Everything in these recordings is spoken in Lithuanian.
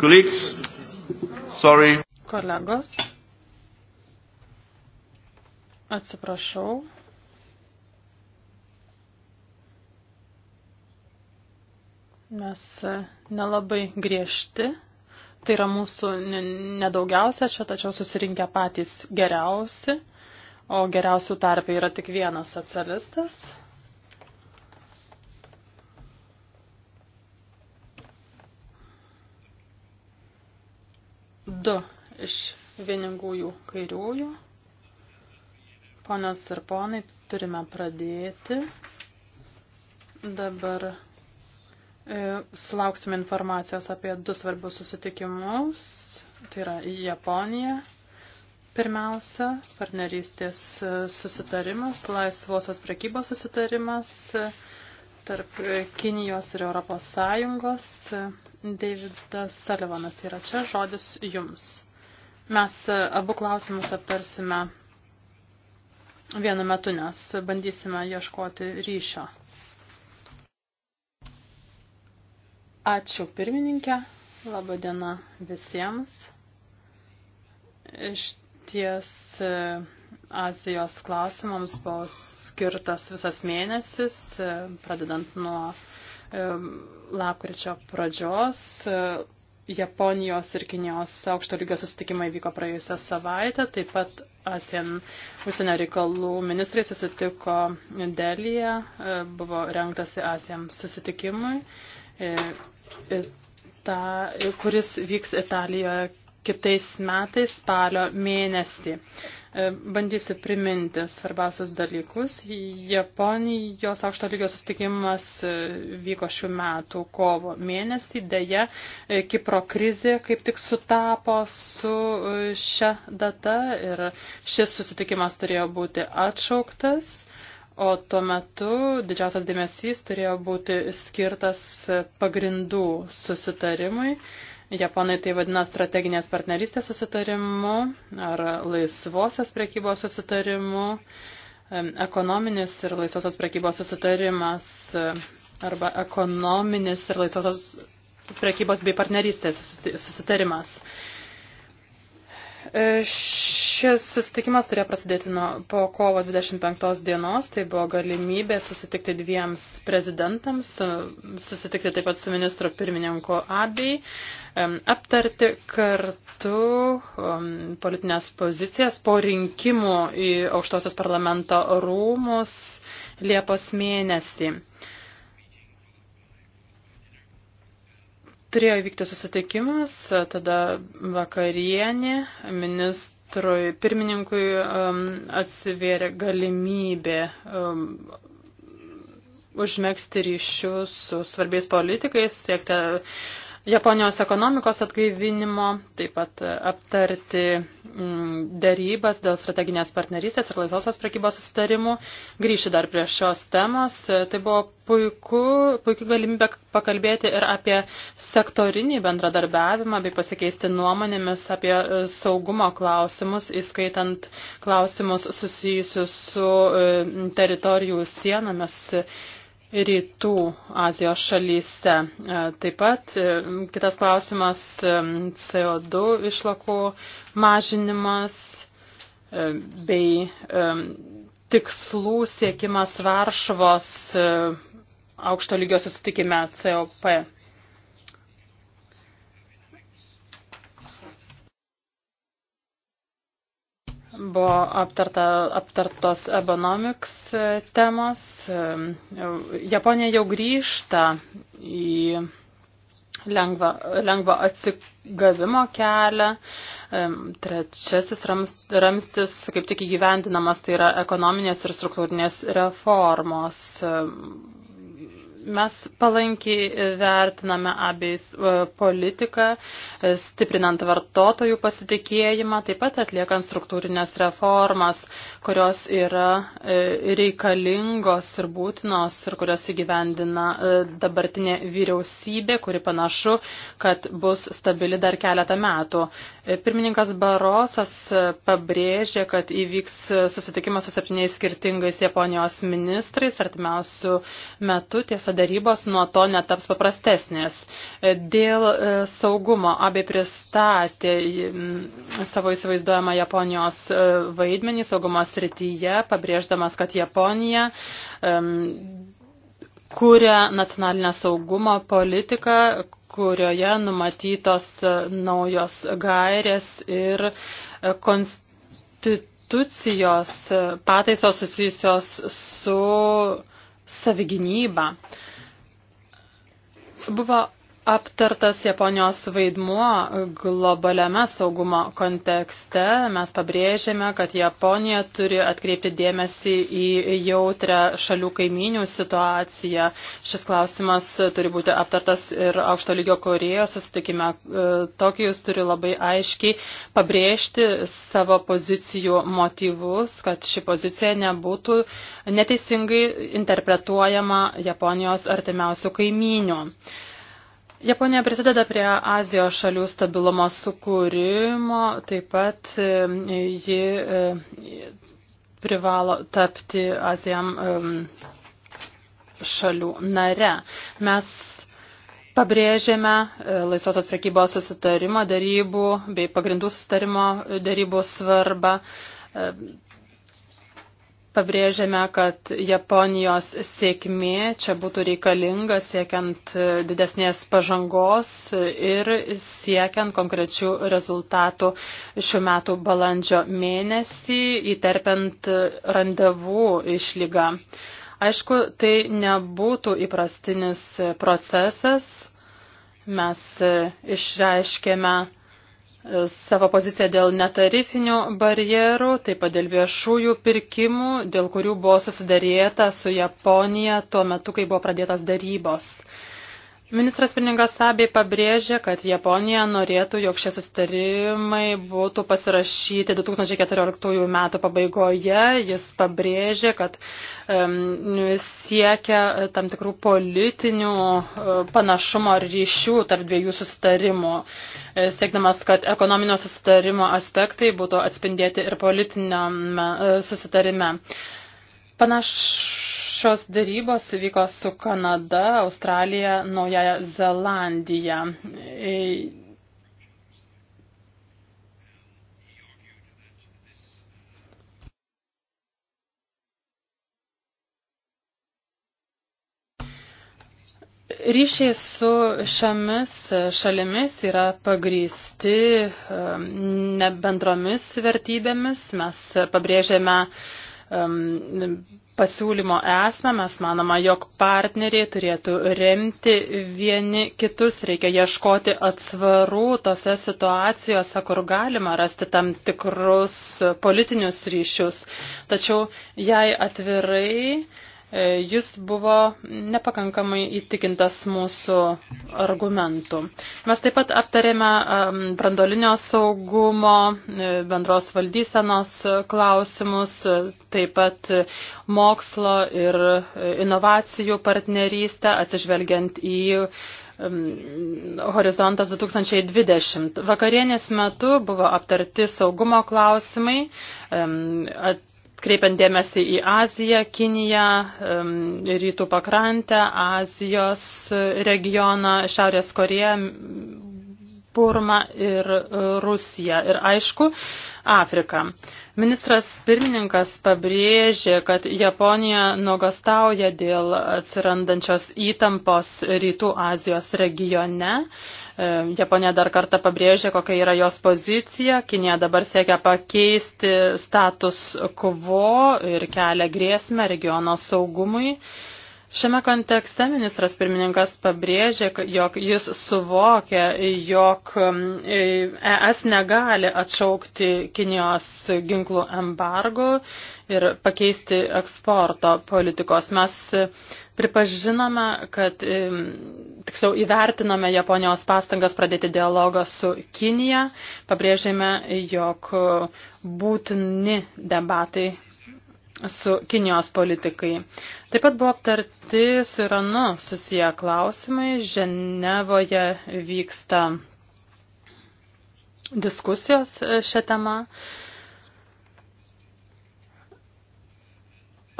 Colleagues, sorry. Kolegos, atsiprašau. Mes nelabai griežti. Tai yra mūsų nedaugiausia čia, tačiau susirinkę patys geriausi. O geriausių tarpė yra tik vienas socialistas. Du iš vieningųjų kairiųjų. Ponios ir ponai, turime pradėti. Dabar e, sulauksime informacijos apie du svarbius susitikimus. Tai yra Japonija. Pirmiausia, partnerystės e, susitarimas, laisvosios prekybos susitarimas e, tarp Kinijos ir Europos Sąjungos. E, Davidas Salivanas yra čia, žodis jums. Mes e, abu klausimus aptarsime vienu metu, nes bandysime ieškoti ryšio. Ačiū pirmininkė, laba diena visiems. Iš ties e, Azijos klausimams buvo skirtas visas mėnesis, e, pradedant nuo lapkričio pradžios. E, Japonijos ir Kinijos aukšto lygio susitikimai vyko praėjusią savaitę, taip pat ASEAN užsienio reikalų ministrai susitiko Delyje, buvo renktasi ASEAN susitikimui, e, kuris vyks Italijoje kitais metais spalio mėnesį. E, bandysiu priminti svarbiausius dalykus. Japonijos aukšto lygio sustikimas e, vyko šių metų kovo mėnesį. Deja, e, Kipro krizė kaip tik sutapo su šia data ir šis susitikimas turėjo būti atšauktas. O tuo metu didžiausias dėmesys turėjo būti skirtas pagrindų susitarimui. Japonai tai vadina strateginės partnerystės susitarimu ar laisvosios prekybos susitarimu, ekonominis ir laisvosios prekybos susitarimas arba ekonominis ir laisvosios prekybos bei partnerystės susitarimas. E, šis susitikimas turėjo prasidėti nuo, po kovo 25 dienos, tai buvo galimybė susitikti dviems prezidentams, e, susitikti taip pat su ministro pirmininku Abiai, e, aptarti kartu politinės pozicijas po rinkimų į aukštosios parlamento rūmus Liepos mėnesį. Turėjo įvykti susitikimas, tada vakarienė, ministrui, pirmininkui um, atsivėrė galimybė um, užmėgsti ryšius su svarbiais politikais, siekti Japonijos ekonomikos atgaivinimo, taip pat e, aptarti mm, dėrybas dėl strateginės partnerystės ir laisvosios prekybos sustarimų. Grįšiu dar prie šios temos. E, tai buvo puiku, puikiu galimybė pakalbėti ir apie sektorinį bendradarbiavimą bei pasikeisti nuomonėmis apie e, saugumo klausimus, įskaitant klausimus susijusius su teritorijų sienomis rytų Azijos šalyse. E, taip pat e, kitas klausimas e, CO2 išlakų mažinimas bei tikslų siekimas Varšuvos aukšto lygio susitikime COP Buvo aptarta, aptartos ekonomiks e, temos. E, Japonija jau grįžta į lengvą, lengvą atsigavimo kelią. E, trečiasis ramstis, kaip tik įgyvendinamas, tai yra ekonominės ir struktūrinės reformos. Mes palankiai vertiname abiais e, politiką, e, stiprinant vartotojų pasitikėjimą, taip pat atliekant struktūrinės reformas, kurios yra e, reikalingos ir būtinos ir kurios įgyvendina dabartinė vyriausybė, kuri panašu, kad bus stabili dar keletą metų. Pirmininkas Barosas pabrėžė, kad įvyks susitikimas su septyniais skirtingais Japonijos ministrais artimiausių metų. Tiesa, darybos nuo to netaps paprastesnės. E, dėl e, saugumo abi pristatė savo įsivaizduojamą Japonijos e, vaidmenį saugumo srityje, pabrėždamas, kad Japonija kuria nacionalinę saugumo politiką, kurioje numatytos naujos gairės ir konstitucijos pataisos susijusios su savigynybą. Buvo aptartas Japonijos vaidmuo globaliame saugumo kontekste. Mes pabrėžėme, kad Japonija turi atkreipti dėmesį į jautrę šalių kaiminių situaciją. Šis klausimas turi būti aptartas ir aukšto lygio Korejos susitikime. E, Tokijus turi labai aiškiai pabrėžti savo pozicijų motyvus, kad ši pozicija nebūtų neteisingai interpretuojama Japonijos artimiausių kaiminių. Japonija prisideda prie Azijos šalių stabilumo sukūrimo, taip pat e, ji e, privalo tapti Azijam e, šalių nare. Mes pabrėžėme laisvosios prekybos susitarimo darybų bei pagrindų susitarimo darybų svarbą. Pabrėžėme, kad Japonijos sėkmė čia būtų reikalinga siekiant didesnės pažangos ir siekiant konkrečių rezultatų šių metų balandžio mėnesį, įterpiant randevų išlygą. Aišku, tai nebūtų įprastinis procesas. Mes išreiškėme savo poziciją dėl netarifinių barjerų, taip pat dėl viešųjų pirkimų, dėl kurių buvo susidarėta su Japonija tuo metu, kai buvo pradėtos darybos. Ministras pirmininkas Sabė pabrėžė, kad Japonija norėtų, jog šie sustarimai būtų pasirašyti 2014 metų pabaigoje. Jis pabrėžė, kad um, siekia tam tikrų politinių uh, panašumo ar ryšių tarp dviejų sustarimų, e, siekdamas, kad ekonominio sustarimo aspektai būtų atspindėti ir politiniam uh, e, susitarime. Panaš Šios darybos vyko su Kanada, Australija, Naujaja Zelandija. Ryšiai su šiomis šalimis yra pagrysti nebendromis vertybėmis. Mes pabrėžėme pasiūlymo esmę, mes manoma, jog partneriai turėtų remti vieni kitus, reikia ieškoti atsvarų tose situacijose, kur galima rasti tam tikrus politinius ryšius. Tačiau jei atvirai, E, jis buvo nepakankamai įtikintas mūsų argumentų. Mes taip pat aptarėme brandolinio saugumo, e, bendros valdysenos klausimus, e, taip pat mokslo ir inovacijų partnerystę, atsižvelgiant į Horizontas 2020. Vakarienės metu buvo aptarti saugumo klausimai, at kreipiant dėmesį į Aziją, Kiniją, rytų pakrantę, Azijos e, regioną, Šiaurės Koreją, Burmą ir e, Rusiją ir aišku Afriką. Ministras pirmininkas pabrėžė, kad Japonija nuogastauja dėl atsirandančios įtampos rytų Azijos regione E, Japonija dar kartą pabrėžė, kokia yra jos pozicija. Kinija dabar siekia pakeisti status quo ir kelia grėsmę regiono saugumui. Šiame kontekste ministras pirmininkas pabrėžė, jog jis suvokia, jog ES e negali atšaukti Kinijos ginklų embargo ir pakeisti eksporto politikos. Mes Pripažinome, kad tiksliau įvertinome Japonijos pastangas pradėti dialogą su Kinija, pabrėžėme, jog būtini debatai su Kinijos politikai. Taip pat buvo aptarti su Iranu susiję klausimai. Ženevoje vyksta diskusijos e, šią temą.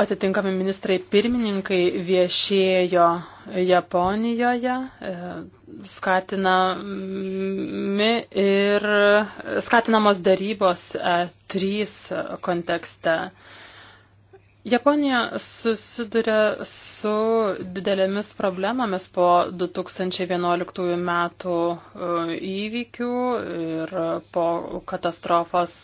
Atitinkami ministrai pirmininkai viešėjo Japonijoje, e, skatinami ir skatinamos darybos e trys kontekste. Japonija susiduria su didelėmis problemomis po 2011 metų e, įvykių ir po katastrofos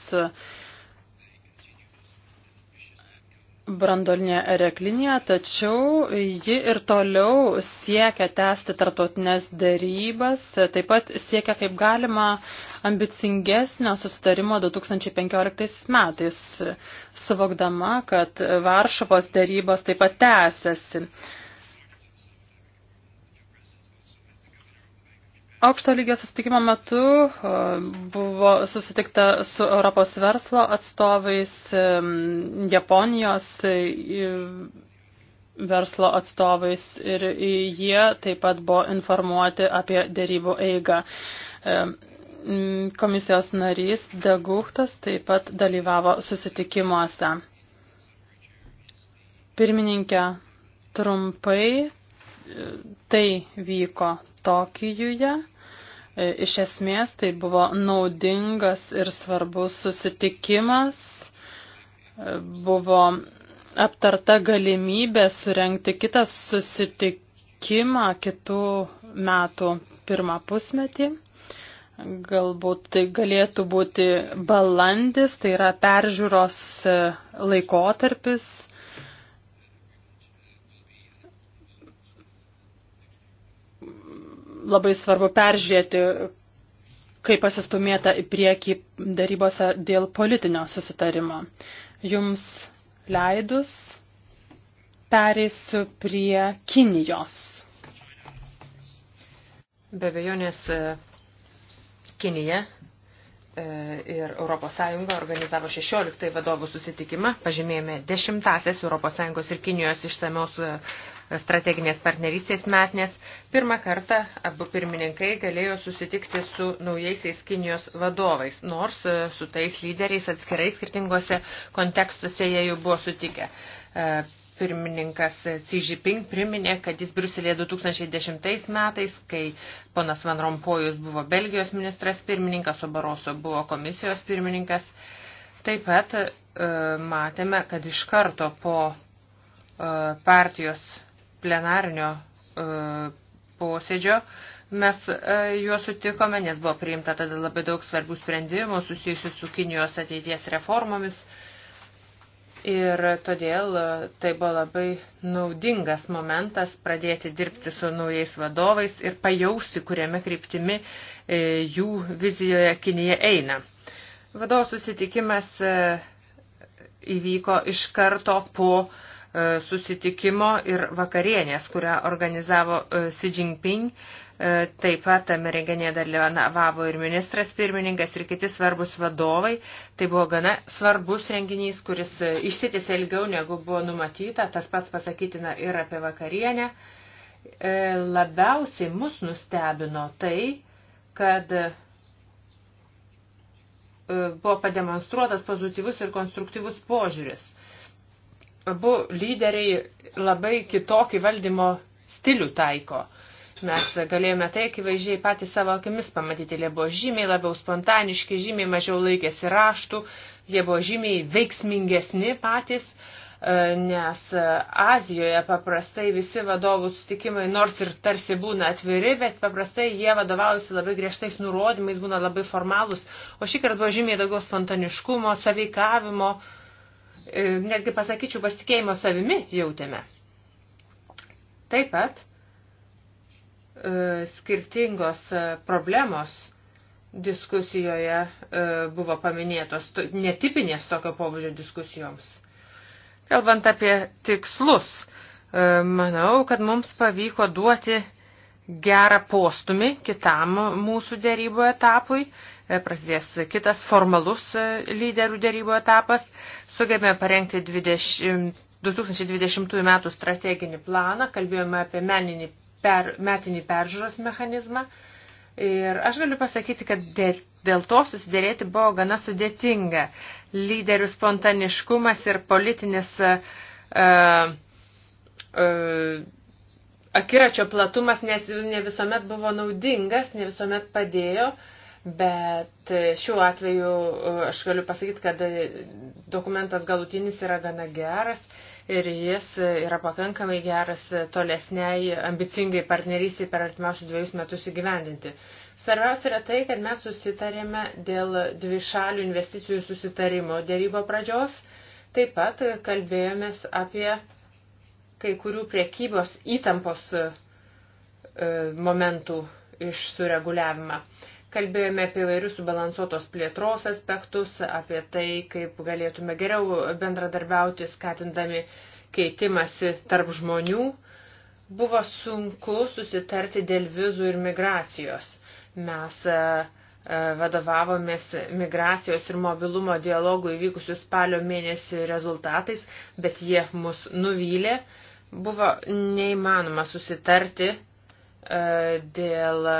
brandolinė reklinė, tačiau ji ir toliau siekia tęsti tartotinės dėrybas, taip pat siekia kaip galima ambicingesnio susitarimo 2015 metais, suvokdama, kad Varšuvos dėrybos taip pat tęsiasi. Aukšto lygio susitikimo metu e, buvo susitikta su Europos verslo atstovais, Japonijos e, verslo atstovais ir jie taip pat buvo informuoti apie dėrybų eigą. Komisijos narys Deguhtas taip pat dalyvavo susitikimuose. Pirmininkė, trumpai e, tai vyko Tokijuje. E, iš esmės tai buvo naudingas ir svarbus susitikimas. E, buvo aptarta galimybė surenkti kitą susitikimą kitų metų pirmą pusmetį. Galbūt tai galėtų būti balandis, tai yra peržiūros e, laikotarpis labai svarbu peržiūrėti, kaip pasistumėta į priekį darybose dėl politinio susitarimo. Jums leidus pereisiu prie Kinijos. Be abejonės e, Kinija e, ir ES organizavo 16 vadovų susitikimą, pažymėjome 10-asias ES ir Kinijos išsamios e, strateginės partnerystės metnės, pirmą kartą abu pirmininkai galėjo susitikti su naujaisiais Kinijos vadovais, nors e, su tais lyderiais atskirai skirtingose kontekstuose jie jau buvo sutikę. E, pirmininkas Xi Jinping priminė, kad jis Briuselėje 2010 metais, kai ponas Van Rompojus buvo Belgijos ministras pirmininkas, o Baroso buvo komisijos pirmininkas. Taip pat e, matėme, kad iš karto po partijos plenarnio e, posėdžio mes e, juos sutikome, nes buvo priimta tada labai daug svarbių sprendimų susijusių su Kinijos ateities reformomis. Ir todėl e, tai buvo labai naudingas momentas pradėti dirbti su naujais vadovais ir pajausti, kuriame kryptimi jų vizijoje Kinija eina. Vadovų susitikimas įvyko iš karto po uh, E, susitikimo ir vakarienės, kurią organizavo e, Xi Jinping. E, taip pat tame renginėje dalyvavo ir ministras pirmininkas ir kiti svarbus vadovai. Tai buvo gana svarbus renginys, kuris išsitėsi ilgiau negu buvo numatyta. Tas pats pasakytina ir apie vakarienę. Labiausiai mus nustebino tai, kad buvo pademonstruotas pozityvus ir konstruktyvus požiūris abu lyderiai labai kitokį valdymo stilių taiko. Mes galėjome tai akivaizdžiai patys savo akimis pamatyti. Jie buvo žymiai labiau spontaniški, žymiai mažiau laikėsi raštų, jie buvo žymiai veiksmingesni patys, e, nes Azijoje paprastai visi vadovų sutikimai, nors ir tarsi būna atviri, bet paprastai jie vadovaujasi labai griežtais nurodymais, būna labai formalūs, o šį kartą buvo žymiai daugiau spontaniškumo, saveikavimo. Uh, E, netgi pasakyčiau, pasikeimo savimi jautėme. Taip pat e, skirtingos e, problemos diskusijoje buvo paminėtos, netipinės tokio pobūdžio diskusijoms. Kalbant apie tikslus, manau, kad mums pavyko duoti gerą postumį kitam mūsų dėrybų etapui. Prasidės kitas formalus lyderių dėrybų etapas. Sugebėjome parengti 20, 2020 m. strateginį planą, kalbėjome apie meninį per, metinį peržiūros mechanizmą. Ir aš galiu pasakyti, kad dėl, dėl to susidėrėti buvo gana sudėtinga. Lyderių spontaniškumas ir politinis uh, uh, akiračio platumas nes, ne visuomet buvo naudingas, ne visuomet padėjo. Uh, Bet šiuo atveju e, aš galiu pasakyti, kad dokumentas galutinis yra gana geras ir jis yra pakankamai geras tolesniai ambicingai partnerystiai per artimiausius dviejus metus įgyvendinti. Svarbiausia yra tai, kad mes susitarėme dėl dvišalių investicijų susitarimo dėrybo pradžios. Taip pat kalbėjomės apie kai kurių priekybos įtampos e, momentų išsureguliavimą. sureguliavimą. Kalbėjome apie vairius subalansuotos plėtros aspektus, apie tai, kaip galėtume geriau bendradarbiauti, skatindami keitimasi tarp žmonių. Buvo sunku susitarti dėl vizų ir migracijos. Mes e, e, vadovavomės migracijos ir mobilumo dialogų įvykusių spalio mėnesį rezultatais, bet jie mus nuvylė. Buvo neįmanoma susitarti e, dėl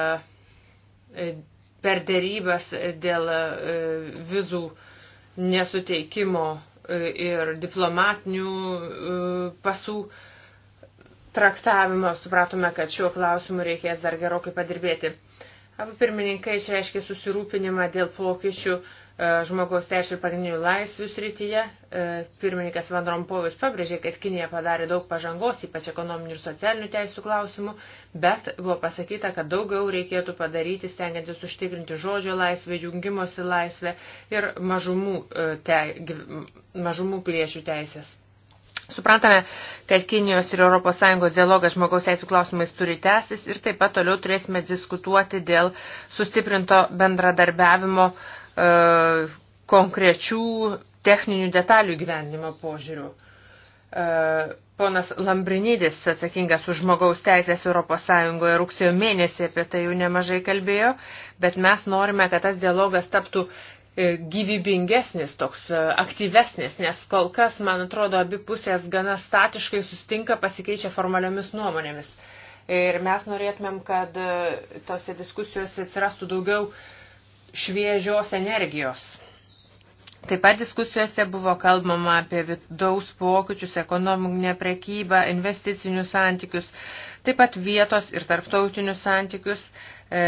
per dėrybas dėl e, vizų nesuteikimo e, ir diplomatinių e, pasų traktavimo supratome, kad šiuo klausimu reikės dar gerokai padirbėti. Abu pirmininkai išreiškė susirūpinimą dėl pokyčių E, žmogaus teisų ir pagrindinių laisvių srityje. E, pirmininkas Van Rompovis pabrėžė, kad Kinija padarė daug pažangos, ypač ekonominių ir socialinių teisų klausimų, bet buvo pasakyta, kad daugiau reikėtų padaryti, stengiantis užtikrinti žodžio laisvę, jungimosi laisvę ir mažumų, e, te, mažumų piliečių teisės. Suprantame, kad Kinijos ir ES dialogas žmogaus teisų klausimais turi tęsis ir taip pat toliau turėsime diskutuoti dėl sustiprinto bendradarbiavimo uh, E, konkrečių techninių detalių gyvenimo požiūrių. E, ponas Lambrinidis, atsakingas už žmogaus teisės ES rugsėjo mėnesį apie tai jau nemažai kalbėjo, bet mes norime, kad tas dialogas taptų e, gyvybingesnis, toks aktyvesnis, nes kol kas, man atrodo, abi pusės gana statiškai sustinka, pasikeičia formaliomis nuomonėmis. Ir mes norėtumėm, kad tose diskusijose atsirastų daugiau uh, šviežios energijos. Taip pat diskusijose buvo kalbama apie vidaus pokyčius, ekonominę prekybą, investicinius santykius, taip pat vietos ir tarptautinius santykius. E,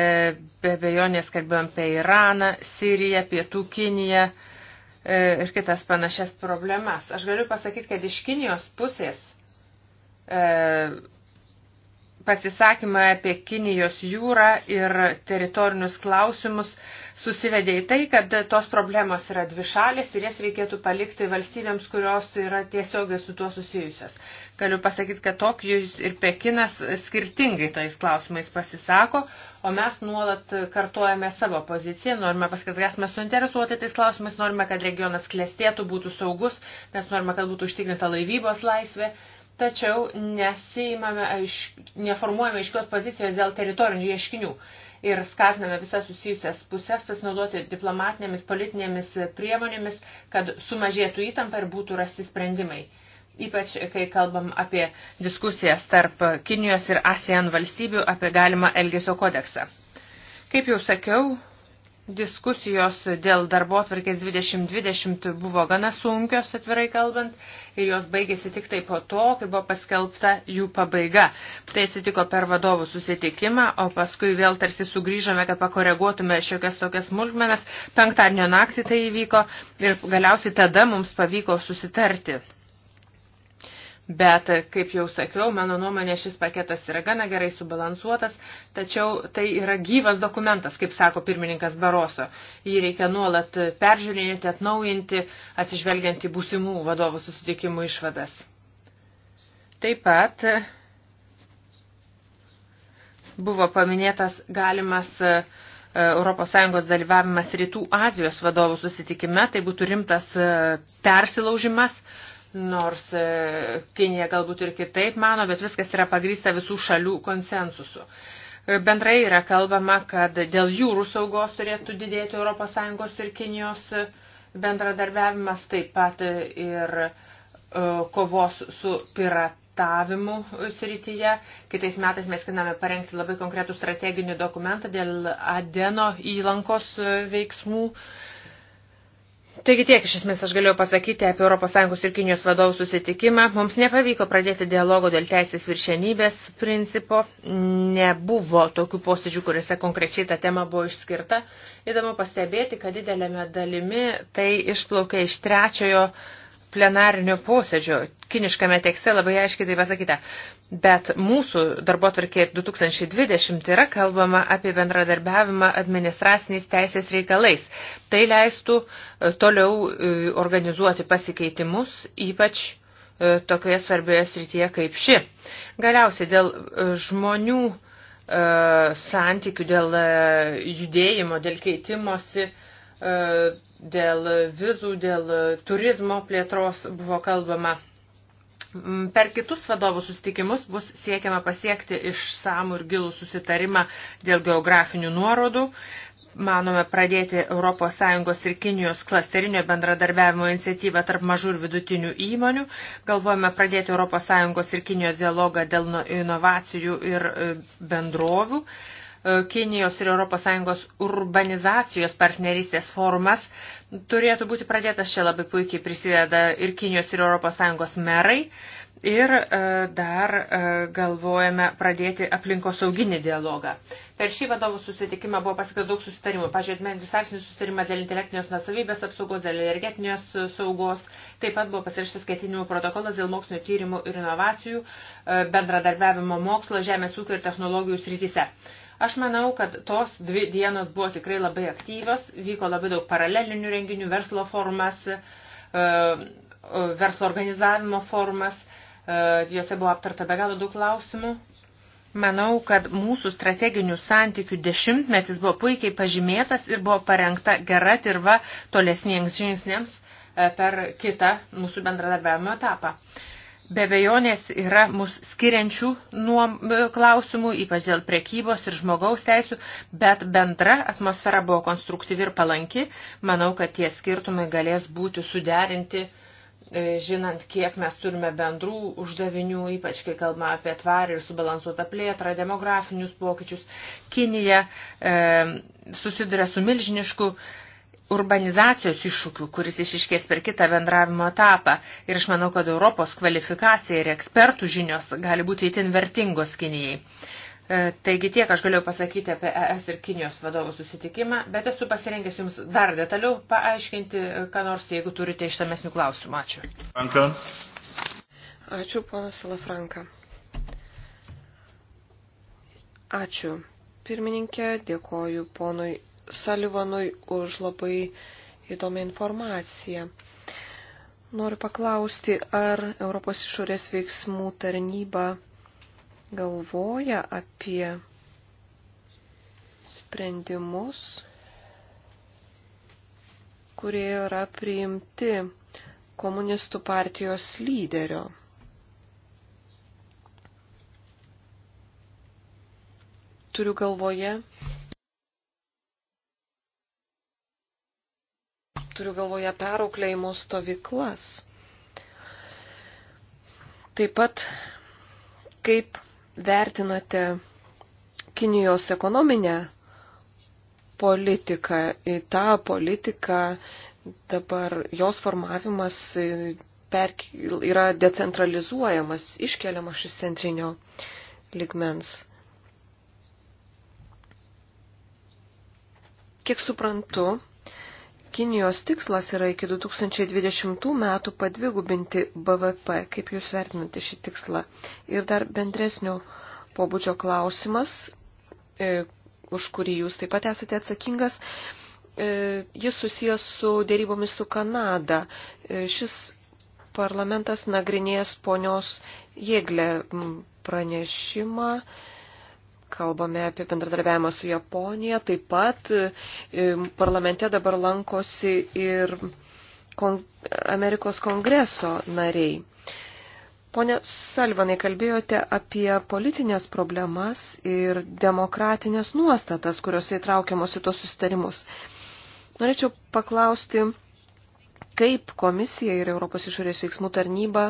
be abejonės kalbėjom apie Iraną, Siriją, Pietų Kiniją e, ir kitas panašias problemas. Aš galiu pasakyti, kad iš Kinijos pusės e, pasisakymai apie Kinijos jūrą ir teritorinius klausimus susivedė į tai, kad tos problemos yra dvi šalis ir jas reikėtų palikti valstybėms, kurios yra tiesiogiai su tuo susijusios. Galiu pasakyti, kad Tokijus ir Pekinas skirtingai tais klausimais pasisako, o mes nuolat kartuojame savo poziciją, norime pasakyti, kad esame suinteresuoti tais klausimais, norime, kad regionas klestėtų, būtų saugus, mes norime, kad būtų užtikrinta laivybos laisvė tačiau nesiimame, aiš, neformuojame aiškios pozicijos dėl teritorinių ieškinių ir skatiname visas susijusias pusės pasinaudoti diplomatinėmis, politinėmis priemonėmis, kad sumažėtų įtampa ir būtų rasti sprendimai. Ypač, kai kalbam apie diskusijas tarp Kinijos ir ASEAN valstybių apie galimą Elgesio kodeksą. Kaip jau sakiau, Diskusijos dėl darbo atvarkės 2020 buvo gana sunkios, atvirai kalbant, ir jos baigėsi tik tai po to, kai buvo paskelbta jų pabaiga. Tai atsitiko per vadovų susitikimą, o paskui vėl tarsi sugrįžome, kad pakoreguotume šiokias tokias smulkmenas. Penktadienio naktį tai įvyko ir galiausiai tada mums pavyko susitarti. Bet, kaip jau sakiau, mano nuomonė šis paketas yra gana gerai subalansuotas, tačiau tai yra gyvas dokumentas, kaip sako pirmininkas Baroso. Jį reikia nuolat peržiūrinėti, atnaujinti, atsižvelgiant į būsimų vadovų susitikimų išvadas. Taip pat buvo paminėtas galimas ES dalyvavimas Rytų Azijos vadovų susitikime, tai būtų rimtas e, persilaužimas nors e, Kinija galbūt ir kitaip mano, bet viskas yra pagrįsta visų šalių konsensusu. E, bendrai yra kalbama, kad dėl jūrų saugos turėtų didėti ES ir Kinijos e, bendradarbiavimas, taip pat ir kovos su piratavimu adaptavimų srityje. Kitais metais mes skiname parengti labai konkretų strateginį dokumentą dėl Adeno įlankos veiksmų. Uh, Taigi tiek iš esmės aš galėjau pasakyti apie ES ir Kinijos vadovų susitikimą. Mums nepavyko pradėti dialogo dėl teisės viršenybės principo. Nebuvo tokių posėdžių, kuriuose konkrečiai ta tema buvo išskirta. Įdomu pastebėti, kad didelėme dalimi tai išplaukė iš trečiojo uh, plenarinio posėdžio. Kiniškame tekste labai aiškiai tai pasakyta. Bet mūsų darbo tvarkė 2020 yra kalbama apie bendradarbiavimą administraciniais teisės reikalais. Tai leistų e, toliau e, organizuoti pasikeitimus, ypač e, tokioje svarbioje srityje kaip ši. Galiausiai dėl žmonių santykių, dėl judėjimo, dėl keitimosi dėl vizų, dėl turizmo plėtros buvo kalbama. Mm, per kitus vadovų susitikimus bus siekiama pasiekti išsamų ir gilų susitarimą dėl geografinių nuorodų. Manome pradėti ES ir Kinijos klasterinio bendradarbiavimo iniciatyvą tarp mažų ir vidutinių įmonių. Galvojame pradėti ES ir Kinijos dialogą dėl inovacijų ir e, bendrovių. E, Kinijos ir ES urbanizacijos partnerystės forumas turėtų būti pradėtas, čia labai puikiai prisideda ir Kinijos ir ES merai. Ir e, dar e, galvojame pradėti aplinkosauginį dialogą. Per šį vadovų susitikimą buvo pasakyta daug susitarimų. Pavyzdžiui, administracinis susitarimas dėl intelektinės nusavybės apsaugos, dėl energetinės saugos. Taip pat buvo pasirašytas skaitinimų protokolas dėl mokslinio tyrimų ir inovacijų, bendradarbiavimo mokslo, žemės ūkio ir technologijų srityse. Aš manau, kad tos dvi dienos buvo tikrai labai aktyvios, vyko labai daug paralelinių renginių, verslo formas, e, e, verslo organizavimo formas, e, juose buvo aptarta be galo daug klausimų. Manau, kad mūsų strateginių santykių dešimtmetis buvo puikiai pažymėtas ir buvo parengta gera dirba tolesniems žingsniams per kitą mūsų bendradarbiavimo etapą. Uh, Be bejonės yra mus skiriančių nuo e, klausimų, ypač dėl prekybos ir žmogaus teisų, bet bendra atmosfera buvo konstruktyvi ir palanki. Manau, kad tie skirtumai galės būti suderinti, e, žinant, kiek mes turime bendrų uždavinių, ypač kai kalbame apie tvarį ir subalansuotą plėtrą, demografinius pokyčius. Kinija e, susiduria su milžinišku e, urbanizacijos iššūkių, kuris išiškės per kitą bendravimo etapą. Ir aš manau, kad Europos kvalifikacija ir ekspertų žinios gali būti itin vertingos Kinijai. E, taigi tiek aš galėjau pasakyti apie ES ir Kinijos vadovų susitikimą, bet esu pasirengęs Jums dar detaliau paaiškinti, ką nors, jeigu turite ištamesnių klausimų. Ačiū. Franka. Ačiū, ponas Salafranka. Ačiū. Pirmininkė, dėkoju ponui Salivanui už labai įdomią informaciją. Noriu paklausti, ar Europos išorės veiksmų tarnyba galvoja apie sprendimus, kurie yra priimti komunistų partijos lyderio. Turiu galvoje turiu galvoje perauklėjimo stovyklas. Taip pat, kaip vertinate Kinijos ekonominę politiką, į tą politiką dabar jos formavimas per, yra decentralizuojamas, iškeliamas iš centrinio ligmens. Kiek suprantu, Kinijos tikslas yra iki 2020 metų padvigubinti BVP. Kaip Jūs vertinate šį tikslą? Ir dar bendresnio pobūdžio klausimas, e, už kurį Jūs taip pat esate atsakingas. E, jis susijęs su dėrybomis su Kanada. E, šis parlamentas nagrinės ponios Jėglė pranešimą. E, kalbame apie bendradarbiavimą su Japonija. Taip pat e, parlamente dabar lankosi ir kon Amerikos kongreso nariai. Pone Salvanai, kalbėjote apie politinės problemas ir demokratinės nuostatas, kurios įtraukiamos į tos sustarimus. Norėčiau paklausti, kaip komisija ir Europos išorės veiksmų tarnyba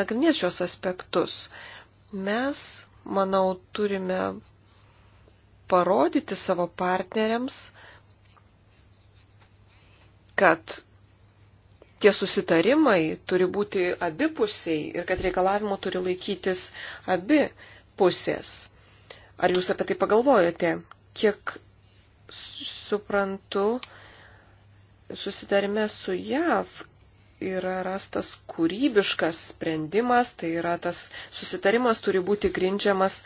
nagrinės šios aspektus. Mes manau, turime parodyti savo partneriams, kad tie susitarimai turi būti abipusiai ir kad reikalavimo turi laikytis abi pusės. Ar jūs apie tai pagalvojate? Kiek suprantu, susitarime su JAV yra rastas kūrybiškas sprendimas, tai yra tas susitarimas turi būti grindžiamas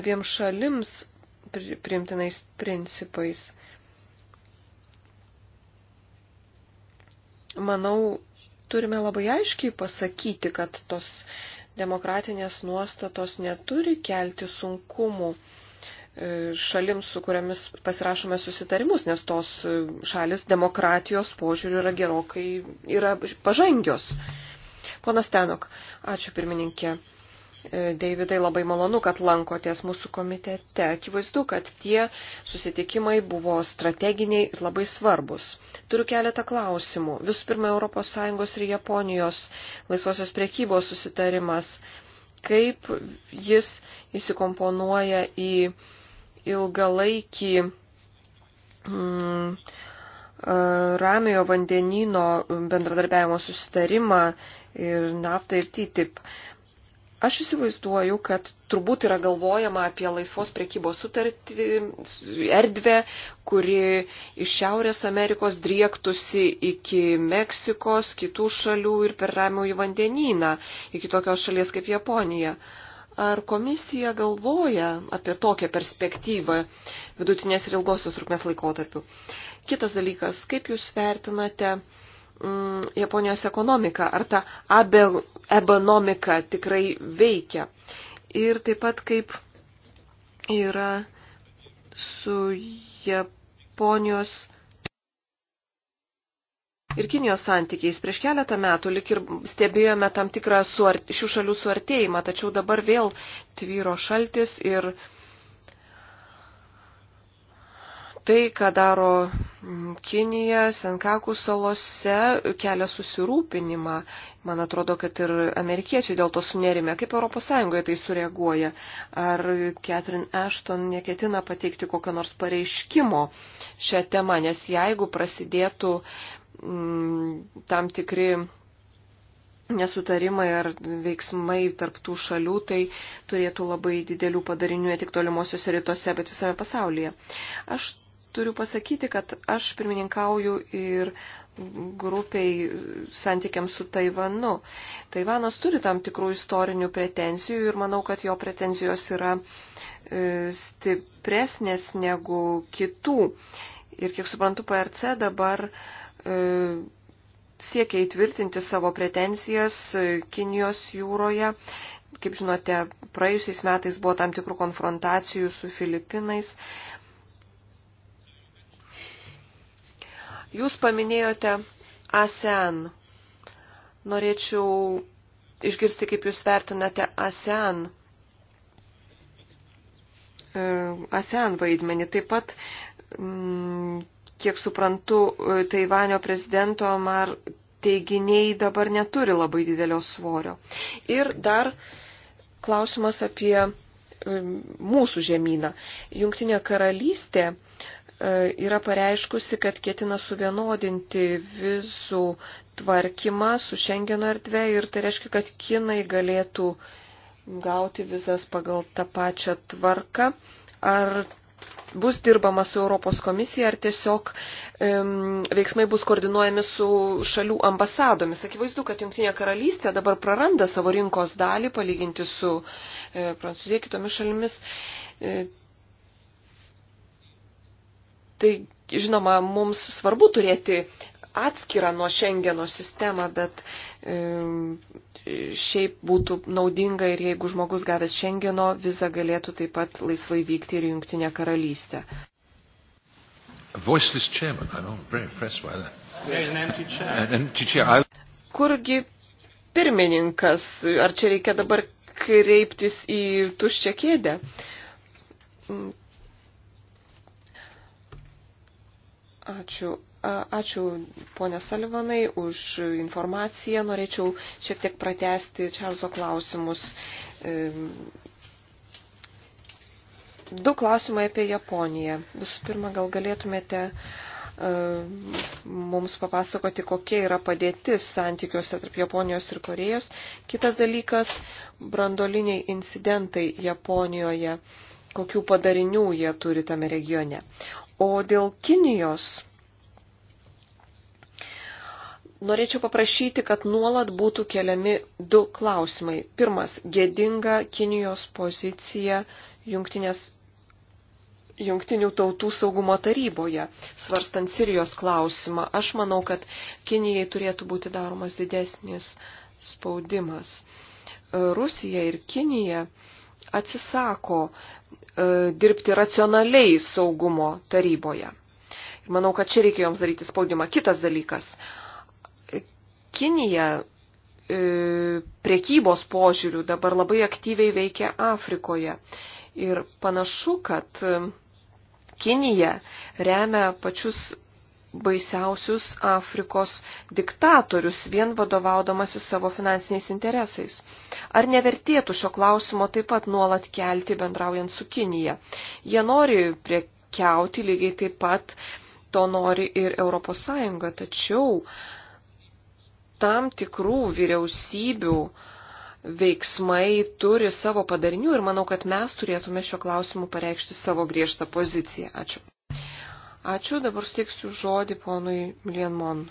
abiems šalims priimtinais principais. Manau, turime labai aiškiai pasakyti, kad tos demokratinės nuostatos neturi kelti sunkumų E, šalims, su kuriamis pasirašome susitarimus, nes tos e, šalis demokratijos požiūrių yra gerokai yra pažangios. Ponas Tenok, ačiū pirmininkė. E, Davidai, labai malonu, kad lankotės mūsų komitete. Akivaizdu, kad tie susitikimai buvo strateginiai ir labai svarbus. Turiu keletą klausimų. Visų pirma, ES ir Japonijos laisvosios priekybos susitarimas. Kaip jis įsikomponuoja į ilgalaikį mm, ramiojo vandenino bendradarbiavimo susitarimą ir naftą ir TTIP. Aš įsivaizduoju, kad turbūt yra galvojama apie laisvos priekybos sutartį, erdvę, kuri iš Šiaurės Amerikos driektusi iki Meksikos, kitų šalių ir per ramųjį vandenyną, iki tokios šalies kaip Japonija. Uh, Ar komisija galvoja apie tokią perspektyvą vidutinės ir ilgosios trukmės laikotarpių? Kitas dalykas, kaip jūs vertinate mm, Japonijos ekonomiką? Ar ta abe, ekonomika tikrai veikia? Ir taip pat kaip yra su Japonijos ir Kinijos santykiais. Prieš keletą metų lik ir stebėjome tam tikrą suart, šių šalių suartėjimą, tačiau dabar vėl tvyro šaltis ir tai, ką daro mm, Kinija Senkakų salose, kelia susirūpinimą. Man atrodo, kad ir amerikiečiai dėl to sunerime, kaip ES tai sureaguoja. Ar Catherine Ashton neketina pateikti kokio nors pareiškimo šią temą, nes jeigu prasidėtų Mm, tam tikri nesutarimai ar veiksmai tarptų šalių, tai turėtų labai didelių padarinių ne tik tolimuosiuose rytuose, bet visame pasaulyje. Aš turiu pasakyti, kad aš pirmininkauju ir grupiai santykiams su Taivanu. Taivanas turi tam tikrų istorinių pretenzijų ir manau, kad jo pretenzijos yra e, stipresnės negu kitų. Ir kiek suprantu, PRC dabar uh, E, siekia įtvirtinti savo pretensijas e, Kinijos jūroje. Kaip žinote, praėjusiais metais buvo tam tikrų konfrontacijų su Filipinais. Jūs paminėjote ASEAN. Norėčiau išgirsti, kaip jūs vertinate ASEAN. E, ASEAN vaidmenį. Taip pat Kiek suprantu, e, Taivanio prezidento Mar teiginiai dabar neturi labai didelio svorio. Ir dar klausimas apie e, mūsų žemyną. Jungtinė karalystė e, yra pareiškusi, kad ketina suvienodinti vizų tvarkymą su Šengeno erdvė ir tai reiškia, kad kinai galėtų gauti vizas pagal tą pačią tvarką. Ar bus dirbama su Europos komisija ar tiesiog um, veiksmai bus koordinuojami su šalių ambasadomis. Akivaizdu, kad Junktinė karalystė dabar praranda savo rinkos dalį palyginti su e, Prancūzija kitomis šalimis. E, tai, žinoma, mums svarbu turėti atskirą nuo Šengeno sistemą, bet e, šiaip būtų naudinga ir jeigu žmogus gavęs Šengeno vizą galėtų taip pat laisvai vykti ir Junktinę karalystę. Kurgi pirmininkas, ar čia reikia dabar kreiptis į tuščią kėdę? Mm. Ačiū Ačiū, ponė Salivanai, už informaciją. Norėčiau šiek tiek pratesti Čarlzo klausimus. Du klausimai apie Japoniją. Visų pirma, gal galėtumėte mums papasakoti, kokia yra padėtis santykiuose tarp Japonijos ir Korejos. Kitas dalykas - brandoliniai incidentai Japonijoje, kokių padarinių jie turi tame regione. O dėl Kinijos norėčiau paprašyti, kad nuolat būtų keliami du klausimai. Pirmas - gėdinga Kinijos pozicija jungtinės. Jungtinių tautų saugumo taryboje, svarstant Sirijos klausimą, aš manau, kad Kinijai turėtų būti daromas didesnis spaudimas. Rusija ir Kinija atsisako e, dirbti racionaliai saugumo taryboje. Ir manau, kad čia reikia joms daryti spaudimą. Kitas dalykas Kinija e, priekybos požiūrių dabar labai aktyviai veikia Afrikoje. Ir panašu, kad e, Kinija remia pačius baisiausius Afrikos diktatorius vien vadovaudamasi savo finansiniais interesais. Ar nevertėtų šio klausimo taip pat nuolat kelti bendraujant su Kinija? Jie nori priekiauti lygiai taip pat, to nori ir ES, tačiau uh, tam tikrų vyriausybių veiksmai turi savo padarinių ir manau, kad mes turėtume šio klausimu pareikšti savo griežtą poziciją. Ačiū. Ačiū, dabar steiksiu žodį ponui Milienmon.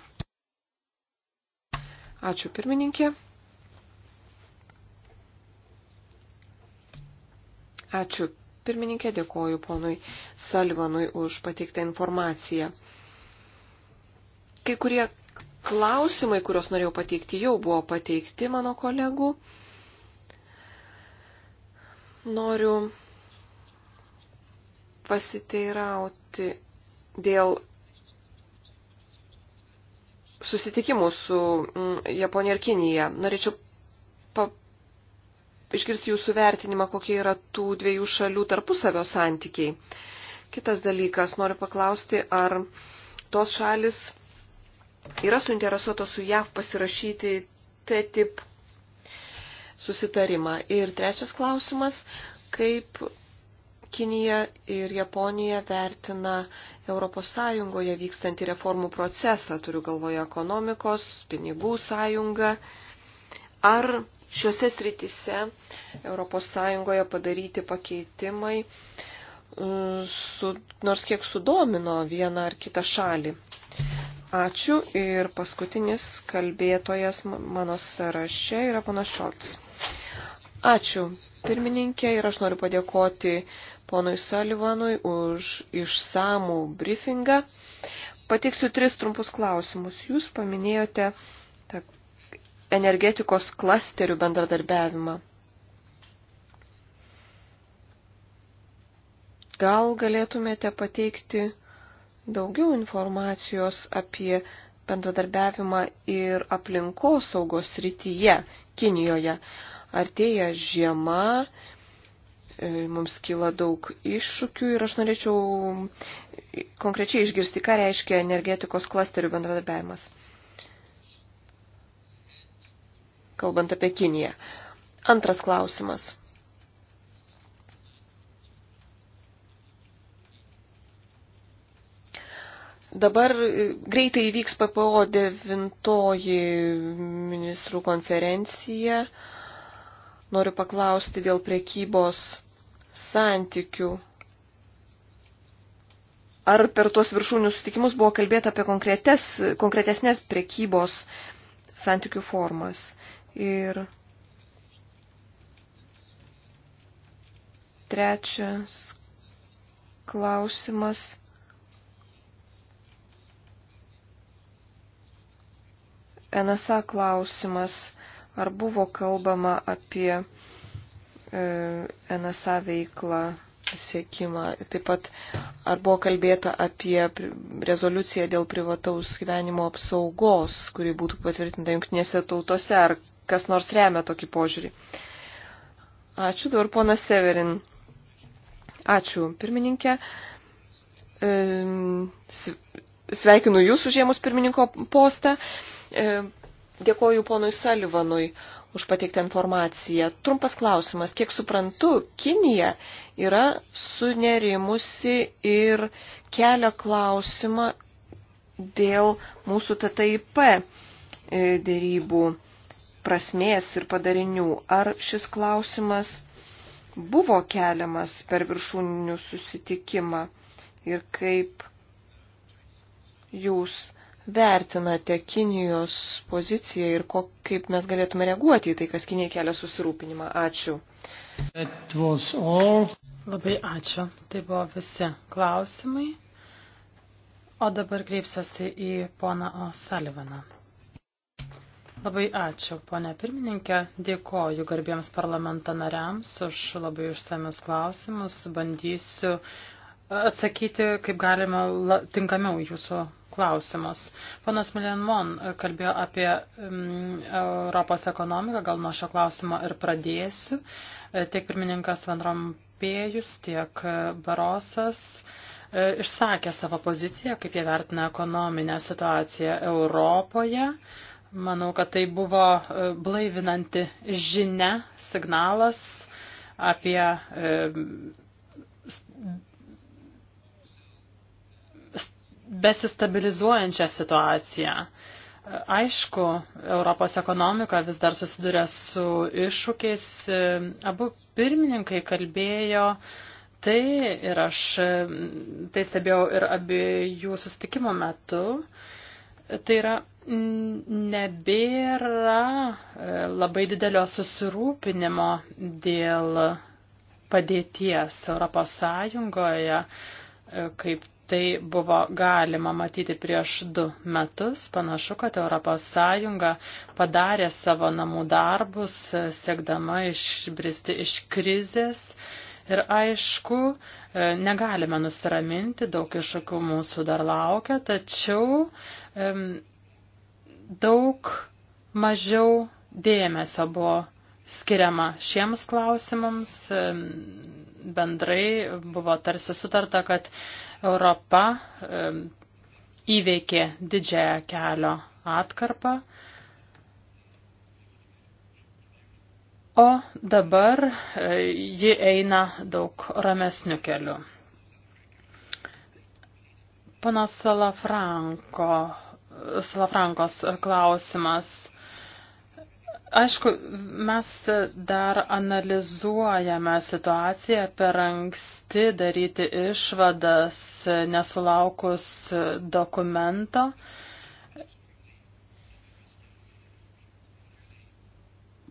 Ačiū pirmininkė. Ačiū pirmininkė, dėkoju ponui Salvanui už pateiktą informaciją. Kai kurie klausimai, kuriuos norėjau pateikti, jau buvo pateikti mano kolegų. Noriu pasiteirauti dėl susitikimų su mm, Japonija ir Kinija. Norėčiau pa... išgirsti jūsų vertinimą, kokie yra tų dviejų šalių tarpusavio santykiai. Kitas dalykas, noriu paklausti, ar tos šalis yra suinteresuotos su JAV pasirašyti TTIP susitarimą. Ir trečias klausimas, kaip Kinija ir Japonija vertina ES vykstantį reformų procesą, turiu galvoje ekonomikos, pinigų sąjungą. Ar šiuose srityse ES padaryti pakeitimai mm, su, nors kiek sudomino vieną ar kitą šalį? Ačiū ir paskutinis kalbėtojas mano sąraše yra panas Šolts. Ačiū pirmininkė ir aš noriu padėkoti ponui Salivanui už išsamų briefingą. Pateiksiu tris trumpus klausimus. Jūs paminėjote tą energetikos klasterių bendradarbiavimą. Gal galėtumėte pateikti daugiau informacijos apie bendradarbiavimą ir aplinkosaugos rytyje Kinijoje. Artėja žiema, e, mums kyla daug iššūkių ir aš norėčiau konkrečiai išgirsti, ką reiškia energetikos klasterių bendradarbiavimas. Kalbant apie Kiniją. Antras klausimas. Dabar e, greitai įvyks PPO devintoji ministrų konferencija. Noriu paklausti dėl prekybos santykių. Ar per tuos viršūnių sutikimus buvo kalbėta apie konkretesnės prekybos santykių formas? Ir trečias klausimas NSA klausimas, ar buvo kalbama apie e, NSA veiklą sėkimą. Taip pat, ar buvo kalbėta apie rezoliuciją dėl privataus gyvenimo apsaugos, kuri būtų patvirtinta jungtinėse tautose, ar kas nors remia tokį požiūrį. Ačiū dabar, ponas Severin. Ačiū, pirmininkė. Sveikinu Jūs užėmus pirmininko postą. E, dėkoju ponui Salivanui už pateiktą informaciją. Trumpas klausimas. Kiek suprantu, Kinija yra sunerimusi ir kelia klausimą dėl mūsų TTIP e, dėrybų prasmės ir padarinių. Ar šis klausimas buvo keliamas per viršūninių susitikimą ir kaip jūs vertinate Kinijos poziciją ir ko, kaip mes galėtume reaguoti į tai, kas Kinijai kelia susirūpinimą? Ačiū. Labai ačiū. Tai buvo visi klausimai. O dabar kreipsiuosi į poną O'Sullivaną. Labai ačiū, ponė pirmininkė. Dėkoju garbiems parlamento nariams už labai išsamius klausimus. Bandysiu atsakyti, kaip galima tinkamiau jūsų klausimus. Panas Milenmon kalbėjo apie mm, Europos ekonomiką, gal nuo šio klausimo ir pradėsiu. Tiek pirmininkas Van Rompėjus, tiek Barosas e, išsakė savo poziciją, kaip jie vertina ekonominę situaciją Europoje. Manau, kad tai buvo e, blaivinanti žinia, signalas apie e, besistabilizuojančią situaciją. Aišku, Europos ekonomika vis dar susiduria su iššūkiais. Abu pirmininkai kalbėjo tai ir aš tai stebėjau ir abiejų susitikimo metu. Tai yra nebėra e, labai didelio susirūpinimo dėl padėties Europos Sąjungoje, e, kaip tai buvo galima matyti prieš du metus. Panašu, kad ES padarė savo namų darbus, e, siekdama išbristi iš krizės. Ir aišku, e, negalime nustaraminti, daug iššūkių mūsų dar laukia, tačiau um, daug mažiau dėmesio buvo skiriama šiems klausimams. Um, bendrai buvo tarsi sutarta, kad Europa įveikė didžiąją kelio atkarpą. O dabar e, ji eina daug ramesniu keliu. Panas Salafranko, Salafrankos klausimas Aišku, mes dar analizuojame situaciją per anksti daryti išvadas nesulaukus dokumento.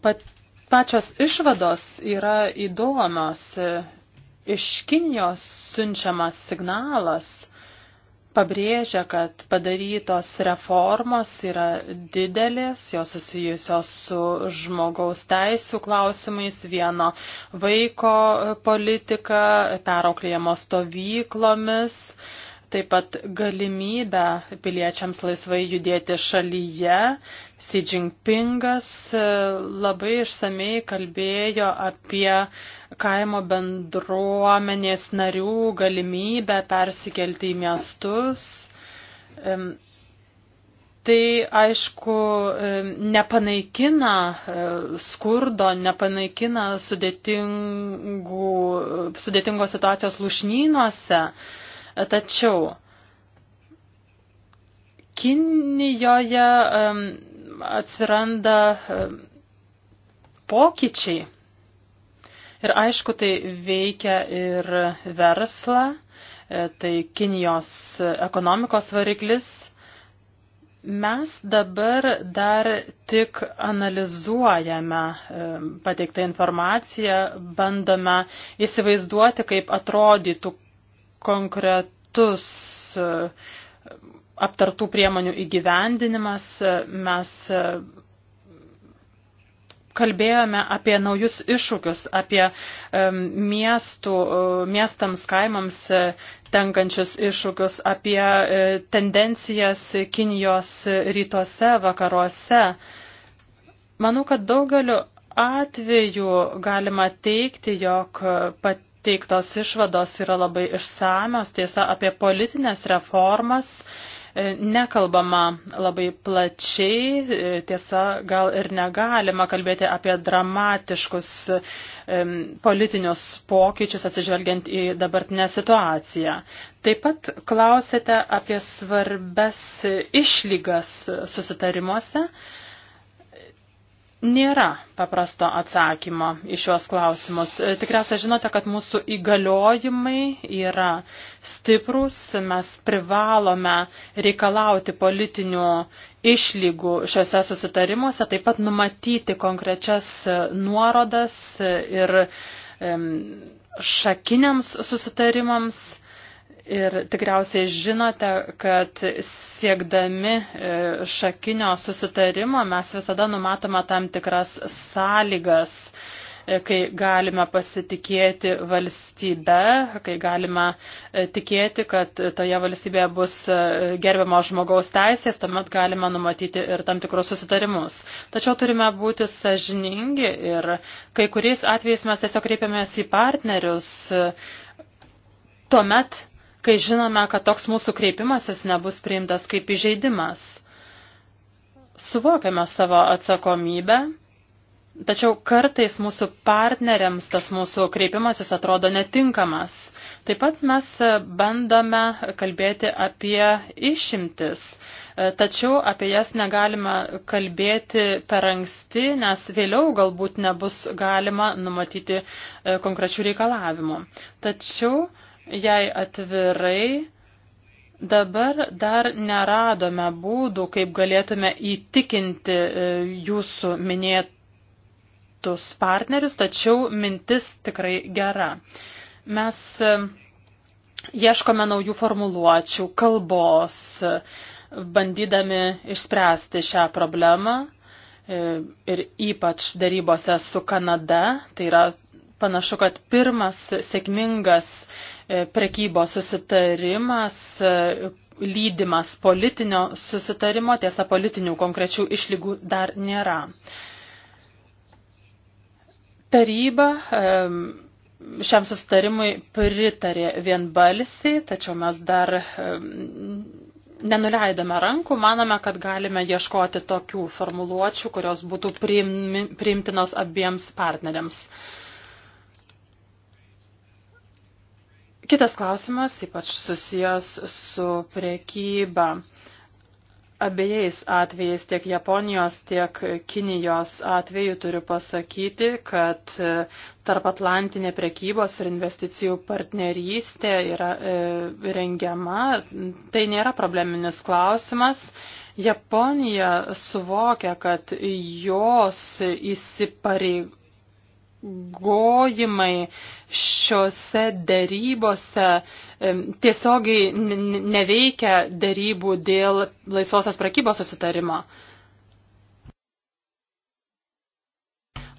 Pat, pačios išvados yra įdomios. Iš Kinijos siunčiamas signalas pabrėžia, kad padarytos reformos yra didelės, jos susijusios su žmogaus teisų klausimais, vieno vaiko politika, perauklėjimo stovyklomis. Uh, taip pat galimybę piliečiams laisvai judėti šalyje. Xi Jinpingas e, labai išsamei kalbėjo apie kaimo bendruomenės narių galimybę persikelti į miestus. Tai aišku, e, nepanaikina e, skurdo, nepanaikina sudėtingos situacijos lušnynuose Tačiau Kinijoje atsiranda pokyčiai. Ir aišku, tai veikia ir verslą, e, tai Kinijos ekonomikos variklis. Mes dabar dar tik analizuojame pateiktą informaciją, bandome įsivaizduoti, kaip atrodytų konkretus e, aptartų priemonių įgyvendinimas. E, mes e, kalbėjome apie naujus iššūkius, apie miestų, miestams, kaimams tenkančius iššūkius, apie tendencijas Kinijos rytuose, vakaruose. Manau, kad daugeliu atveju galima teikti, jog pat pateiktos išvados yra labai išsamios, tiesa, apie politinės reformas e, nekalbama labai plačiai, e, tiesa, gal ir negalima kalbėti apie dramatiškus e, politinius pokyčius atsižvelgiant į dabartinę situaciją. Taip pat klausėte apie svarbes išlygas susitarimuose. Nėra paprasto atsakymo į šios klausimus. E, tikriausiai žinote, kad mūsų įgaliojimai yra stiprus, mes privalome reikalauti politinių išlygų šiuose susitarimuose, taip pat numatyti konkrečias e, nuorodas e, ir šakiniams susitarimams. Ir tikriausiai žinote, kad siekdami e, šakinio susitarimo mes visada numatome tam tikras sąlygas, e, kai galime pasitikėti valstybe, kai galime e, tikėti, kad toje valstybėje bus gerbiamo žmogaus teisės, tuomet galime numatyti ir tam tikrus susitarimus. Tačiau turime būti sažiningi ir kai kuriais atvejais mes tiesiog kreipiamės į partnerius. Tuomet kai žinome, kad toks mūsų kreipimasis nebus priimtas kaip įžeidimas. Suvokiame savo atsakomybę, tačiau kartais mūsų partneriams tas mūsų kreipimasis atrodo netinkamas. Taip pat mes bandome kalbėti apie išimtis, tačiau apie jas negalime kalbėti per anksti, nes vėliau galbūt nebus galima numatyti e, konkrečių reikalavimų. Tačiau jei atvirai, dabar dar neradome būdų, kaip galėtume įtikinti e, jūsų minėtus partnerius, tačiau mintis tikrai gera. Mes e, ieškome naujų formuluočių, kalbos, bandydami išspręsti šią problemą e, ir ypač darybose su Kanada, tai yra Panašu, kad pirmas sėkmingas e, prekybos susitarimas e, lydimas politinio susitarimo, tiesa politinių konkrečių išlygų dar nėra. Taryba e, šiam susitarimui pritarė vienbalsiai, tačiau mes dar nenuleidome rankų, manome, kad galime ieškoti tokių formuluočių, kurios būtų priimtinos abiems partneriams. Kitas klausimas, ypač susijęs su prekyba. Abiejais atvejais, tiek Japonijos, tiek Kinijos atveju turiu pasakyti, kad e, tarp Atlantinė prekybos ir investicijų partnerystė yra e, rengiama. Tai nėra probleminis klausimas. Japonija suvokia, kad jos įsipareigoja įsipareigojimai šiuose dėrybose tiesiogiai neveikia dėrybų dėl laisvosios prekybos susitarimo.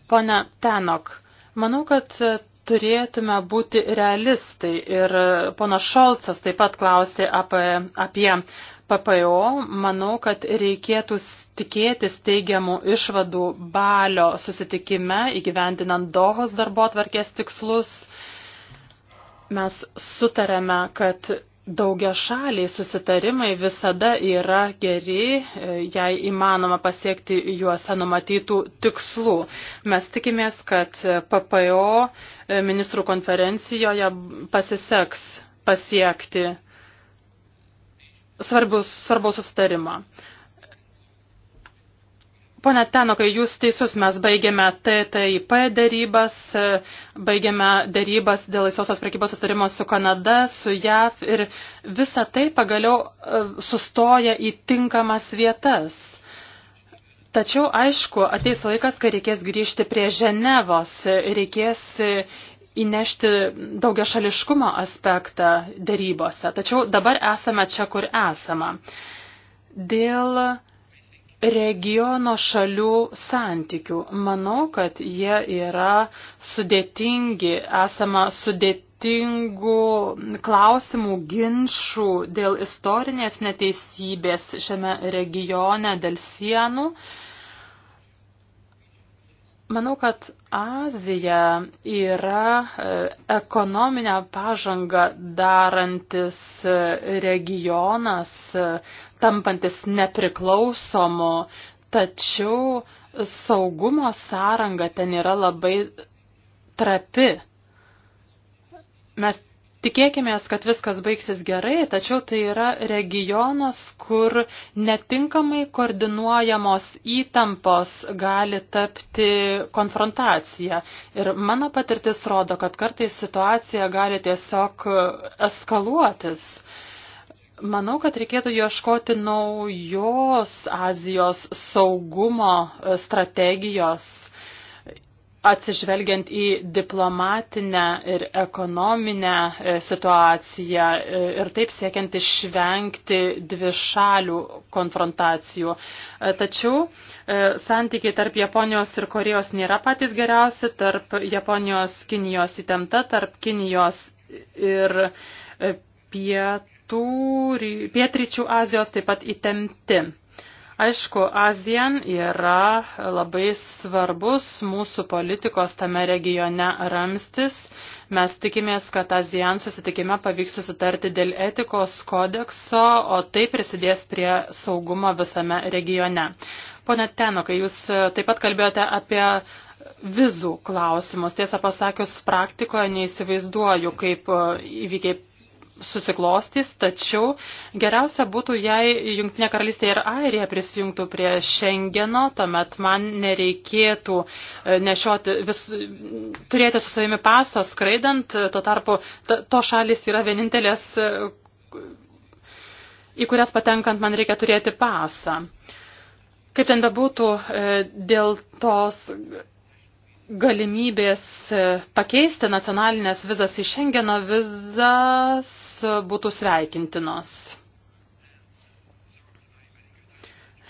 Pone Tenok, manau, kad turėtume būti realistai ir ponas Šolcas taip pat klausė apie, apie PPO, manau, kad reikėtų tikėtis teigiamų išvadų balio susitikime, įgyvendinant Dohos darbo atvarkės tikslus. Mes sutarėme, kad daugia šaliai susitarimai visada yra geri, jei įmanoma pasiekti juose numatytų tikslų. Mes tikimės, kad PPO e, ministrų konferencijoje pasiseks pasiekti svarbus, svarbaus susitarimą. Pone Tenokai, jūs teisus, mes baigėme TTIP dėrybas, baigėme dėrybas dėl laisvosios prekybos sustarimo su Kanada, su JAV ir visa tai pagaliau e, sustoja į tinkamas vietas. Tačiau, aišku, ateis laikas, kai reikės grįžti prie Ženevos, reikės įnešti daugia šališkumo aspektą darybose. Tačiau dabar esame čia, kur esame. Dėl regiono šalių santykių. Manau, kad jie yra sudėtingi, esama sudėtingų klausimų, ginčių dėl istorinės neteisybės šiame regione, dėl sienų. Uh, Manau, kad Azija yra e, ekonominę pažangą darantis e, regionas, e, tampantis nepriklausomu, tačiau saugumo sąranga ten yra labai trapi. Mes Tikėkime, kad viskas baigsis gerai, tačiau tai yra regionas, kur netinkamai koordinuojamos įtampos gali tapti konfrontacija. Ir mano patirtis rodo, kad kartais situacija gali tiesiog eskaluotis. Manau, kad reikėtų ieškoti naujos Azijos saugumo strategijos atsižvelgiant į diplomatinę ir ekonominę e, situaciją e, ir taip siekiant išvengti dvišalių konfrontacijų. E, tačiau santykiai tarp Japonijos ir Korejos nėra patys geriausi, tarp Japonijos Kinijos įtempta, tarp Kinijos ir pietų, pietryčių Azijos taip pat įtempti. Aišku, ASEAN yra labai svarbus mūsų politikos tame regione ramstis. Mes tikimės, kad ASEAN susitikime pavyks susitarti dėl etikos kodekso, o tai prisidės prie saugumo visame regione. Pone Tenokai, jūs taip pat kalbėjote apie vizų klausimus. Tiesą pasakius, praktikoje neįsivaizduoju, kaip įvykiai susiklostys, tačiau geriausia būtų, jei Junktinė karalystė ir Airija prisijungtų prie Šengeno, tuomet man nereikėtų e, nešioti, vis, turėti su savimi pasą skraidant, e, tuo tarpu to šalis yra vienintelės, e, į kurias patenkant man reikia turėti pasą. Kaip ten bebūtų, dėl tos galimybės e, pakeisti nacionalinės vizas į Schengeno vizas būtų sveikintinos.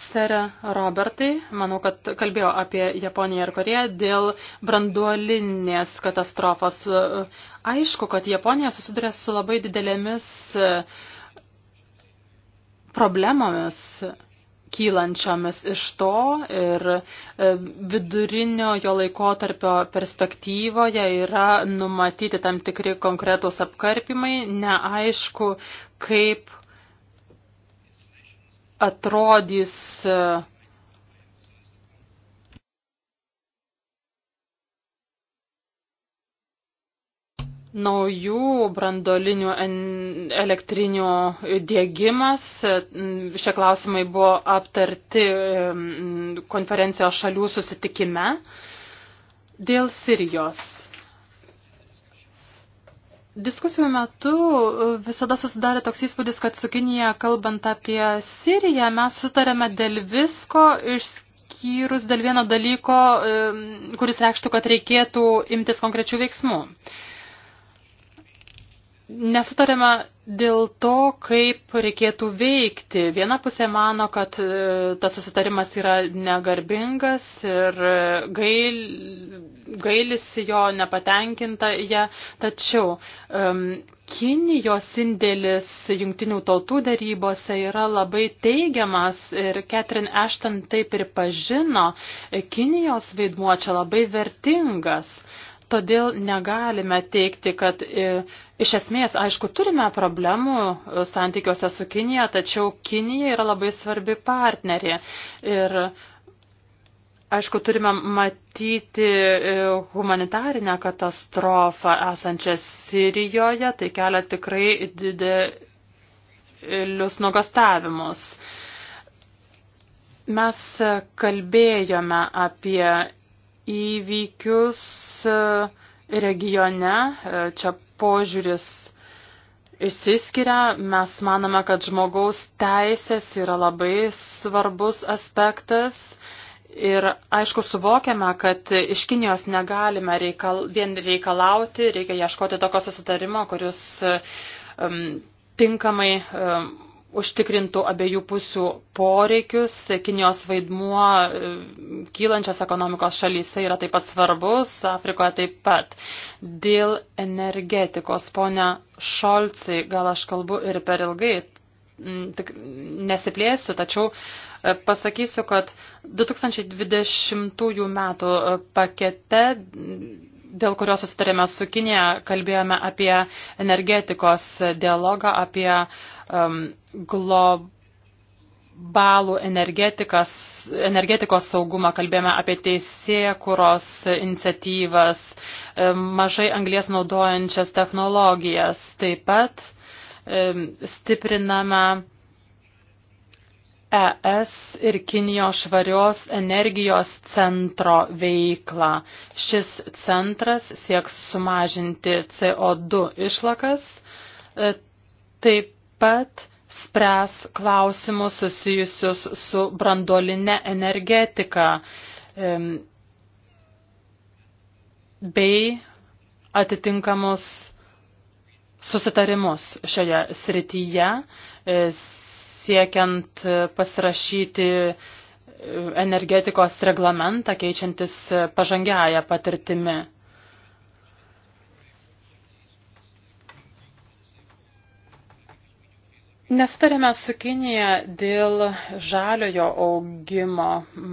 Sere Robertai, manau, kad kalbėjo apie Japoniją ir Koreją dėl branduolinės katastrofos. Aišku, kad Japonija susiduria su labai didelėmis e, problemomis kylančiomis iš to ir e, vidurinio jo laikotarpio perspektyvoje yra numatyti tam tikri konkretūs apkarpimai, neaišku, kaip atrodys e, naujų brandolinių elektrinių dėgymas. Šie klausimai buvo aptarti konferencijos šalių susitikime dėl Sirijos. Diskusijų metu visada susidarė toks įspūdis, kad su Kinija, kalbant apie Siriją, mes sutarėme dėl visko išskirti išskyrus dėl vieno dalyko, kuris reikštų, kad reikėtų imtis konkrečių veiksmų. Nesutarėme dėl to, kaip reikėtų veikti. Viena pusė mano, kad e, tas susitarimas yra negarbingas ir e, gail, gailisi jo nepatenkinta ją. Tačiau um, Kinijos indėlis jungtinių tautų darybose yra labai teigiamas ir Catherine Ashton tai pripažino. Kinijos vaidmuo čia labai vertingas. Uh, Todėl negalime teikti, kad e, iš esmės, aišku, turime problemų e, santykiuose su Kinija, tačiau Kinija yra labai svarbi partnerė. Ir aišku, turime matyti e, humanitarinę katastrofą esančią Sirijoje, tai kelia tikrai didelius nuogastavimus. Mes kalbėjome apie įvykius e, regione. E, čia požiūris išsiskiria. Mes manome, kad žmogaus teisės yra labai svarbus aspektas. Ir aišku, suvokiame, kad iš Kinijos negalime reikal, vien reikalauti, reikia ieškoti tokio susitarimo, kuris um, tinkamai um, užtikrintų abiejų pusių poreikius. Kinijos vaidmuo e, kylančios ekonomikos šalyse yra taip pat svarbus, Afrikoje taip pat. Dėl energetikos, ponia Šolcai, gal aš kalbu ir per ilgai, tik nesiplėsiu, tačiau e, pasakysiu, kad 2020 metų e, pakete dėl kurio susitarėme su Kinėje, kalbėjome apie energetikos dialogą, apie uh, um, globalų energetikos saugumą, kalbėjome apie teisėkuros iniciatyvas, um, mažai anglės naudojančias technologijas. Taip pat um, stipriname ES ir Kinijos švarios energijos centro veiklą. Šis centras sieks sumažinti CO2 išlakas, e, taip pat spręs klausimus susijusius su brandoline energetika bei atitinkamus susitarimus šioje srityje, e, siekiant pasirašyti e, energetikos reglamentą, keičiantis pažangiają patirtimi. Nestarėme su Kinija dėl žaliojo augimo.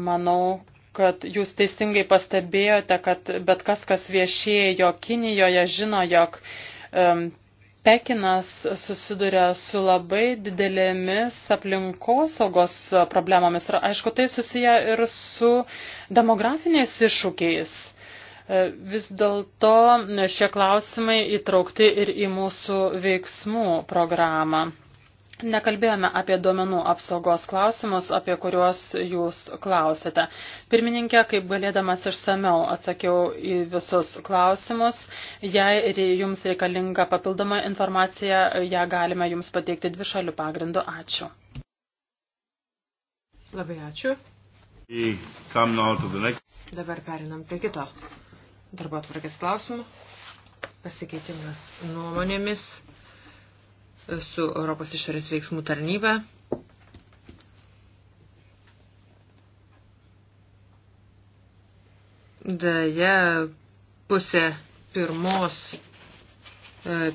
Manau, kad jūs teisingai pastebėjote, kad bet kas, kas viešėjo Kinijoje, žino, jog um, Pekinas susiduria su labai didelėmis aplinkosaugos problemomis. Ir aišku, tai susiję ir su demografiniais iššūkiais. E, vis dėlto šie klausimai įtraukti ir į mūsų veiksmų programą. Nekalbėjome apie duomenų apsaugos klausimus, apie kuriuos jūs klausėte. Pirmininkė, kaip galėdamas išsameu atsakiau į visus klausimus. Jei jums reikalinga papildoma informacija, ją galime jums pateikti dvišalių pagrindų. Ačiū. Labai ačiū. Dabar perinam prie kito darbo atvarkės klausimų. Pasikeitimas nuomonėmis su Europos išorės veiksmų tarnyba. Deja, pusė pirmos e,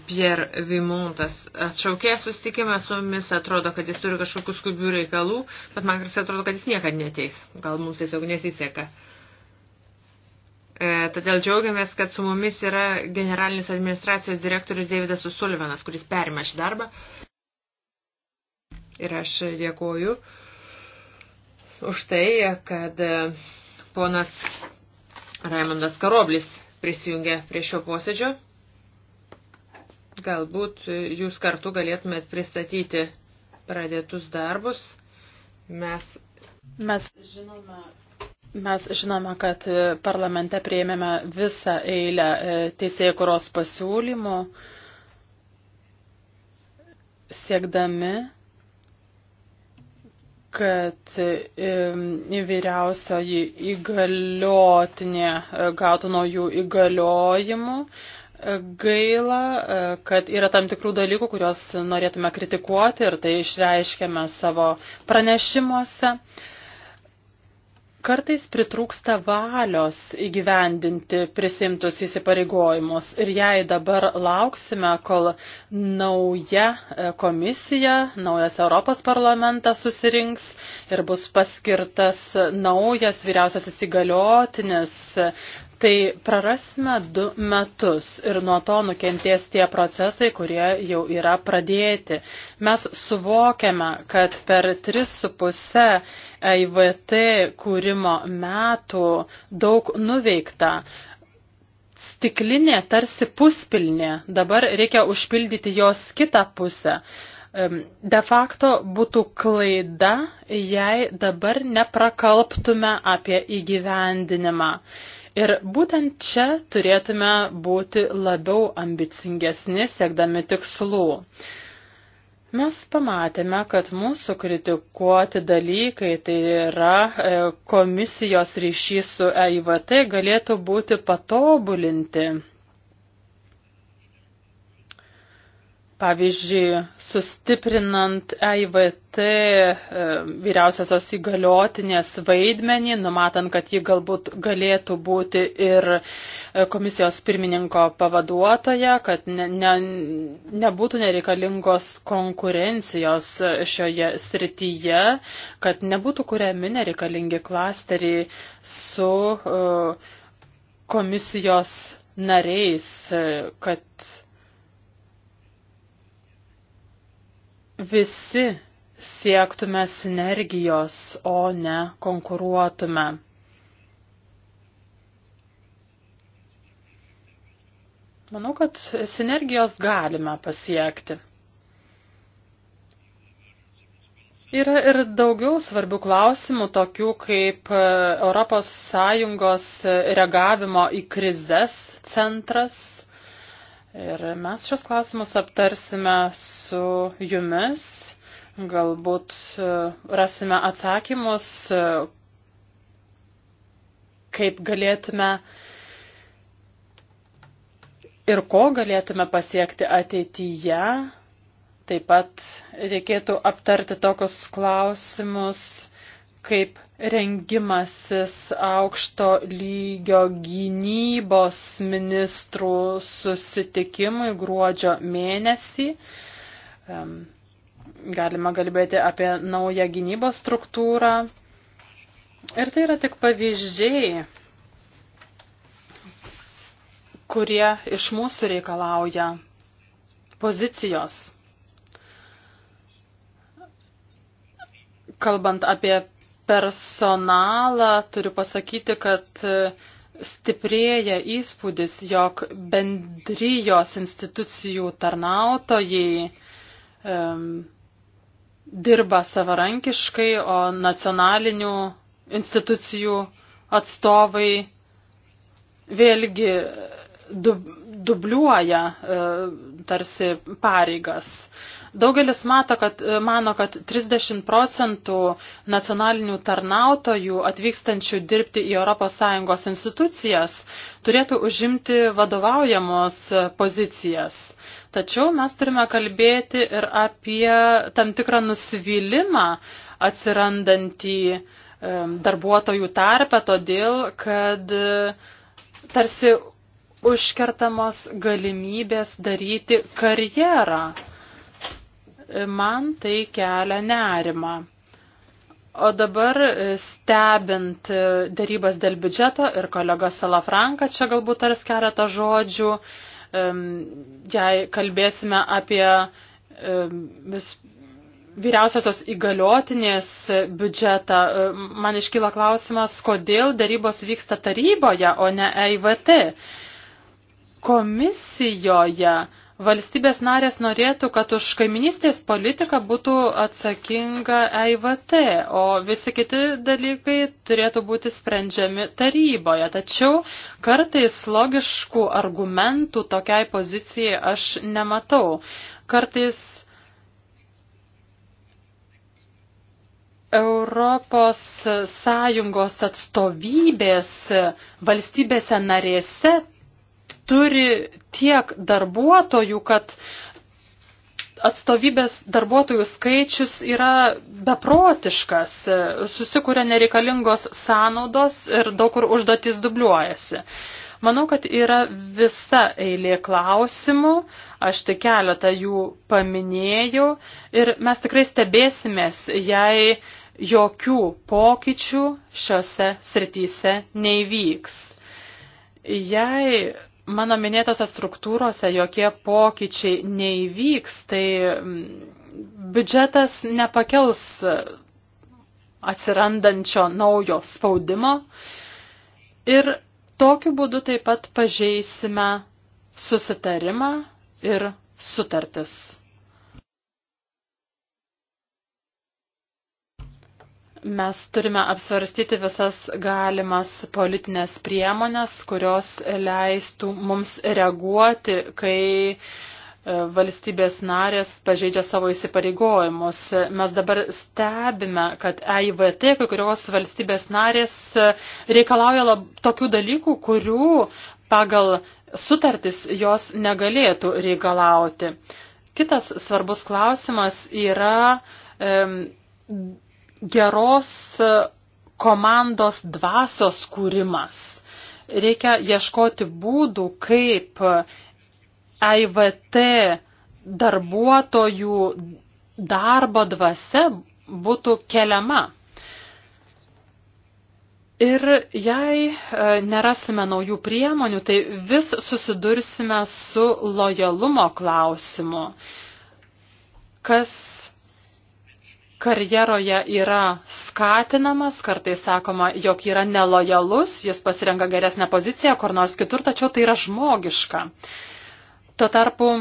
Pierre Vimontas atšaukė susitikimą su mumis, atrodo, kad jis turi kažkokių skubių reikalų, bet man atrodo, kad jis niekad neteis. Gal mums tiesiog nesiseka. E, todėl džiaugiamės, kad su mumis yra generalinis administracijos direktorius Davidas Usulvenas, kuris perima šį darbą. Ir aš dėkuoju už tai, kad e, ponas Raimondas Karoblis prisijungia prie šio posėdžio. Galbūt jūs kartu galėtumėt pristatyti pradėtus darbus. Mes, Mes žinome Mes žinome, kad parlamente prieimėme visą eilę e, teisėjų kuros pasiūlymų, siekdami, kad e, vyriausioji įgaliotinė e, gautų naujų įgaliojimų, gaila, kad yra tam tikrų dalykų, kuriuos norėtume kritikuoti ir tai išreiškėme savo pranešimuose. Kartais pritrūksta valios įgyvendinti prisimtus įsipareigojimus ir jei dabar lauksime, kol nauja e, komisija, naujas Europos parlamentas susirinks ir bus paskirtas naujas vyriausias įsigaliotinis, tai prarasime du metus ir nuo to nukentės tie procesai, kurie jau yra pradėti. Mes suvokiame, kad per 3,5 EIVT kūrimo metų daug nuveikta. Stiklinė tarsi puspilnė, dabar reikia užpildyti jos kitą pusę. De facto būtų klaida, jei dabar neprakalptume apie įgyvendinimą. Ir būtent čia turėtume būti labiau ambicingesni, siekdami tikslų. Mes pamatėme, kad mūsų kritikuoti dalykai, tai yra e, komisijos ryšys su EIVT, galėtų būti patobulinti. Pavyzdžiui, sustiprinant EIVT e, vyriausiasios įgaliotinės vaidmenį, numatant, kad ji galbūt galėtų būti ir e, komisijos pirmininko pavaduotoja, kad ne, ne, nebūtų nereikalingos konkurencijos šioje srityje, kad nebūtų kuriami nereikalingi klasteriai su uh, komisijos nariais, kad visi siektume sinergijos, o ne konkuruotume. Manau, kad sinergijos galime pasiekti. Yra ir daugiau svarbių klausimų, tokių kaip ES reagavimo į krizes centras, Ir mes šios klausimus aptarsime su jumis. Galbūt e, rasime atsakymus, e, kaip galėtume ir ko galėtume pasiekti ateityje. Taip pat reikėtų aptarti tokius klausimus kaip rengimasis aukšto lygio gynybos ministrų susitikimui gruodžio mėnesį. Galima kalbėti apie naują gynybos struktūrą. Ir tai yra tik pavyzdžiai, kurie iš mūsų reikalauja pozicijos. Kalbant apie personalą, turiu pasakyti, kad e, stiprėja įspūdis, jog bendrijos institucijų tarnautojai um, dirba savarankiškai, o nacionalinių institucijų atstovai vėlgi e, du, dubliuoja e, tarsi pareigas. Daugelis mato, kad, e, mano, kad 30 procentų nacionalinių tarnautojų atvykstančių dirbti į ES institucijas turėtų užimti vadovaujamos e, pozicijas. Tačiau mes turime kalbėti ir apie tam tikrą nusivylimą atsirandantį e, darbuotojų tarpę, todėl kad tarsi užkertamos galimybės daryti karjerą. Man tai kelia nerimą. O dabar e, stebint e, darybas dėl biudžeto ir kolega Salafranka čia galbūt tars keletą žodžių, jei kalbėsime apie vis vyriausiosios įgaliotinės biudžetą, e, man iškyla klausimas, kodėl darybos vyksta taryboje, o ne EIVT. Komisijoje Valstybės narės norėtų, kad už kaiminystės politiką būtų atsakinga EIVT, o visi kiti dalykai turėtų būti sprendžiami taryboje. Tačiau kartais logiškų argumentų tokiai pozicijai aš nematau. Kartais Europos Sąjungos atstovybės valstybėse narėse turi tiek darbuotojų, kad atstovybės darbuotojų skaičius yra beprotiškas, susikuria nereikalingos sąnaudos ir daug kur užduotis dubliuojasi. Manau, kad yra visa eilė klausimų, aš tik keletą jų paminėjau ir mes tikrai stebėsimės, jei jokių pokyčių šiuose srityse neįvyks. Jei mano minėtose struktūrose jokie pokyčiai neįvyks, tai biudžetas nepakels atsirandančio naujo spaudimo ir tokiu būdu taip pat pažeisime susitarimą ir sutartis. Mes turime apsvarstyti visas galimas politinės priemonės, kurios leistų mums reaguoti, kai e, valstybės narės pažeidžia savo įsipareigojimus. Mes dabar stebime, kad EIVT, kai kurios valstybės narės e, reikalauja lab, tokių dalykų, kurių pagal sutartis jos negalėtų reikalauti. Kitas svarbus klausimas yra. Um, e, geros komandos dvasios kūrimas. Reikia ieškoti būdų, kaip EIVT darbuotojų darbo dvasia būtų keliama. Ir jei e, nerasime naujų priemonių, tai vis susidursime su lojalumo klausimu, kas karjeroje yra skatinamas, kartais sakoma, jog yra nelojalus, jis pasirenka geresnę poziciją kur nors kitur, tačiau tai yra žmogiška. Tuo tarpu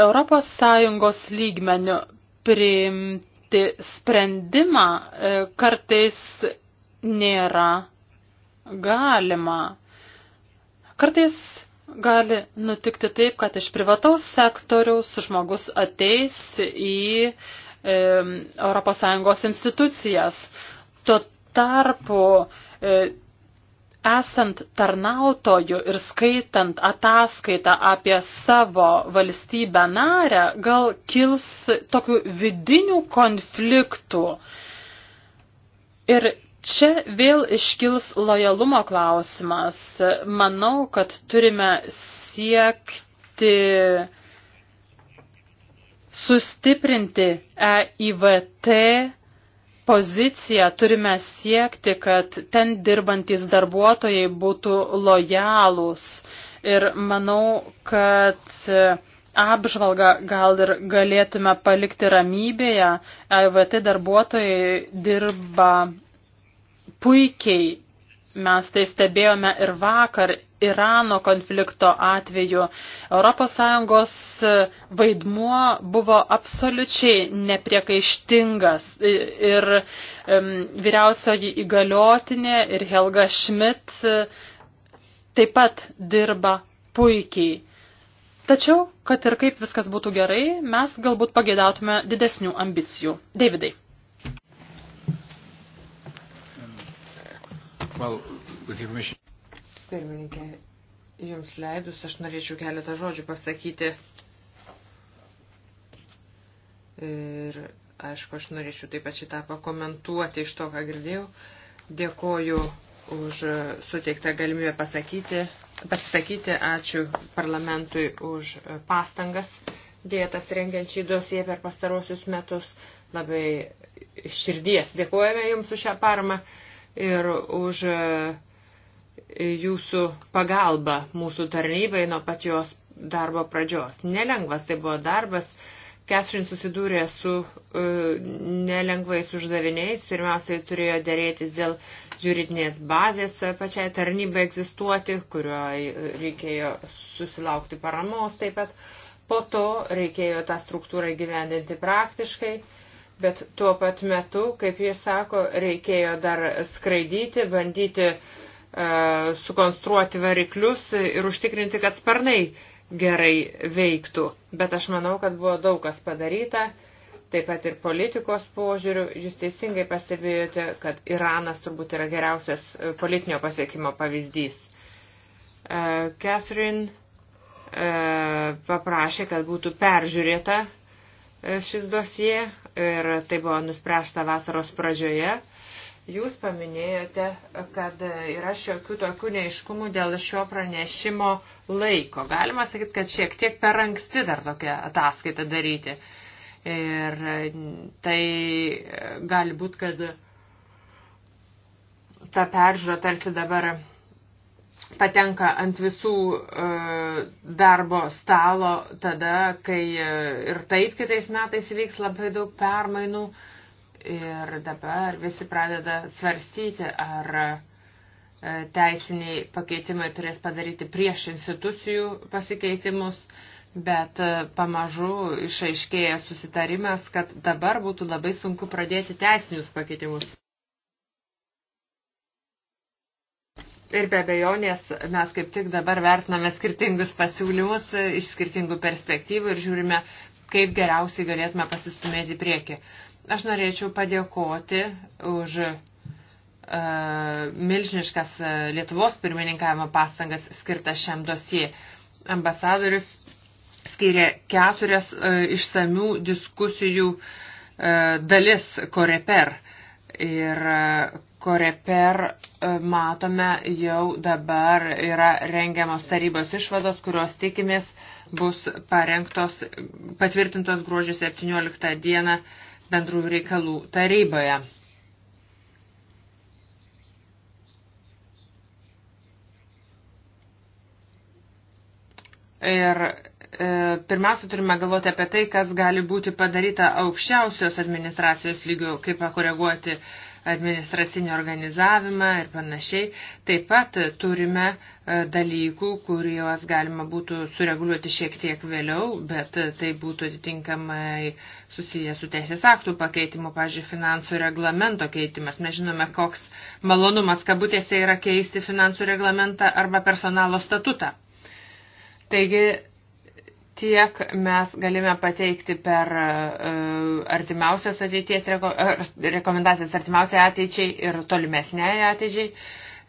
ES lygmenių priimti sprendimą e, kartais nėra galima. Kartais gali nutikti taip, kad iš privataus sektoriaus žmogus ateis į e, ES institucijas. Tuo tarpu e, esant tarnautoju ir skaitant ataskaitą apie savo valstybę narę, gal kils tokių vidinių konfliktų. Ir Čia vėl iškils lojalumo klausimas. Manau, kad turime siekti sustiprinti EIVT poziciją, turime siekti, kad ten dirbantis darbuotojai būtų lojalūs. Ir manau, kad apžvalgą gal ir galėtume palikti ramybėje. EIVT darbuotojai dirba puikiai mes tai stebėjome ir vakar Irano konflikto atveju. ES e, vaidmuo buvo absoliučiai nepriekaištingas ir um, vyriausioji įgaliotinė ir Helga Schmidt e, taip pat dirba puikiai. Tačiau, kad ir kaip viskas būtų gerai, mes galbūt pageidautume didesnių ambicijų. Davidai. Well, Pirmininkė, jums leidus, aš norėčiau keletą žodžių pasakyti. Ir aišku, aš norėčiau taip pat šitą pakomentuoti iš to, ką girdėjau. Dėkoju už suteiktą galimybę pasakyti, pasisakyti. Ačiū parlamentui už pastangas dėtas rengiant šį dosiją per pastarosius metus. Labai širdies dėkojame Jums už šią paramą ir už e, jūsų pagalbą mūsų tarnybai nuo pačios darbo pradžios. Nelengvas tai buvo darbas. Catherine susidūrė su uh, nelengvais uždaviniais. Pirmiausiai turėjo dėrėtis dėl juridinės bazės pačiai tarnybai egzistuoti, kurio reikėjo susilaukti paramos taip pat. Po to reikėjo tą struktūrą gyvendinti praktiškai. Uh, bet tuo pat metu, kaip jis sako, reikėjo dar skraidyti, bandyti e, sukonstruoti variklius ir užtikrinti, kad sparnai gerai veiktų. Bet aš manau, kad buvo daug kas padaryta, taip pat ir politikos požiūrių. Jūs teisingai pastebėjote, kad Iranas turbūt yra geriausias e, politinio pasiekimo pavyzdys. E, Catherine e, paprašė, kad būtų peržiūrėta šis dosie ir tai buvo nuspręsta vasaros pradžioje. Jūs paminėjote, kad yra šiokių tokių neiškumų dėl šio pranešimo laiko. Galima sakyti, kad šiek tiek per anksti dar tokią ataskaitą daryti. Ir tai gali būti, kad ta peržiūra tarsi dabar patenka ant visų e, darbo stalo tada, kai e, ir taip kitais metais vyks labai daug permainų. Ir dabar visi pradeda svarstyti, ar e, teisiniai pakeitimai turės padaryti prieš institucijų pasikeitimus, bet pamažu išaiškėja susitarimas, kad dabar būtų labai sunku pradėti teisinius pakeitimus. Ir be abejonės mes kaip tik dabar vertiname skirtingus pasiūlymus iš skirtingų perspektyvų ir žiūrime, kaip geriausiai galėtume pasistumėti prieki. Aš norėčiau padėkoti už uh, milžiniškas e, Lietuvos pirmininkavimo pastangas skirtas šiam dosijai. Ambasadorius skiria keturias uh, išsamių diskusijų uh, dalis koreper. Ir uh, koreper e, matome jau dabar yra rengiamos tarybos išvados, kurios tikimės bus parengtos, patvirtintos gruodžio 17 dieną bendrų reikalų taryboje. Ir e, pirmiausia, turime galvoti apie tai, kas gali būti padaryta aukščiausios administracijos lygių, kaip pakoreguoti e, administracinį organizavimą ir panašiai. Taip pat turime e, dalykų, kuriuos galima būtų sureguliuoti šiek tiek vėliau, bet e, tai būtų atitinkamai susiję su teisės aktų pakeitimu, pažiūrėjau, finansų reglamento keitimas. Mes žinome, koks malonumas kabutėse yra keisti finansų reglamentą arba personalo statutą. Taigi tiek mes galime pateikti per e, artimiausios ateities reko, e, rekomendacijas artimiausiai ateičiai ir tolimesniai ateičiai.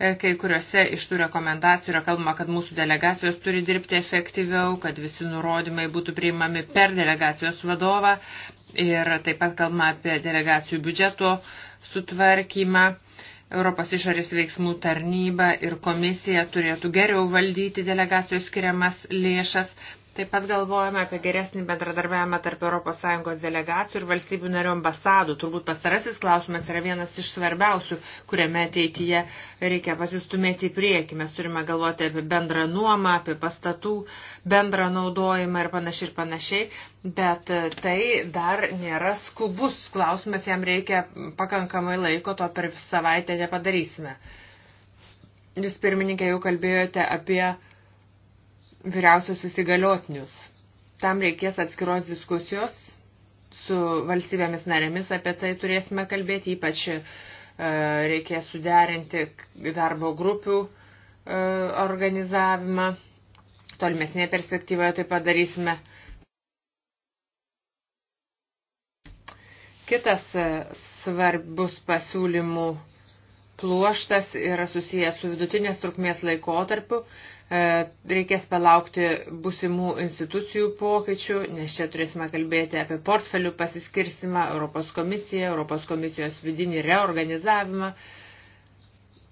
E, kai kuriuose iš tų rekomendacijų yra kalbama, kad mūsų delegacijos turi dirbti efektyviau, kad visi nurodymai būtų priimami per delegacijos vadovą ir taip pat kalbama apie delegacijų biudžeto sutvarkymą. Europos išorės veiksmų tarnyba ir komisija turėtų geriau valdyti delegacijos skiriamas lėšas, Taip pat galvojame apie geresnį bendradarbiavimą tarp ES delegacijų ir valstybių narių ambasadų. Turbūt pastarasis klausimas yra vienas iš svarbiausių, kuriame ateityje reikia pasistumėti į priekį. Mes turime galvoti apie bendrą nuomą, apie pastatų bendrą naudojimą ir panašiai ir panašiai. Bet tai dar nėra skubus klausimas, jam reikia pakankamai laiko, to per savaitę nepadarysime. Jūs pirmininkė jau kalbėjote apie vyriausios įsigaliotinius. Tam reikės atskiros diskusijos su valstybėmis narėmis, apie tai turėsime kalbėti, ypač e, reikės suderinti darbo grupių e, organizavimą. Tolimesnėje perspektyvoje tai padarysime. Kitas e, svarbus pasiūlymų pluoštas yra susijęs su vidutinės trukmės laikotarpiu. E, reikės palaukti busimų institucijų pokyčių, nes čia turėsime kalbėti apie portfelių pasiskirstimą, Europos komisiją, Europos komisijos vidinį reorganizavimą.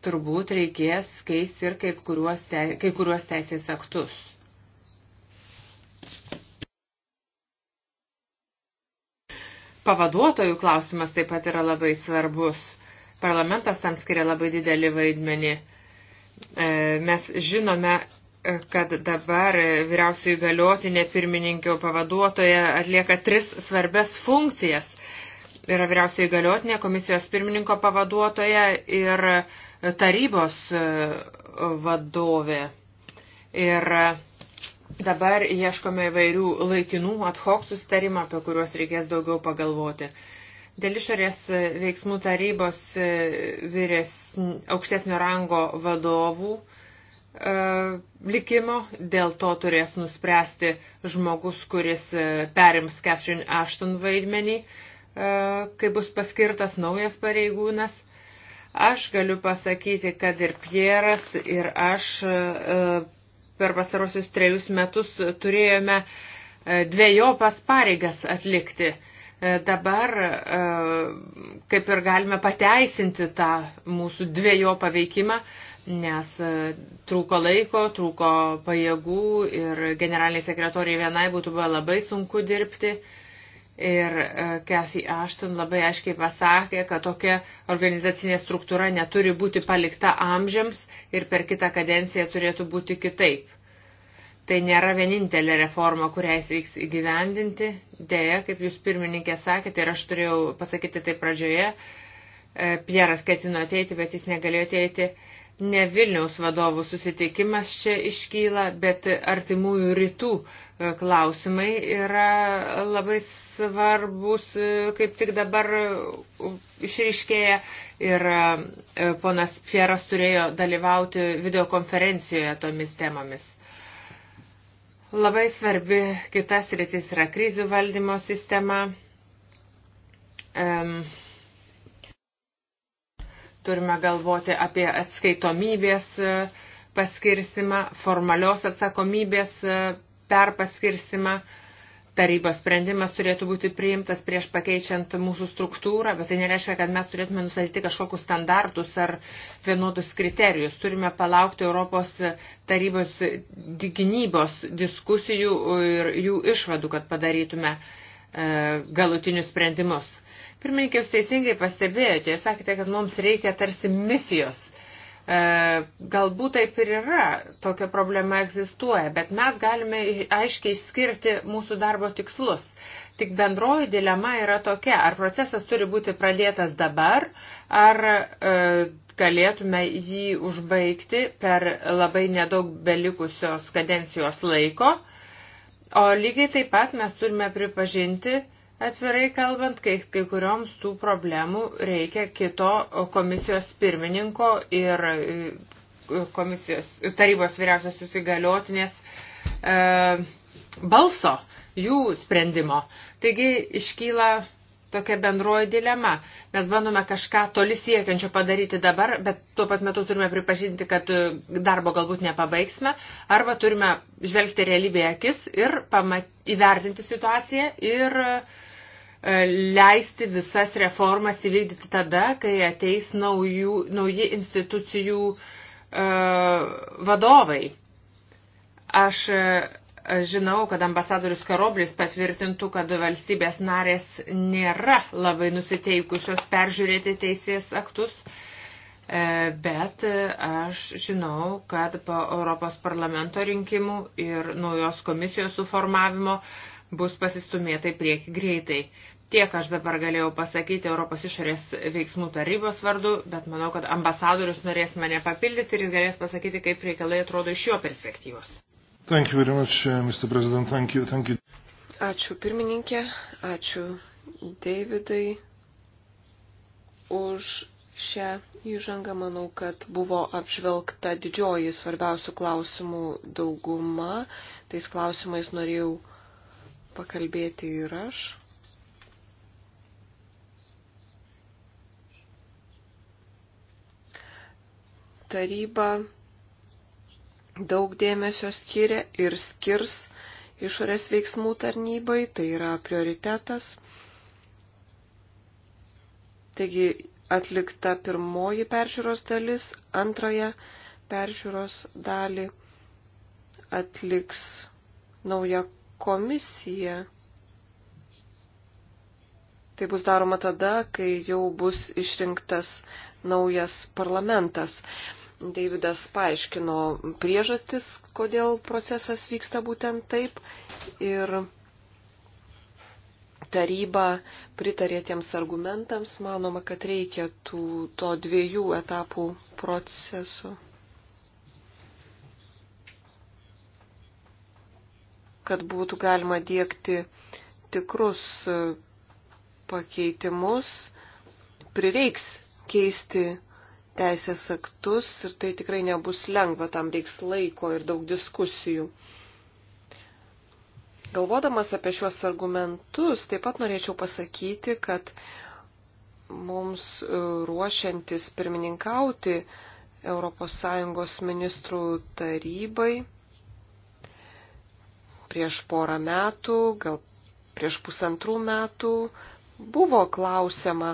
Turbūt reikės keisti ir kai kuriuos, kai kuriuos teisės aktus. Pavaduotojų klausimas taip pat yra labai svarbus Parlamentas tam skiria labai didelį vaidmenį. E, mes žinome, e, kad dabar vyriausiai galiotinė pirmininkio pavaduotoja atlieka tris svarbes funkcijas. Yra vyriausiai galiotinė komisijos pirmininko pavaduotoja ir tarybos e, vadovė. Ir dabar ieškome įvairių laikinų ad hoc sustarimą, apie kuriuos reikės daugiau pagalvoti. Dėl išorės e, veiksmų tarybos e, vyresn, aukštesnio rango vadovų e, likimo, dėl to turės nuspręsti žmogus, kuris perims Catherine Ashton vaidmenį, kai bus paskirtas naujas pareigūnas. Aš galiu pasakyti, kad ir Pieras, ir aš per pasarosius trejus metus turėjome dviejopas pareigas atlikti. E, dabar e, kaip ir galime pateisinti tą mūsų dviejo paveikimą, nes e, trūko laiko, trūko pajėgų ir generaliniai sekretoriai vienai būtų buvę labai sunku dirbti. Ir Kesi Ašton labai aiškiai pasakė, kad tokia organizacinė struktūra neturi būti palikta amžiams ir per kitą kadenciją turėtų būti kitaip. Tai nėra vienintelė reforma, kurią jis reiks įgyvendinti. Deja, kaip jūs pirmininkė sakėte, ir aš turėjau pasakyti tai pradžioje, e, Pieras ketino ateiti, bet jis negalėjo ateiti. Ne Vilniaus vadovų susitikimas čia iškyla, bet artimųjų rytų e, klausimai yra labai svarbus, e, kaip tik dabar išriškėja. Ir ponas Pieras turėjo dalyvauti videokonferencijoje tomis temomis. Labai svarbi kitas rytis yra krizių valdymo sistema. Um, turime galvoti apie atskaitomybės e, paskirsimą, formalios atsakomybės e, perpaskirsimą. Uh, tarybos sprendimas turėtų būti priimtas prieš pakeičiant mūsų struktūrą, bet tai nereiškia, kad mes turėtume nustatyti kažkokius standartus ar vienodus kriterijus. Turime palaukti Europos tarybos gynybos diskusijų ir jų išvadų, kad padarytume e, galutinius sprendimus. Pirmininkė, jūs teisingai pastebėjote, jūs sakėte, kad mums reikia tarsi misijos E, galbūt taip ir yra, tokia problema egzistuoja, bet mes galime aiškiai išskirti mūsų darbo tikslus. Tik bendroji dilema yra tokia, ar procesas turi būti pradėtas dabar, ar e, galėtume jį užbaigti per labai nedaug belikusios kadencijos laiko. O lygiai taip pat mes turime pripažinti, Atvirai kalbant, kai, kai kurioms tų problemų reikia kito komisijos pirmininko ir e, komisijos tarybos vyriausios įgaliotinės e, balso, jų sprendimo. Taigi iškyla tokia bendroji dilema. Mes bandome kažką toli siekiančio padaryti dabar, bet tuo pat metu turime pripažinti, kad e, darbo galbūt nepabaigsime, arba turime žvelgti realybėje akis ir pamat, įvertinti situaciją ir uh, E, leisti visas reformas įvykdyti tada, kai ateis naujų, nauji institucijų e, vadovai. Aš e, žinau, kad ambasadorius Karoblis patvirtintų, kad valstybės narės nėra labai nusiteikusios peržiūrėti teisės aktus, bet aš žinau, kad po Europos parlamento rinkimų ir naujos komisijos suformavimo bus pasistumėta į priekį greitai. Tiek aš dabar galėjau pasakyti Europos išorės veiksmų tarybos vardu, bet manau, kad ambasadorius norės mane papildyti ir jis galės pasakyti, kaip reikalai atrodo iš jo perspektyvos. Thank you very much, uh, Mr. President. Thank you. Thank you. Ačiū pirmininkė, ačiū Davidai už šią įžangą. Manau, kad buvo apžvelgta didžioji svarbiausių klausimų dauguma. Tais klausimais norėjau pakalbėti ir aš. Taryba daug dėmesio skiria ir skirs išorės veiksmų tarnybai, tai yra prioritetas. Taigi atlikta pirmoji peržiūros dalis, antrąją peržiūros dalį atliks nauja komisija. Tai bus daroma tada, kai jau bus išrinktas naujas parlamentas. Davidas paaiškino priežastis, kodėl procesas vyksta būtent taip ir taryba pritarė tiems argumentams, manoma, kad reikia tų, to dviejų etapų procesų. kad būtų galima dėkti tikrus e, pakeitimus, prireiks keisti teisės aktus ir tai tikrai nebus lengva, tam reiks laiko ir daug diskusijų. Galvodamas apie šiuos argumentus, taip pat norėčiau pasakyti, kad mums e, ruošiantis pirmininkauti ES ministrų tarybai, Prieš porą metų, gal prieš pusantrų metų buvo klausima,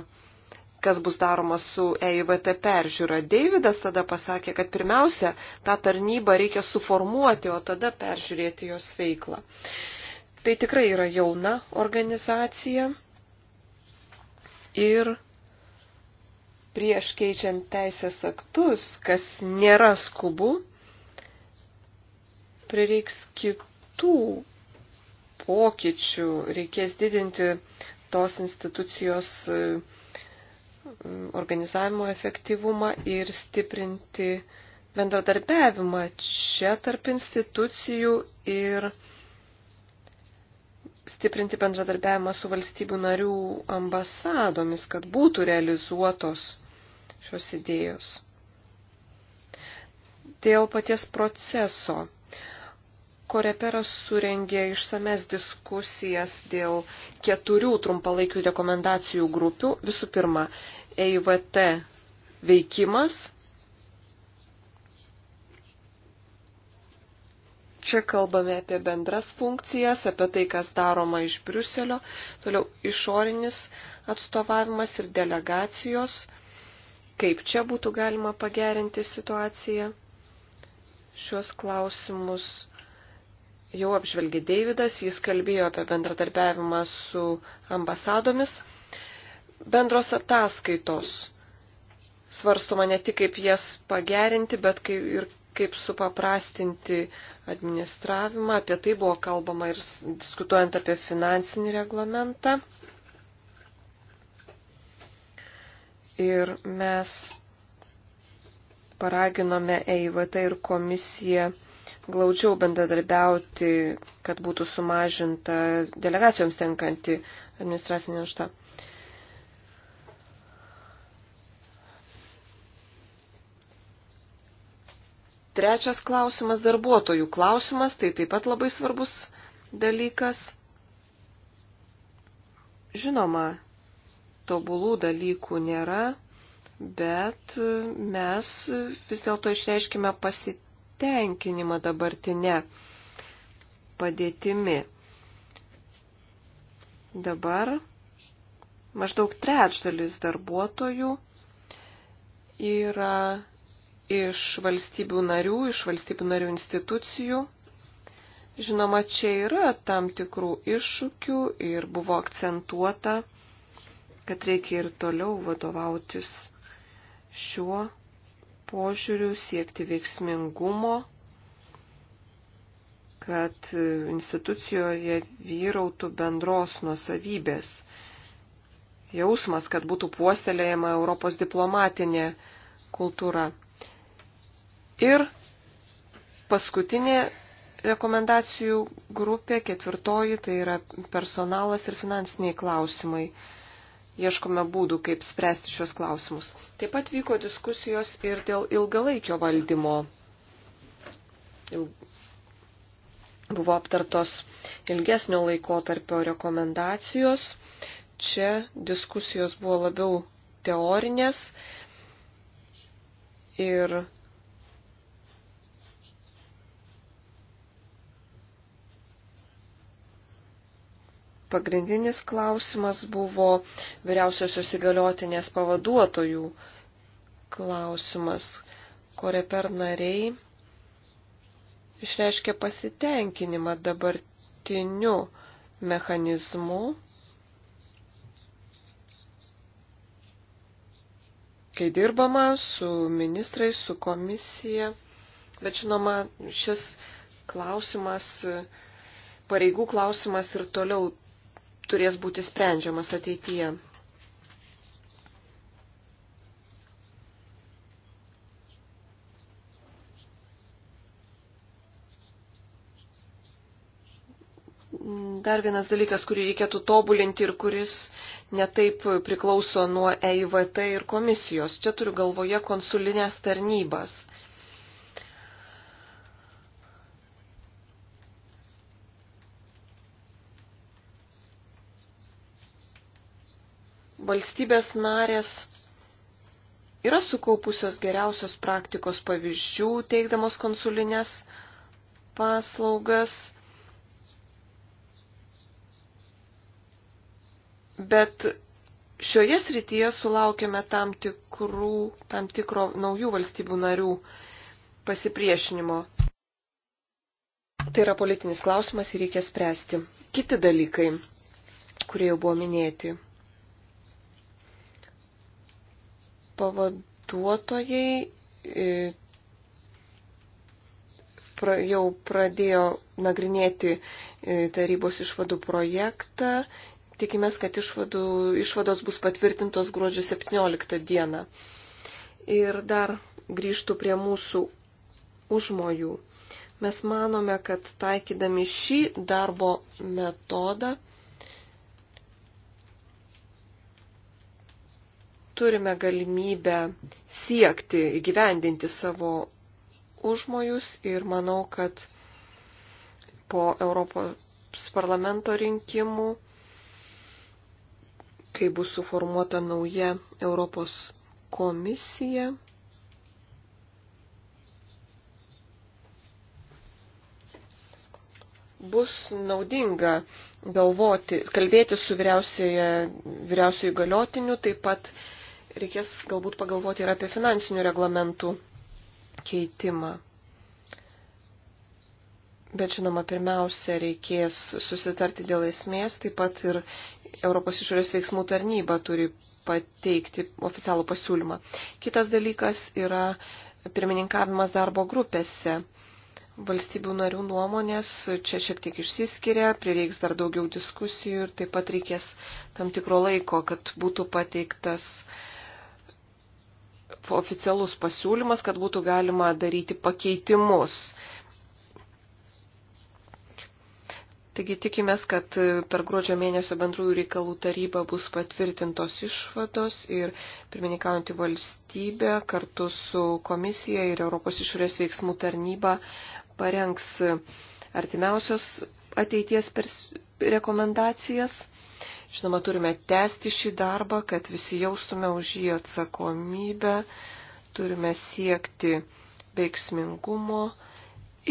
kas bus daroma su EIVT peržiūra. Deividas tada pasakė, kad pirmiausia, tą tarnybą reikia suformuoti, o tada peržiūrėti jos veiklą. Tai tikrai yra jauna organizacija ir prieš keičiant teisės aktus, kas nėra skubu, prireiks kitų rimtų pokyčių, reikės didinti tos institucijos e, organizavimo efektyvumą ir stiprinti bendradarbiavimą čia tarp institucijų ir stiprinti bendradarbiavimą su valstybių narių ambasadomis, kad būtų realizuotos šios idėjos. Dėl paties proceso Koreperas surengė išsames diskusijas dėl keturių trumpalaikių rekomendacijų grupių. Visų pirma, EIVT veikimas. Čia kalbame apie bendras funkcijas, apie tai, kas daroma iš Briuselio, toliau išorinis atstovavimas ir delegacijos, kaip čia būtų galima pagerinti situaciją šios klausimus jau apžvelgė Deividas, jis kalbėjo apie bendradarbiavimą su ambasadomis. Bendros ataskaitos svarstoma ne tik kaip jas pagerinti, bet kaip ir kaip supaprastinti administravimą. Apie tai buvo kalbama ir diskutuojant apie finansinį reglamentą. Ir mes paraginome EIVT ir komisiją glaučiau bendradarbiauti, kad būtų sumažinta delegacijoms tenkanti administracinė našta. Trečias klausimas - darbuotojų klausimas, tai taip pat labai svarbus dalykas. Žinoma, tobulų dalykų nėra, bet mes vis dėlto išreiškime pasitikėjimą pasitenkinimą dabartinę padėtimi. Dabar maždaug trečdalis darbuotojų yra iš valstybių narių, iš valstybių narių institucijų. Žinoma, čia yra tam tikrų iššūkių ir buvo akcentuota, kad reikia ir toliau vadovautis šiuo požiūrių, siekti veiksmingumo, kad institucijoje vyrautų bendros nuosavybės. Jausmas, kad būtų puoselėjama Europos diplomatinė kultūra. Ir paskutinė rekomendacijų grupė, ketvirtoji, tai yra personalas ir finansiniai klausimai ieškome būdų, kaip spręsti šios klausimus. Taip pat vyko diskusijos ir dėl ilgalaikio valdymo. Il... Buvo aptartos ilgesnio laiko tarpio rekomendacijos. Čia diskusijos buvo labiau teorinės ir pagrindinis klausimas buvo vyriausiosios įgaliotinės pavaduotojų klausimas, kurie per nariai išreiškė pasitenkinimą dabartiniu mechanizmu, kai dirbama su ministrais, su komisija. Bet žinoma, šis klausimas, pareigų klausimas ir toliau turės būti sprendžiamas ateityje. Dar vienas dalykas, kurį reikėtų tobulinti ir kuris netaip priklauso nuo EIVT ir komisijos. Čia turiu galvoje konsulinės tarnybas. valstybės narės yra sukaupusios geriausios praktikos pavyzdžių, teikdamos konsulinės paslaugas, bet šioje srityje sulaukėme tam, tikrų, tam tikro naujų valstybių narių pasipriešinimo. Tai yra politinis klausimas ir reikia spręsti. Kiti dalykai, kurie jau buvo minėti. pavaduotojai e, pra, jau pradėjo nagrinėti e, tarybos išvadų projektą. Tikimės, kad išvadų, išvados bus patvirtintos gruodžio 17 dieną. Ir dar grįžtų prie mūsų užmojų. Mes manome, kad taikydami šį darbo metodą turime galimybę siekti, įgyvendinti savo užmojus ir manau, kad po Europos parlamento rinkimų, kai bus suformuota nauja Europos komisija, bus naudinga galvoti, kalbėti su vyriausiai galiotiniu, taip pat reikės galbūt pagalvoti ir apie finansinių reglamentų keitimą. Bet žinoma, pirmiausia, reikės susitarti dėl esmės, taip pat ir Europos išorės veiksmų tarnyba turi pateikti oficialų pasiūlymą. Kitas dalykas yra pirmininkavimas darbo grupėse. Valstybių narių nuomonės čia šiek tiek išsiskiria, prireiks dar daugiau diskusijų ir taip pat reikės tam tikro laiko, kad būtų pateiktas uh, oficialus pasiūlymas, kad būtų galima daryti pakeitimus. Taigi tikimės, kad per gruodžio mėnesio bendrųjų reikalų taryba bus patvirtintos išvados ir pirmininkaujantį valstybę kartu su komisija ir Europos išorės veiksmų tarnyba parengs artimiausios ateities rekomendacijas. Žinoma, turime tęsti šį darbą, kad visi jaustume už jį atsakomybę, turime siekti veiksmingumo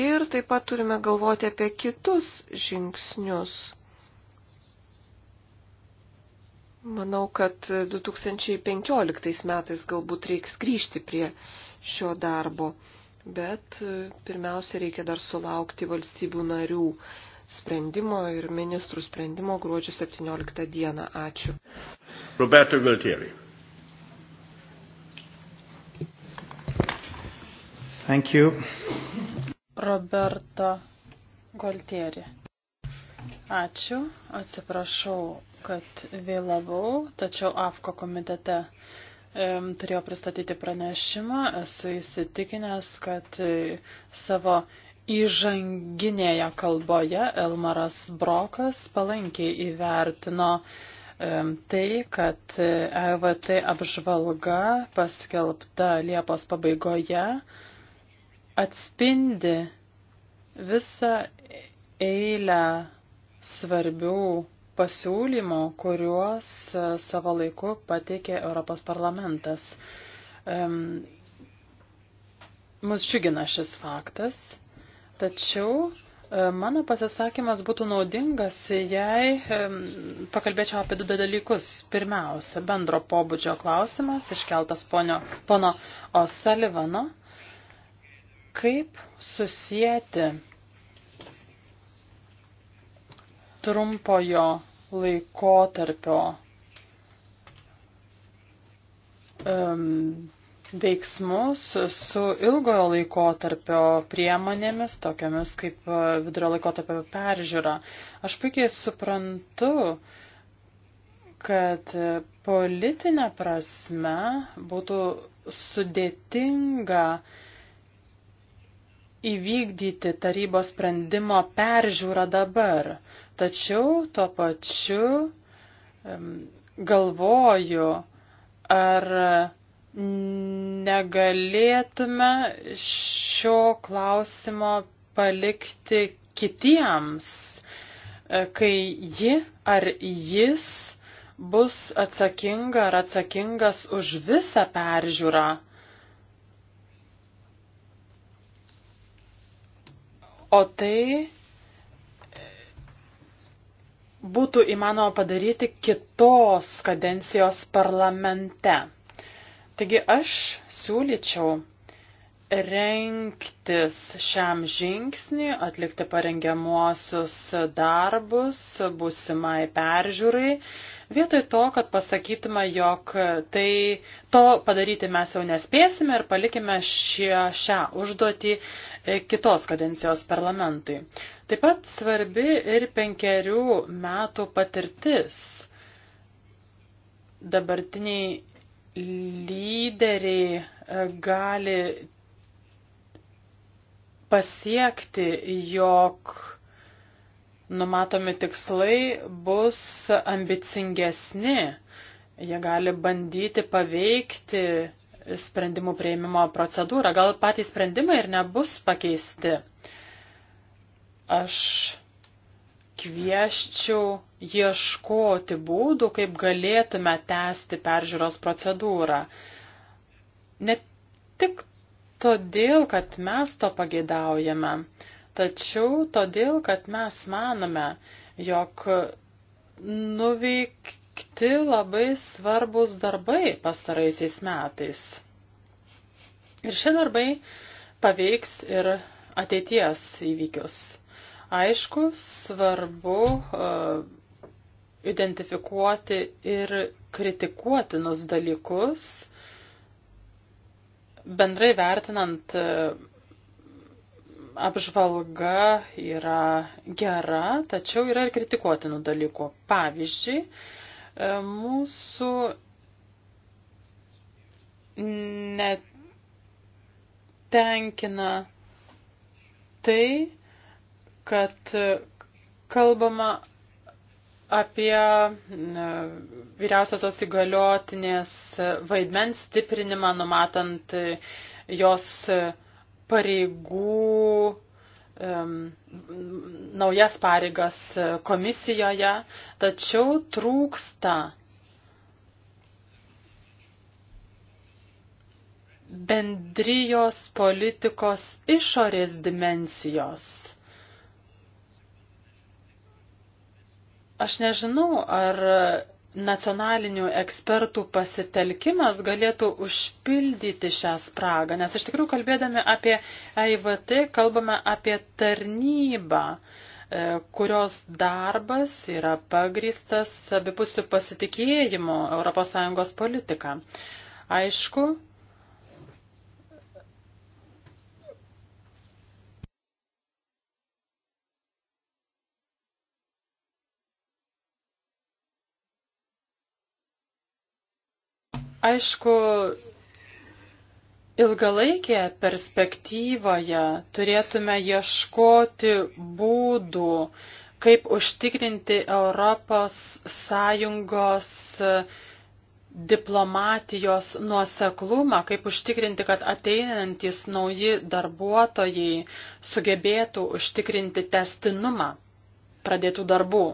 ir taip pat turime galvoti apie kitus žingsnius. Manau, kad 2015 metais galbūt reiks grįžti prie šio darbo, bet pirmiausia reikia dar sulaukti valstybių narių sprendimo ir ministrų sprendimo gruodžio 17 dieną. Ačiū. Roberto Galtieri. Thank you. Roberto Galtieri. Ačiū, atsiprašau, kad vėlavau, tačiau AFKO komitete turėjo pristatyti pranešimą. Esu įsitikinęs, kad e, savo Įžanginėje kalboje Elmaras Brokas palankiai įvertino tai, kad EVT e apžvalga paskelbta Liepos pabaigoje atspindi visą eilę svarbių pasiūlymų, kuriuos e, savo laiku pateikė Europos parlamentas. Mus džiugina šis faktas. Tačiau e, mano pasisakymas būtų naudingas, jei e, pakalbėčiau apie du dalykus. Pirmiausia, bendro pobūdžio klausimas iškeltas ponio, pono O'Sullivano. Kaip susijęti trumpojo laikotarpio um, veiksmus su ilgojo laikotarpio priemonėmis, tokiamis kaip e, vidurio laikotarpio peržiūra. Aš puikiai suprantu, kad e, politinė prasme būtų sudėtinga įvykdyti tarybos sprendimo peržiūrą dabar. Tačiau tuo pačiu galvoju, ar negalėtume šio klausimo palikti kitiems, e, kai ji ar jis bus atsakinga ar atsakingas už visą peržiūrą. O tai būtų įmanoma padaryti kitos kadencijos parlamente. Taigi aš siūlyčiau rengtis šiam žingsniui, atlikti parengiamuosius darbus būsimai peržiūrai, vietoj to, kad pasakytume, jog tai to padaryti mes jau nespėsime ir palikime šie, šią užduotį kitos kadencijos parlamentui. Taip pat svarbi ir penkerių metų patirtis dabartiniai lyderiai e, gali pasiekti, jog numatomi tikslai bus ambicingesni. Jie gali bandyti paveikti sprendimų prieimimo procedūrą. Gal patys sprendimai ir nebus pakeisti. Aš kvieščiau ieškoti būdų, kaip galėtume tęsti peržiūros procedūrą. Ne tik todėl, kad mes to pageidaujame, tačiau todėl, kad mes manome, jog nuveikti labai svarbus darbai pastaraisiais metais. Ir šie darbai paveiks ir ateities įvykius. Aišku, svarbu e, identifikuoti ir kritikuotinus dalykus, bendrai vertinant e, apžvalga yra gera, tačiau yra ir kritikuotinų dalykų. Pavyzdžiui, e, mūsų netenkina tai, kad e, kalbama apie e, vyriausiosios įgaliotinės vaidmens stiprinimą, numatant e, jos pareigų naujas pareigas komisijoje, tačiau trūksta bendrijos politikos išorės dimensijos. Aš nežinau, ar nacionalinių ekspertų pasitelkimas galėtų užpildyti šią spragą, nes iš tikrųjų kalbėdami apie EIVT kalbame apie tarnybą, e, kurios darbas yra pagristas abipusių pasitikėjimo ES politika. Aišku, Aišku, ilgalaikėje perspektyvoje turėtume ieškoti būdų, kaip užtikrinti Europos Sąjungos diplomatijos nuoseklumą, kaip užtikrinti, kad ateinantis nauji darbuotojai sugebėtų užtikrinti testinumą pradėtų darbų.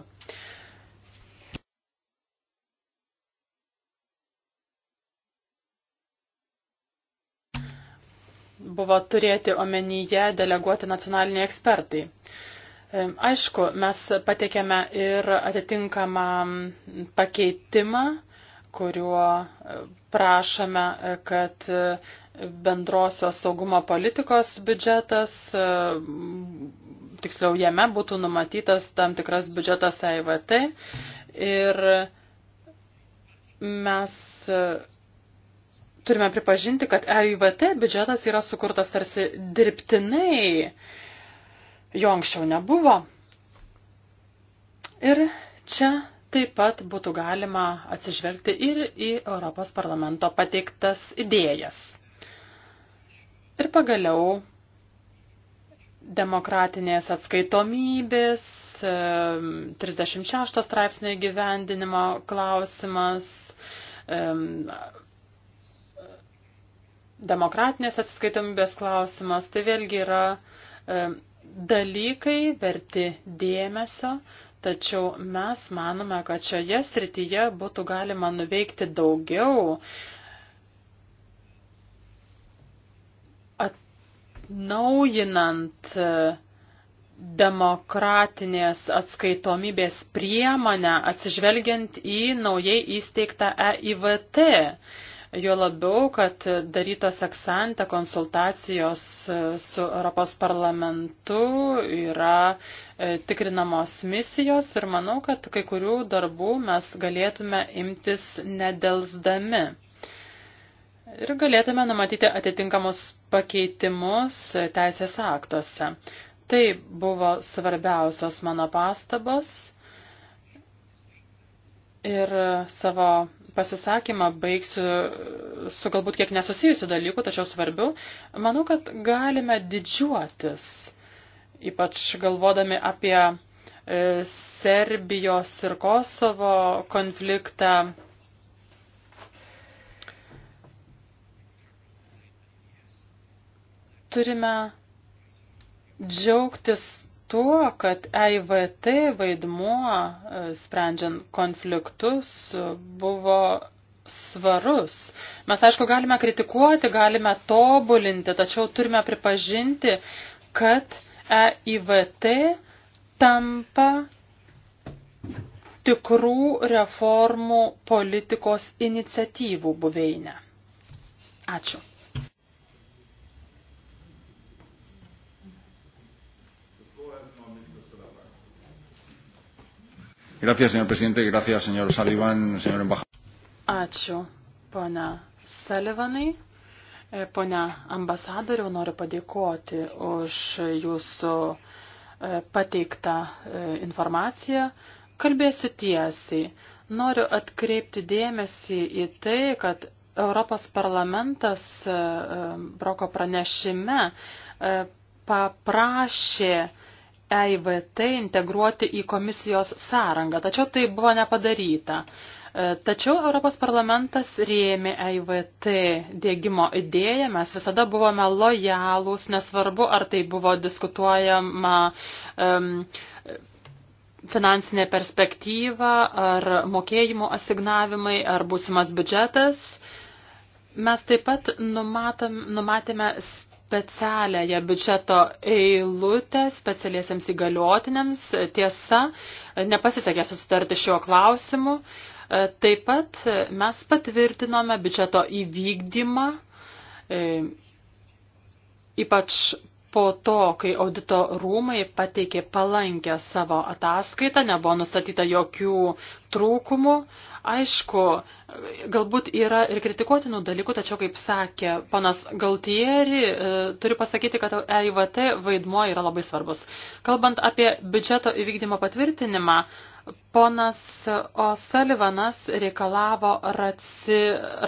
buvo turėti omenyje deleguoti nacionaliniai ekspertai. Aišku, mes patekėme ir atitinkamą pakeitimą, kuriuo e, prašome, e, kad e, bendrosios saugumo politikos biudžetas, tiksliau jame būtų numatytas tam tikras biudžetas EIVT ir mes turime pripažinti, kad EIVT biudžetas yra sukurtas tarsi dirbtinai, jo anksčiau nebuvo. Ir čia taip pat būtų galima atsižvelgti ir į Europos parlamento pateiktas idėjas. Ir pagaliau demokratinės atskaitomybės, 36 straipsnio įgyvendinimo klausimas, demokratinės atskaitomybės klausimas, tai vėlgi yra e, dalykai verti dėmesio, tačiau mes manome, kad šioje srityje būtų galima nuveikti daugiau. Atnaujinant e, demokratinės atskaitomybės priemonę atsižvelgiant į naujai įsteigtą EIVT. Jo labiau, kad darytos eksante konsultacijos e, su Europos parlamentu yra e, tikrinamos misijos ir manau, kad kai kurių darbų mes galėtume imtis nedelsdami. Ir galėtume numatyti atitinkamus pakeitimus teisės aktuose. Tai buvo svarbiausios mano pastabos. Ir savo pasisakymą baigsiu su galbūt kiek nesusijusiu dalyku, tačiau svarbiu. Manau, kad galime didžiuotis, ypač galvodami apie e, Serbijos ir Kosovo konfliktą. Turime džiaugtis tuo, kad EIVT vaidmuo e, sprendžiant konfliktus e, buvo svarus. Mes, aišku, galime kritikuoti, galime tobulinti, tačiau turime pripažinti, kad EIVT tampa tikrų reformų politikos iniciatyvų buveinę. Ačiū. Gracias, señor presidente, gracias, señor Sullivan, señor embajador. Ačiū, pana Sullivanai. E, pone ambasadoriau, noriu padėkoti už jūsų e, pateiktą e, informaciją. Kalbėsiu tiesiai. Noriu atkreipti dėmesį į tai, kad Europos parlamentas broko pranešime paprašė EIVT integruoti į komisijos sąrangą, tačiau tai buvo nepadaryta. E, tačiau Europos parlamentas rėmė EIVT dėgymo idėją, mes visada buvome lojalūs, nesvarbu, ar tai buvo diskutuojama um, finansinė perspektyva, ar mokėjimų asignavimai, ar būsimas biudžetas. Mes taip pat numatom, numatėme specialiąją biudžeto eilutę specialiesiams įgaliotiniams. Tiesa, nepasisekė susitarti šiuo klausimu. Taip pat mes patvirtinome biudžeto įvykdymą, e, ypač po to, kai audito rūmai pateikė palankę savo ataskaitą, nebuvo nustatyta jokių trūkumų. Aišku, galbūt yra ir kritikuotinų dalykų, tačiau, kaip sakė panas Galtieri, e, turiu pasakyti, kad EIVT vaidmuo yra labai svarbus. Kalbant apie biudžeto įvykdymo patvirtinimą, ponas O'Sullivanas reikalavo raci,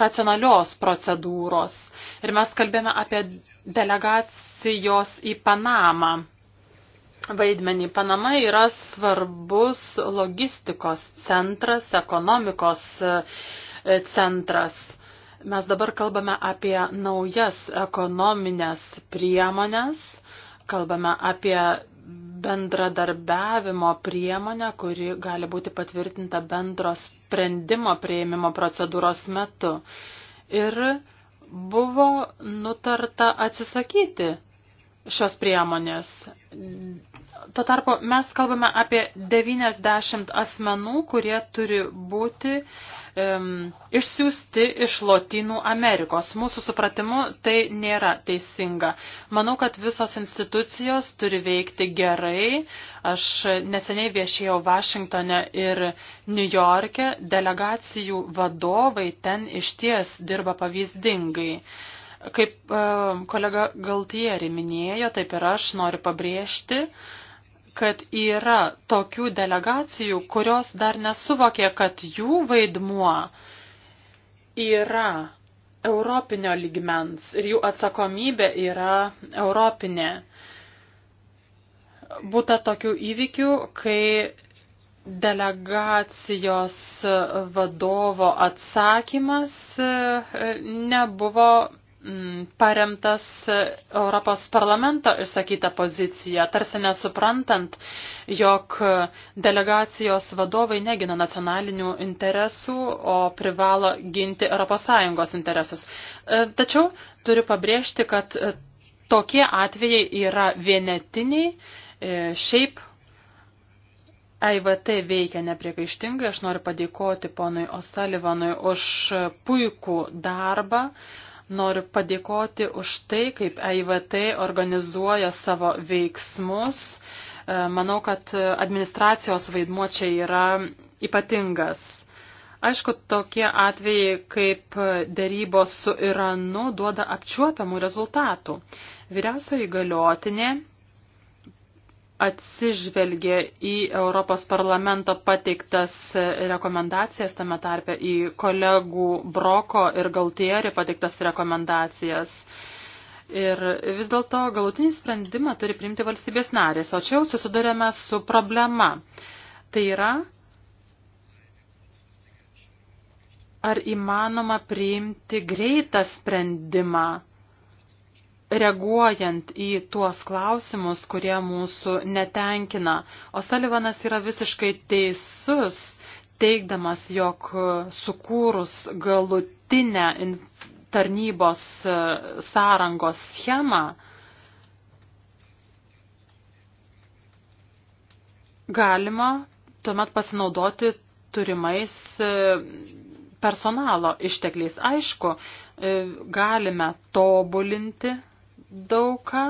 racionalios procedūros ir mes kalbėjome apie delegacijos į Panamą vaidmenį. Panama yra svarbus logistikos centras, ekonomikos e, centras. Mes dabar kalbame apie naujas ekonominės priemonės, kalbame apie bendradarbiavimo priemonę, kuri gali būti patvirtinta bendro sprendimo prieimimo procedūros metu. Ir buvo nutarta atsisakyti šios priemonės. Tuo tarpu mes kalbame apie 90 asmenų, kurie turi būti um, išsiųsti iš Lotynų Amerikos. Mūsų supratimu tai nėra teisinga. Manau, kad visos institucijos turi veikti gerai. Aš neseniai viešėjau Vašingtone ir New York'e. Delegacijų vadovai ten išties dirba pavyzdingai. Kaip kolega Galtieri minėjo, taip ir aš noriu pabrėžti, kad yra tokių delegacijų, kurios dar nesuvokė, kad jų vaidmuo yra europinio ligmens ir jų atsakomybė yra europinė. Būta tokių įvykių, kai delegacijos vadovo atsakymas nebuvo Mm, paremtas Europos parlamento išsakyta pozicija, tarsi nesuprantant, jog delegacijos vadovai negina nacionalinių interesų, o privalo ginti ES interesus. E, tačiau turiu pabrėžti, kad e, tokie atvejai yra vienetiniai, e, šiaip EIVT veikia nepriekaištingai. Aš noriu padėkoti ponui Ostalivanui už puikų darbą. Uh, Noriu padėkoti už tai, kaip EIVT organizuoja savo veiksmus. E, manau, kad administracijos vaidmuo čia yra ypatingas. Aišku, tokie atvejai kaip dėrybos su Iranu duoda apčiuopiamų rezultatų. Vyriausioji galiotinė atsižvelgė į Europos parlamento pateiktas rekomendacijas, tame tarpe į kolegų Broko ir Galtieri pateiktas rekomendacijas. Ir vis dėlto galutinį sprendimą turi priimti valstybės narės, o čia jau susidurėme su problema. Tai yra, ar įmanoma priimti greitą sprendimą reaguojant į tuos klausimus, kurie mūsų netenkina. O Salivanas yra visiškai teisus, teikdamas, jog sukūrus galutinę tarnybos e, sąrangos schemą, galima tuomet pasinaudoti turimais e, personalo ištekliais. Aišku, e, galime tobulinti daugą.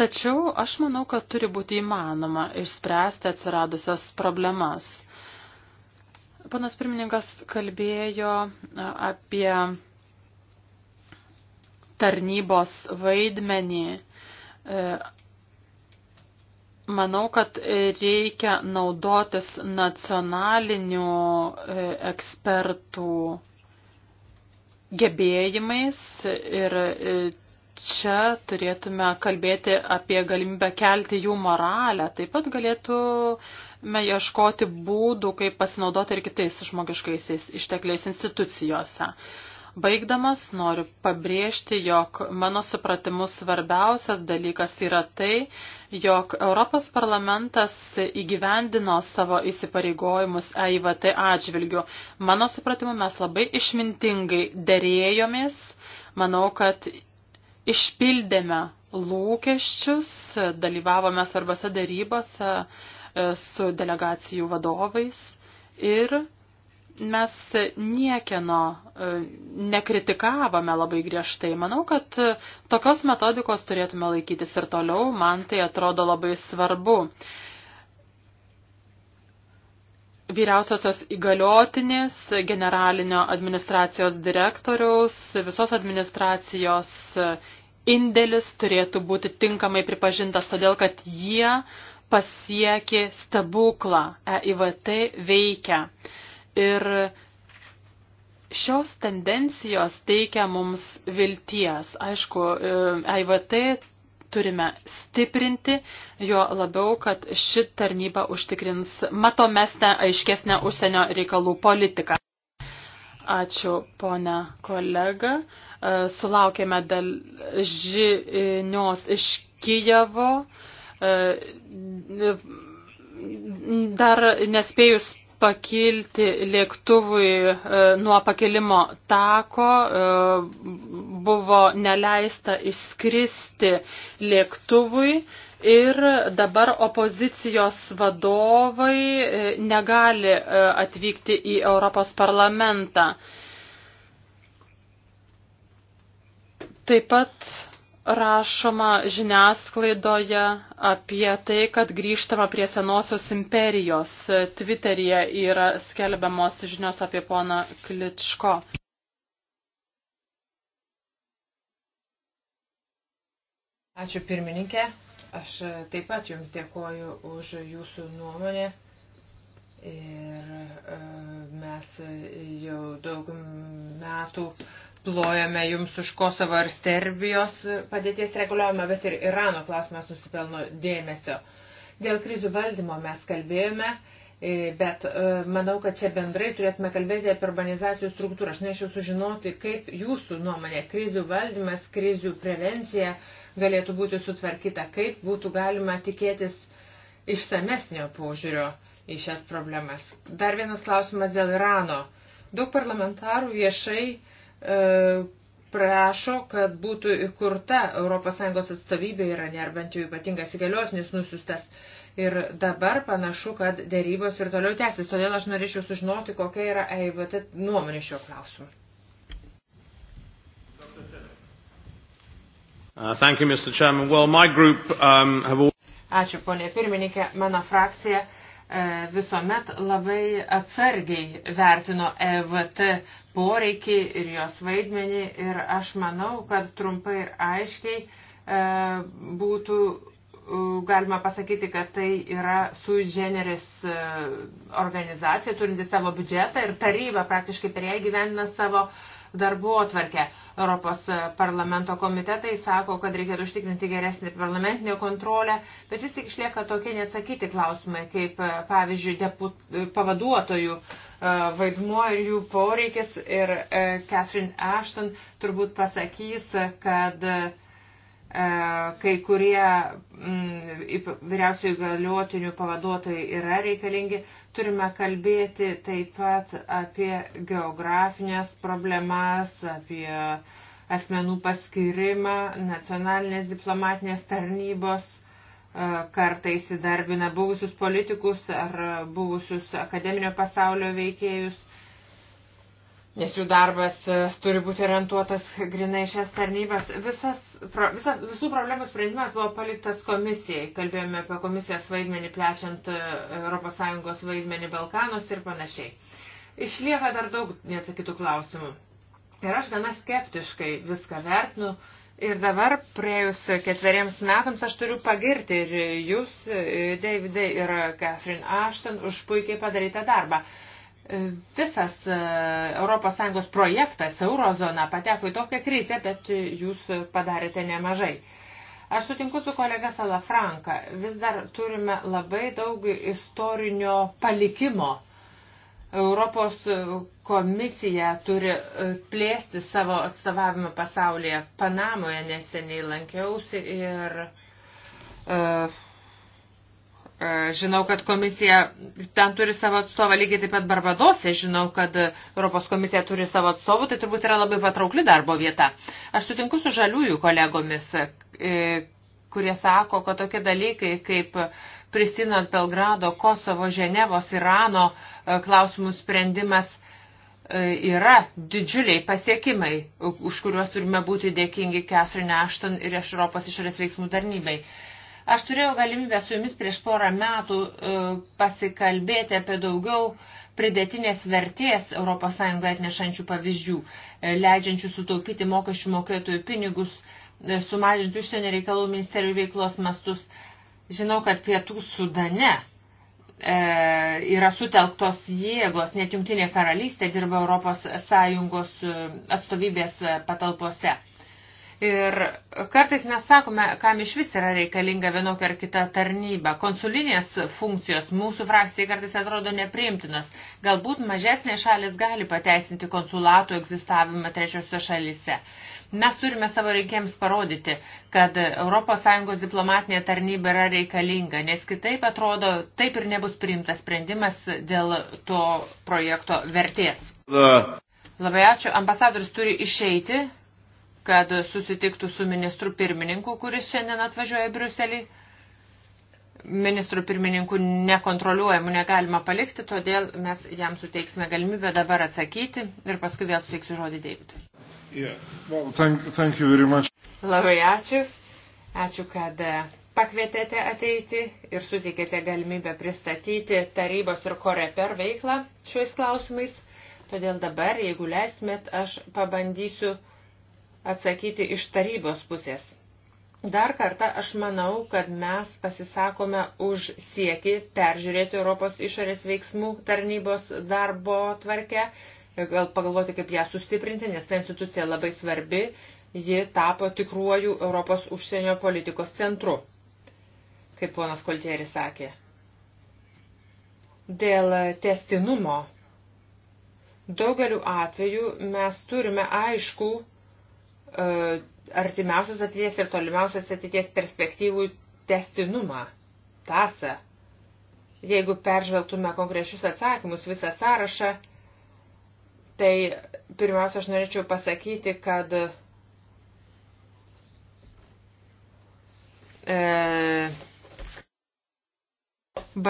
Tačiau aš manau, kad turi būti įmanoma išspręsti atsiradusias problemas. Panas pirmininkas kalbėjo apie tarnybos vaidmenį. E, manau, kad reikia naudotis nacionalinių e, ekspertų gebėjimais ir e, čia turėtume kalbėti apie galimybę kelti jų moralę. Taip pat galėtume ieškoti būdų, kaip pasinaudoti ir kitais žmogiškaisiais ištekliais institucijose. Uh, Baigdamas noriu pabrėžti, jog mano supratimu svarbiausias dalykas yra tai, jog Europos parlamentas įgyvendino savo įsipareigojimus EIVT atžvilgiu. Mano supratimu mes labai išmintingai dėrėjomės. Manau, kad išpildėme lūkesčius, dalyvavome svarbiose darybose e, su delegacijų vadovais ir mes niekieno e, nekritikavome labai griežtai. Manau, kad e, tokios metodikos turėtume laikytis ir toliau, man tai atrodo labai svarbu. Vyriausiosios įgaliotinės, generalinio administracijos direktoriaus, visos administracijos e, indėlis turėtų būti tinkamai pripažintas, todėl kad jie pasiekė stebuklą, EIVT veikia. Ir šios tendencijos teikia mums vilties. Aišku, EIVT turime stiprinti, jo labiau, kad ši tarnyba užtikrins matomesnę, aiškesnę užsienio reikalų politiką. Ačiū, ponia kolega. E, sulaukėme dėl žinios iš Kijevo. E, dar nespėjus pakilti lėktuvui e, nuo pakelimo tako, e, buvo neleista išskristi lėktuvui ir dabar opozicijos vadovai e, negali atvykti į Europos parlamentą. Taip pat rašoma žiniasklaidoje apie tai, kad grįžtama prie senosios imperijos. Twitteryje yra skelbiamos žinios apie poną Kličko. Ačiū pirmininkė. Aš taip pat Jums dėkoju už Jūsų nuomonę. Ir e, mes jau daug metų uh, plojame jums už Kosovo ir Serbijos padėties reguliavimą, bet ir Irano klausimas nusipelno dėmesio. Dėl krizių valdymo mes kalbėjome, e, bet e, manau, kad čia bendrai turėtume kalbėti apie urbanizacijų struktūrą. Aš norėčiau sužinoti, kaip jūsų nuomonė krizių valdymas, krizių prevencija galėtų būti sutvarkyta, kaip būtų galima tikėtis išsamesnio požiūrio į šias problemas. Dar vienas klausimas dėl Irano. Daug parlamentarų viešai uh, E, prašo, kad būtų įkurta ES atstovybė Irane, ar bent jau ypatingas įgaliotinis nusiustas. Ir dabar panašu, kad dėrybos ir toliau tęsis. Todėl aš norėčiau sužinoti, kokia yra EIVT nuomonė šiuo klausimu. Uh, thank you, Mr. Chairman. Well, my group um, have all... Ačiū, ponė pirmininkė. Mano frakcija uh, visuomet labai atsargiai vertino EVT poreikį ir jos vaidmenį ir aš manau, kad trumpai ir aiškiai e, būtų e, galima pasakyti, kad tai yra su generis e, organizacija, turinti savo biudžetą ir taryba praktiškai per ją gyvena savo darbo atvarkę. Europos parlamento komitetai sako, kad reikėtų užtikrinti geresnį parlamentinę kontrolę, bet vis tik išlieka tokie neatsakyti klausimai, kaip e, pavyzdžiui deput, pavaduotojų uh, vaidmuo ir jų poreikis. Ir Catherine Ashton turbūt pasakys, kad kai kurie mm, vyriausiųjų galiotinių pavaduotojai yra reikalingi. Turime kalbėti taip pat apie geografinės problemas, apie asmenų paskirimą, nacionalinės diplomatinės tarnybos kartais įdarbina buvusius politikus ar buvusius akademinio pasaulio veikėjus, nes jų darbas turi būti orientuotas grinai šias tarnybas. Visas, visas, visų problemų sprendimas buvo paliktas komisijai. Kalbėjome apie komisijos vaidmenį plečiant ES vaidmenį Balkanos ir panašiai. Išlieka dar daug nesakytų klausimų. Ir aš gana skeptiškai viską vertinu. Uh, Ir dabar, praėjus ketveriems metams, aš turiu pagirti ir jūs, Davidai, ir Catherine Ashton už puikiai padarytą darbą. Visas ES projektas, eurozona, pateko į tokią krizę, bet jūs padarėte nemažai. Aš sutinku su kolega Salafranka, vis dar turime labai daug istorinio palikimo Europos komisija turi e, plėsti savo atstovavimą pasaulyje. Panamoje neseniai lankiausi ir uh, Žinau, kad komisija ten turi savo atstovą, lygiai taip pat Barbadose, žinau, kad Europos komisija turi savo atstovų, tai turbūt yra labai patraukli darbo vieta. Aš sutinku su žaliųjų kolegomis, kurie sako, kad tokie dalykai kaip Pristinos Belgrado, Kosovo, Ženevos, Irano e, klausimų sprendimas e, yra didžiuliai pasiekimai, už kuriuos turime būti dėkingi Catherine Ashton ir iš Europos išorės veiksmų tarnybai. Aš turėjau galimybę su jumis prieš porą metų e, pasikalbėti apie daugiau pridėtinės vertės ES atnešančių pavyzdžių, leidžiančių sutaupyti mokesčių mokėtojų pinigus, E, sumažinti užsienio reikalų ministerijų veiklos mastus. Žinau, kad pietų Sudane e, yra sutelktos jėgos, net jungtinė karalystė dirba Europos Sąjungos e, atstovybės e, patalpose. Ir kartais mes sakome, kam iš vis yra reikalinga vienokia ar kita tarnyba. Konsulinės funkcijos mūsų frakcijai kartais atrodo nepriimtinos. Galbūt mažesnės šalis gali pateisinti konsulatų egzistavimą trečiosiuose šalyse. Mes turime savo reikėms parodyti, kad ES diplomatinė tarnyba yra reikalinga, nes kitaip atrodo, taip ir nebus priimtas sprendimas dėl to projekto vertės. The... Labai ačiū. Ambasadorius turi išeiti kad susitiktų su ministru pirmininku, kuris šiandien atvažiuoja į Briuselį. Ministrų pirmininkų nekontroliuojamų negalima palikti, todėl mes jam suteiksime galimybę dabar atsakyti ir paskui vėl suteiksiu žodį Deividui. Yeah. Well, thank, thank you very much. Labai ačiū. Ačiū, kad e, pakvietėte ateiti ir suteikėte galimybę pristatyti tarybos ir koreper veiklą šiais klausimais. Todėl dabar, jeigu leismet, aš pabandysiu atsakyti iš tarybos pusės. Dar kartą aš manau, kad mes pasisakome už siekį peržiūrėti Europos išorės veiksmų tarnybos darbo tvarkę, gal pagalvoti, kaip ją sustiprinti, nes ta institucija labai svarbi, ji tapo tikruoju Europos užsienio politikos centru, kaip ponas Koltieris sakė. Dėl testinumo daugeliu atveju mes turime aišku E, artimiausios ateities ir tolimiausios ateities perspektyvų testinumą, tasą. Jeigu peržvelgtume konkrečius atsakymus, visą sąrašą, tai pirmiausia, aš norėčiau pasakyti, kad e,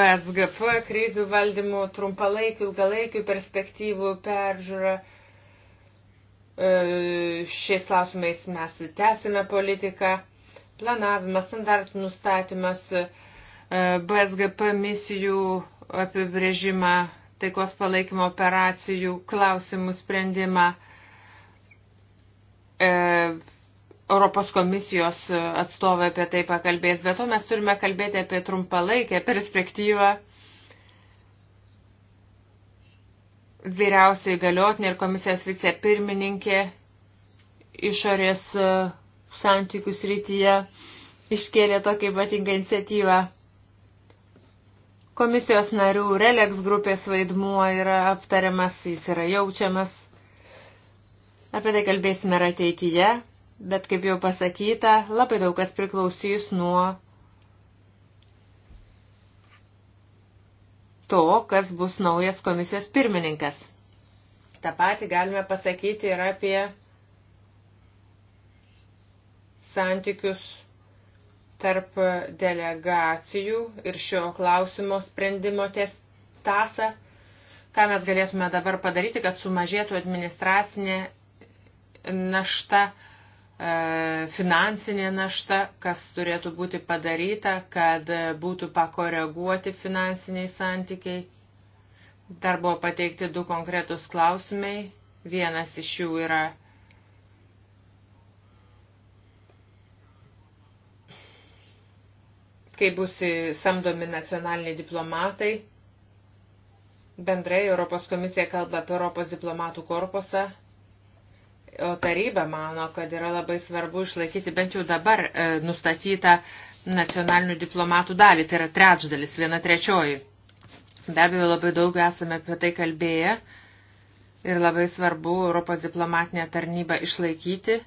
BSGP krizių valdymų trumpalaikių, ilgalaikių perspektyvų peržiūra e, E, šiais klausimais mes tęsime politiką, planavimas, standartų nustatymas, e, BSGP misijų apibrėžimą, taikos palaikymo operacijų klausimų sprendimą, e, Europos komisijos atstovai apie tai pakalbės, bet to mes turime kalbėti apie trumpalaikę perspektyvą vyriausiai galiotinė ir komisijos vicepirmininkė išorės e, santykių srityje iškėlė tokią ypatingą iniciatyvą. Komisijos narių Relex grupės vaidmuo yra aptariamas, jis yra jaučiamas. Apie tai kalbėsime ir ateityje, bet kaip jau pasakyta, labai daug kas priklausys nuo to, kas bus naujas komisijos pirmininkas. Ta pati galime pasakyti ir apie santykius tarp delegacijų ir šio klausimo sprendimo ties tasą, ką mes galėtume dabar padaryti, kad sumažėtų administracinė našta E, finansinė našta, kas turėtų būti padaryta, kad būtų pakoreguoti finansiniai santykiai. Dar buvo pateikti du konkretus klausimai. Vienas iš jų yra kai bus samdomi nacionaliniai diplomatai. Bendrai Europos komisija kalba apie Europos diplomatų korpusą O taryba mano, kad yra labai svarbu išlaikyti bent jau dabar e, nustatytą nacionalinių diplomatų dalį, tai yra trečdalis, viena trečioji. Be abejo, labai daug esame apie tai kalbėję ir labai svarbu Europos diplomatinę tarnybą išlaikyti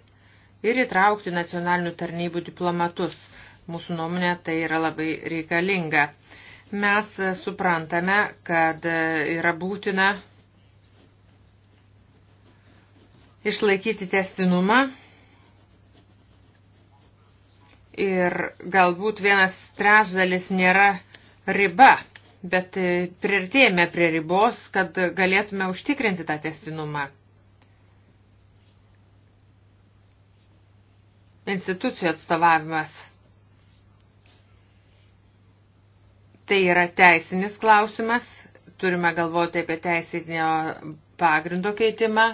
ir įtraukti nacionalinių tarnybų diplomatus. Mūsų nuomonė tai yra labai reikalinga. Mes suprantame, kad e, yra būtina išlaikyti testinumą ir galbūt vienas trešdalis nėra riba, bet priartėjame prie ribos, kad galėtume užtikrinti tą testinumą. Institucijų atstovavimas. Tai yra teisinis klausimas, turime galvoti apie teisinio pagrindo keitimą,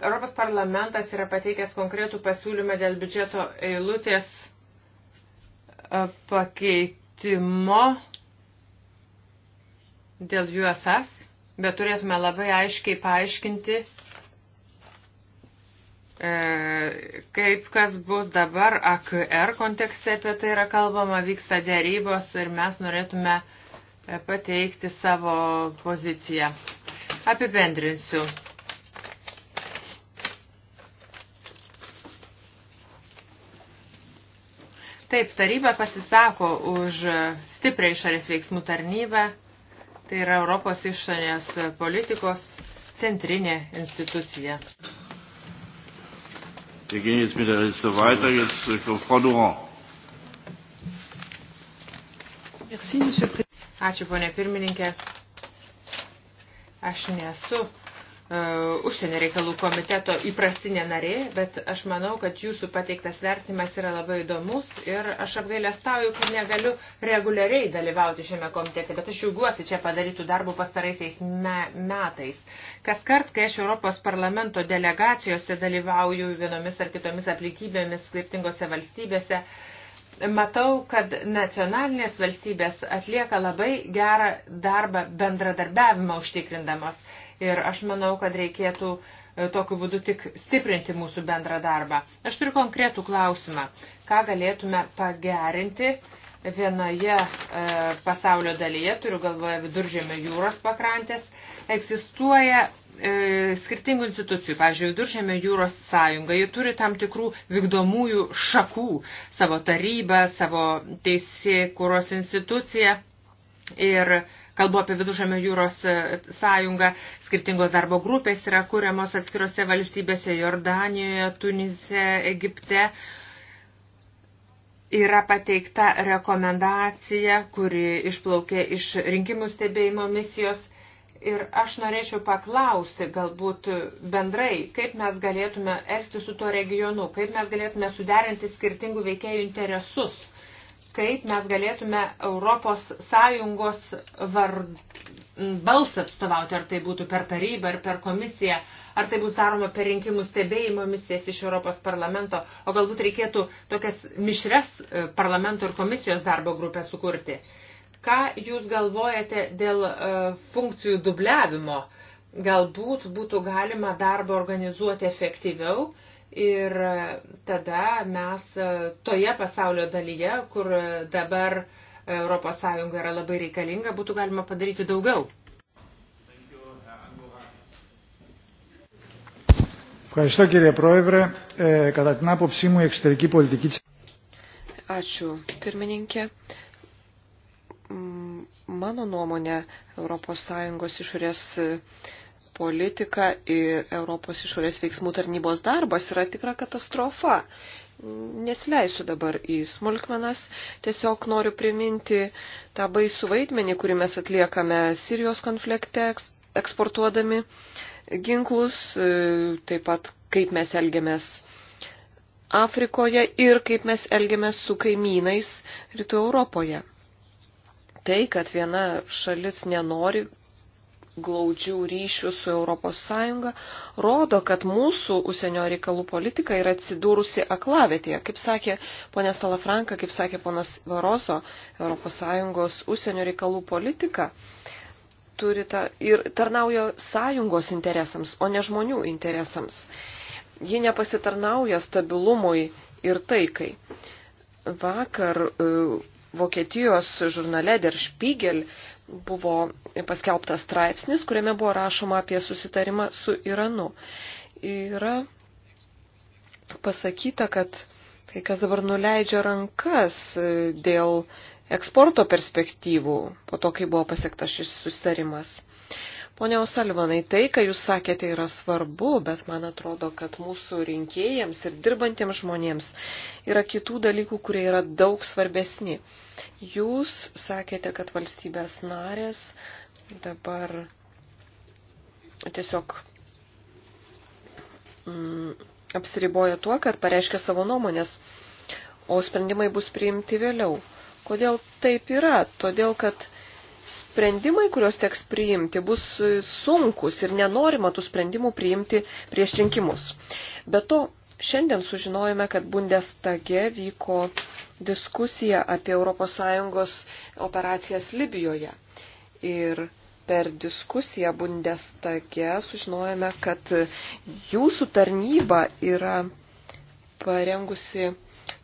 Europos parlamentas yra pateikęs konkretų pasiūlymą dėl biudžeto eilutės e, pakeitimo dėl USS, bet turėtume labai aiškiai paaiškinti, e, kaip kas bus dabar AKR kontekste apie tai yra kalbama, vyksta dėrybos ir mes norėtume e, pateikti savo poziciją. Apibendrinsiu. Taip, taryba pasisako už stiprią išorės veiksmų tarnybą. Tai yra Europos išorės politikos centrinė institucija. Wir gehen jetzt mit der Liste weiter. Jetzt äh, Frau Durand. Merci, Ačiū, ponė pirmininkė. Aš nesu E, užsienio reikalų komiteto įprastinė narė, bet aš manau, kad jūsų pateiktas vertimas yra labai įdomus ir aš apgailestauju, kad negaliu reguliariai dalyvauti šiame komitete, bet aš džiaugiuosi čia padarytų darbų pastaraisiais me metais. Kas kart, kai aš Europos parlamento delegacijose dalyvauju vienomis ar kitomis aplinkybėmis skirtingose valstybėse, matau, kad nacionalinės valstybės atlieka labai gerą darbą bendradarbiavimą užtikrindamos ir aš manau, kad reikėtų e, tokiu būdu tik stiprinti mūsų bendrą darbą. Aš turiu konkretų klausimą, ką galėtume pagerinti vienoje e, pasaulio dalyje, turiu galvoje viduržėmio jūros pakrantės, egzistuoja e, skirtingų institucijų, pavyzdžiui, viduržėmio jūros sąjunga, ji turi tam tikrų vykdomųjų šakų, savo tarybą, savo teisėkuros instituciją ir kalbu apie Vidužamio jūros e, sąjungą, skirtingos darbo grupės yra kuriamos atskirose valstybėse Jordanijoje, Tunise, Egipte. Yra pateikta rekomendacija, kuri išplaukė iš rinkimų stebėjimo misijos. Ir aš norėčiau paklausti galbūt bendrai, kaip mes galėtume elgti su tuo regionu, kaip mes galėtume suderinti skirtingų veikėjų interesus kaip mes galėtume Europos Sąjungos var... balsą atstovauti, ar tai būtų per tarybą, ar per komisiją, ar tai bus daroma per rinkimų stebėjimo misijas iš Europos parlamento, o galbūt reikėtų tokias mišres e, parlamento ir komisijos darbo grupę sukurti. Ką Jūs galvojate dėl uh, funkcijų dubliavimo? Galbūt būtų galima darbą organizuoti efektyviau, uh, Ir tada mes e, toje pasaulio dalyje, kur dabar ES yra labai reikalinga, būtų galima padaryti daugiau. Ευχαριστώ κύριε Πρόεδρε. Ε, κατά την άποψή μου η εξωτερική πολιτική της... Ačiū, pirmininkė. Mano nuomonė, ES išorės politika ir Europos išorės veiksmų tarnybos darbas yra tikra katastrofa. Nesileisiu dabar į smulkmenas, tiesiog noriu priminti tą baisų vaidmenį, kurį mes atliekame Sirijos konflikte, eksportuodami ginklus, e, taip pat kaip mes elgiamės Afrikoje ir kaip mes elgiamės su kaimynais Rytų Europoje. Tai, kad viena šalis nenori glaudžių ryšių su ES, rodo, kad mūsų užsienio reikalų politika yra atsidūrusi aklavėtėje. Kaip sakė ponė Salafranka, kaip sakė ponas Varoso, ES užsienio reikalų politika turi ta, ir tarnauja sąjungos interesams, o ne žmonių interesams. Ji nepasitarnauja stabilumui ir taikai. Vakar e, Vokietijos žurnale Der Spiegel buvo paskelbtas straipsnis, kuriame buvo rašoma apie susitarimą su Iranu. Yra pasakyta, kad kai kas dabar nuleidžia rankas e, dėl eksporto perspektyvų po to, kai buvo pasiektas šis susitarimas. Pone Osalvanai, tai, ką jūs sakėte, yra svarbu, bet man atrodo, kad mūsų rinkėjams ir dirbantiems žmonėms yra kitų dalykų, kurie yra daug svarbesni. Jūs sakėte, kad valstybės narės dabar tiesiog mm, apsiriboja tuo, kad pareiškia savo nuomonės, o sprendimai bus priimti vėliau. Kodėl taip yra? Todėl, kad sprendimai, kuriuos teks priimti, bus sunkus ir nenorima tų sprendimų priimti prieš rinkimus. Be to, šiandien sužinojome, kad Bundestage vyko diskusija apie ES operacijas Libijoje. Ir per diskusiją Bundestage sužinojome, kad jūsų tarnyba yra parengusi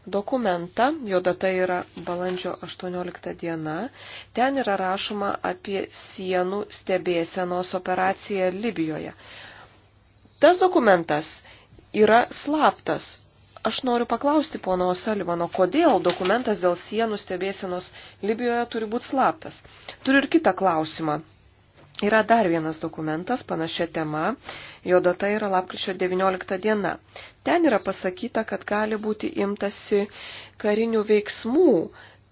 dokumentą, jo data yra balandžio 18 diena. Ten yra rašoma apie sienų stebėsenos operaciją Libijoje. Tas dokumentas yra slaptas. Aš noriu paklausti pono Osalivano, kodėl dokumentas dėl sienų stebėsenos Libijoje turi būti slaptas. Turiu ir kitą klausimą. Yra dar vienas dokumentas panašia tema, jo data yra lapkričio 19 diena. Ten yra pasakyta, kad gali būti imtasi karinių veiksmų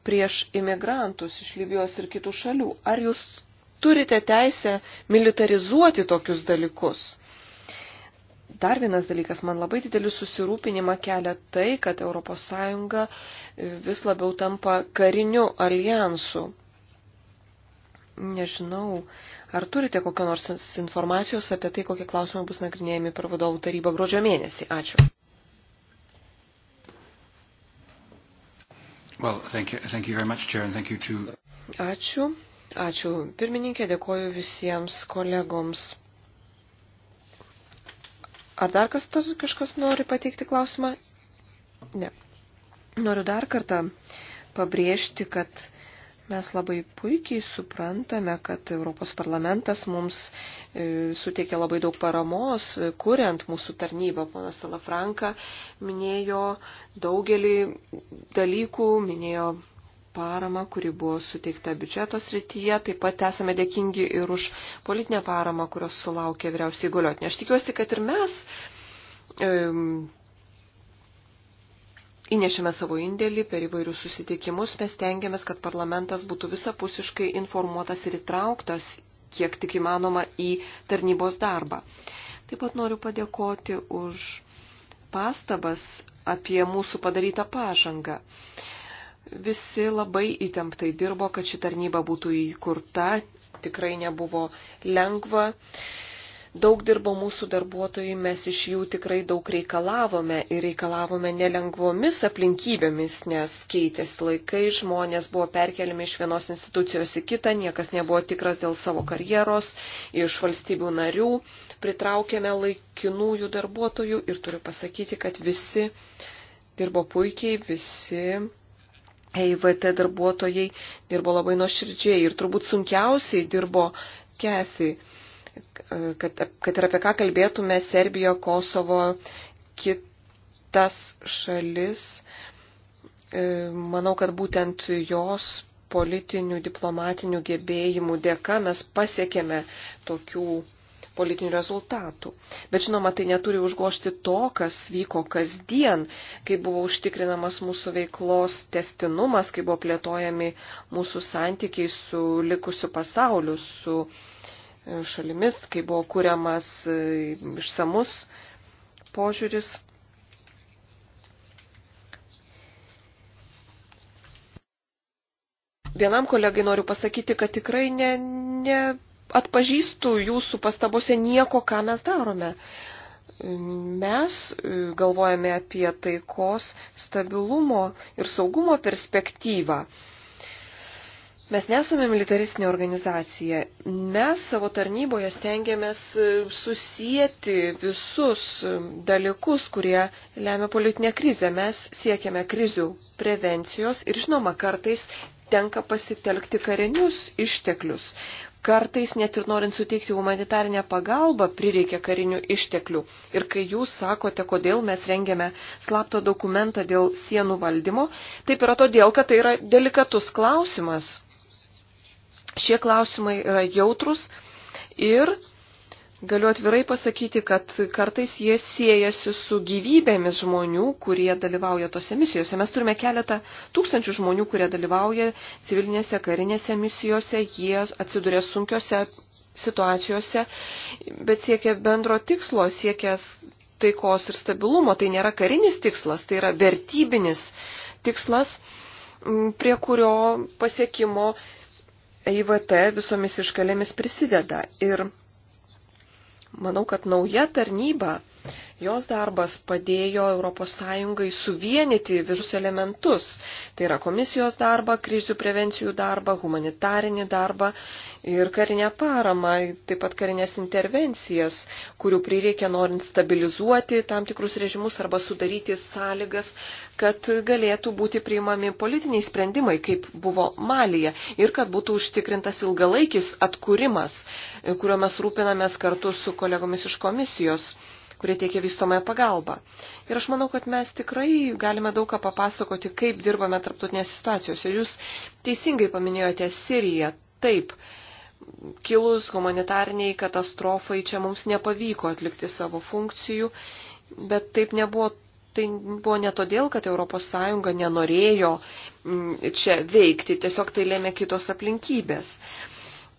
prieš imigrantus iš Libijos ir kitų šalių. Ar jūs turite teisę militarizuoti tokius dalykus? Dar vienas dalykas, man labai didelį susirūpinimą kelia tai, kad ES vis labiau tampa kariniu alijansu. Nežinau, Ar turite kokio nors informacijos apie tai, kokie klausimai bus nagrinėjami per vadovų tarybą gruodžio mėnesį? Ačiū. Well, thank you, thank you very much, Chair, and thank you to... Ačiū. Ačiū pirmininkė, dėkoju visiems kolegoms. Ar dar kas tos, kažkas nori pateikti klausimą? Ne. Noriu dar kartą pabrėžti, kad Mes labai puikiai suprantame, kad Europos parlamentas mums e, suteikė labai daug paramos, kuriant mūsų tarnybą. Ponas Salafranka minėjo daugelį dalykų, minėjo paramą, kuri buvo suteikta biudžeto srityje. Taip pat esame dėkingi ir už politinę paramą, kurios sulaukė vyriausiai galiotinė. Aš tikiuosi, kad ir mes e, įnešėme savo indėlį per įvairius susitikimus, mes tengiamės, kad parlamentas būtų visapusiškai informuotas ir įtrauktas, kiek tik įmanoma, į tarnybos darbą. Taip pat noriu padėkoti už pastabas apie mūsų padarytą pažangą. Visi labai įtemptai dirbo, kad ši tarnyba būtų įkurta, tikrai nebuvo lengva. Uh, daug dirbo mūsų darbuotojai, mes iš jų tikrai daug reikalavome ir reikalavome nelengvomis aplinkybėmis, nes keitėsi laikai, žmonės buvo perkeliami iš vienos institucijos į kitą, niekas nebuvo tikras dėl savo karjeros, iš valstybių narių pritraukėme laikinųjų darbuotojų ir turiu pasakyti, kad visi dirbo puikiai, visi EIVT darbuotojai dirbo labai nuoširdžiai ir turbūt sunkiausiai dirbo Kesi kad, kad ir apie ką kalbėtume Serbijo, Kosovo, kitas šalis, e, manau, kad būtent jos politinių, diplomatinių gebėjimų dėka mes pasiekėme tokių politinių rezultatų. Bet žinoma, tai neturi užgošti to, kas vyko kasdien, kai buvo užtikrinamas mūsų veiklos testinumas, kai buvo plėtojami mūsų santykiai su likusiu pasauliu, su uh, šalimis, kai buvo kuriamas e, išsamus požiūris. Vienam kolegai noriu pasakyti, kad tikrai ne, ne atpažįstu jūsų pastabose nieko, ką mes darome. Mes e, galvojame apie taikos, stabilumo ir saugumo perspektyvą. Mes nesame militaristinė organizacija. Mes savo tarnyboje stengiamės e, susijęti visus e, dalykus, kurie lemia politinę krizę. Mes siekiame krizių prevencijos ir, žinoma, kartais tenka pasitelkti karinius išteklius. Kartais net ir norint suteikti humanitarinę pagalbą prireikia karinių išteklių. Ir kai jūs sakote, kodėl mes rengiame slapto dokumentą dėl sienų valdymo, taip yra todėl, kad tai yra delikatus klausimas. Šie klausimai yra jautrus ir galiu atvirai pasakyti, kad kartais jie siejasi su gyvybėmis žmonių, kurie dalyvauja tose misijose. Mes turime keletą tūkstančių žmonių, kurie dalyvauja civilinėse, karinėse misijose, jie atsiduria sunkiose situacijose, bet siekia bendro tikslo, siekia taikos ir stabilumo. Tai nėra karinis tikslas, tai yra vertybinis tikslas, prie kurio pasiekimo EIVT visomis iškalėmis prisideda. Ir manau, kad nauja tarnyba Jos darbas padėjo ES suvienyti visus elementus. Tai yra komisijos darbą, krizių prevencijų darbą, humanitarinį darbą ir karinę paramą, taip pat karinės intervencijas, kurių prireikia norint stabilizuoti tam tikrus režimus arba sudaryti sąlygas, kad galėtų būti priimami politiniai sprendimai, kaip buvo Malija, ir kad būtų užtikrintas ilgalaikis atkūrimas, kuriuo mes rūpinamės kartu su kolegomis iš komisijos kurie tiekia vystomąją pagalbą. Ir aš manau, kad mes tikrai galime daug ką papasakoti, kaip dirbame tarptautinės situacijose. Jūs teisingai paminėjote Siriją. Taip, kilus humanitarniai katastrofai čia mums nepavyko atlikti savo funkcijų, bet taip nebuvo. Tai buvo ne todėl, kad ES nenorėjo mm, čia veikti, tiesiog tai lėmė kitos aplinkybės.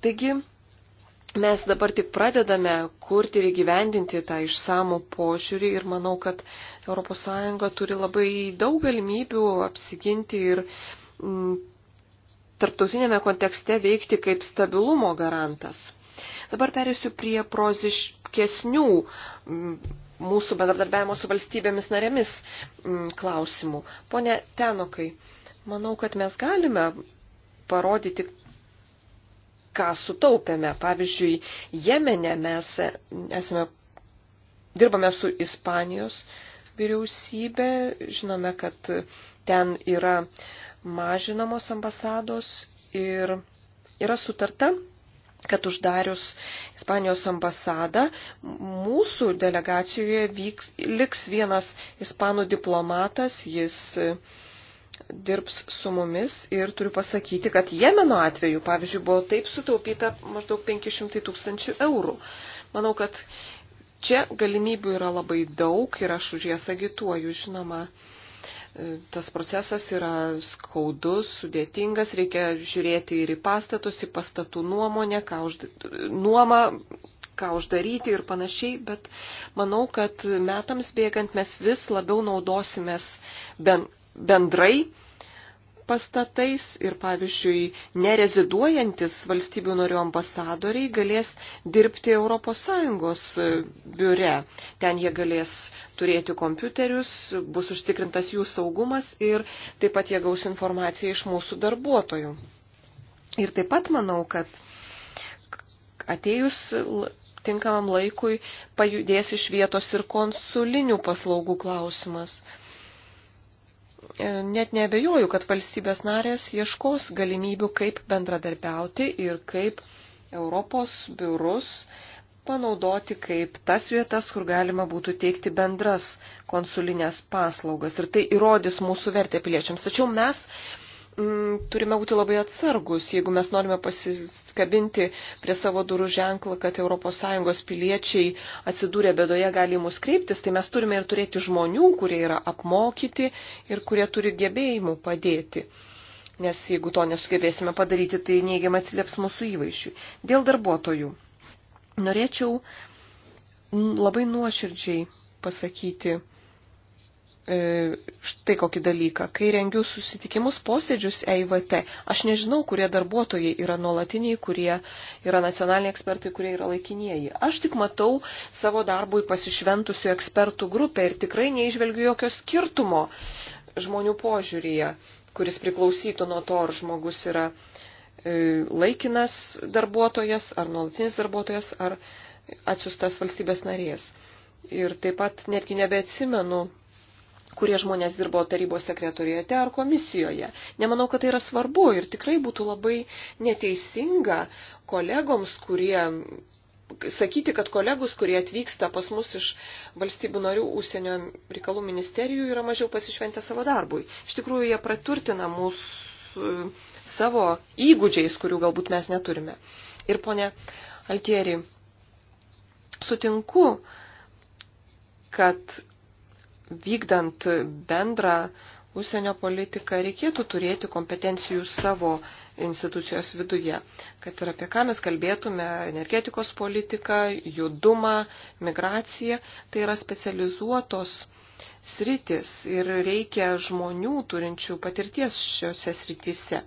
Taigi, mes dabar tik pradedame kurti ir įgyvendinti tą išsamų požiūrį ir manau, kad ES turi labai daug galimybių apsiginti ir m, mm, tarptautinėme kontekste veikti kaip stabilumo garantas. Dabar perėsiu prie proziškesnių m, mm, mūsų bendradarbiavimo su valstybėmis narėmis m, mm, klausimų. Pone Tenokai, manau, kad mes galime parodyti ką sutaupėme. Pavyzdžiui, Jemene mes esame, dirbame su Ispanijos vyriausybė, žinome, kad ten yra mažinamos ambasados ir yra sutarta, kad uždarius Ispanijos ambasadą mūsų delegacijoje vyks, liks vienas ispanų diplomatas, jis dirbs su mumis ir turiu pasakyti, kad Jemeno atveju, pavyzdžiui, buvo taip sutaupyta maždaug 500 tūkstančių eurų. Manau, kad čia galimybių yra labai daug ir aš už jas agituoju, žinoma. E, tas procesas yra skaudus, sudėtingas, reikia žiūrėti ir į pastatus, į pastatų nuomonę, ką užda, nuomą, ką uždaryti ir panašiai, bet manau, kad metams bėgant mes vis labiau naudosimės ben, bendrai pastatais ir, pavyzdžiui, nereziduojantis valstybių norių ambasadoriai galės dirbti ES e, biure. Ten jie galės turėti kompiuterius, bus užtikrintas jų saugumas ir taip pat jie gaus informaciją iš mūsų darbuotojų. Ir taip pat manau, kad atėjus tinkamam laikui pajudės iš vietos ir konsulinių paslaugų klausimas. E, net nebejoju, kad valstybės narės ieškos galimybių, kaip bendradarbiauti ir kaip Europos biurus panaudoti kaip tas vietas, kur galima būtų teikti bendras konsulinės paslaugas. Ir tai įrodys mūsų vertę piliečiams. Tačiau mes mm, turime būti labai atsargus, jeigu mes norime pasiskabinti prie savo durų ženklą, kad ES piliečiai atsidūrė bedoje, gali mus kreiptis, tai mes turime ir turėti žmonių, kurie yra apmokyti ir kurie turi gebėjimų padėti. Nes jeigu to nesugebėsime padaryti, tai neigiamai atsilieps mūsų įvaišiui. Dėl darbuotojų. Norėčiau labai nuoširdžiai pasakyti, E, štai kokį dalyką. Kai rengiu susitikimus posėdžius EIVT, aš nežinau, kurie darbuotojai yra nuolatiniai, kurie yra nacionaliniai ekspertai, kurie yra laikinieji. Aš tik matau savo darbui pasišventusių ekspertų grupę ir tikrai neižvelgiu jokio skirtumo žmonių požiūryje, kuris priklausytų nuo to, ar žmogus yra e, laikinas darbuotojas, ar nuolatinis darbuotojas, ar atsiustas valstybės narės. Ir taip pat netgi nebeatsimenu kurie žmonės dirbo tarybos sekretorijate ar komisijoje. Nemanau, kad tai yra svarbu ir tikrai būtų labai neteisinga kolegoms, kurie sakyti, kad kolegus, kurie atvyksta pas mus iš valstybių narių užsienio reikalų ministerijų, yra mažiau pasišventę savo darbui. Iš tikrųjų, jie praturtina mūsų savo įgūdžiais, kurių galbūt mes neturime. Ir ponė Altieri, sutinku, kad vykdant bendrą užsienio politiką reikėtų turėti kompetencijų savo institucijos viduje, kad ir apie ką mes kalbėtume - energetikos politiką, judumą, migraciją - tai yra specializuotos sritis ir reikia žmonių turinčių patirties šiuose srityse.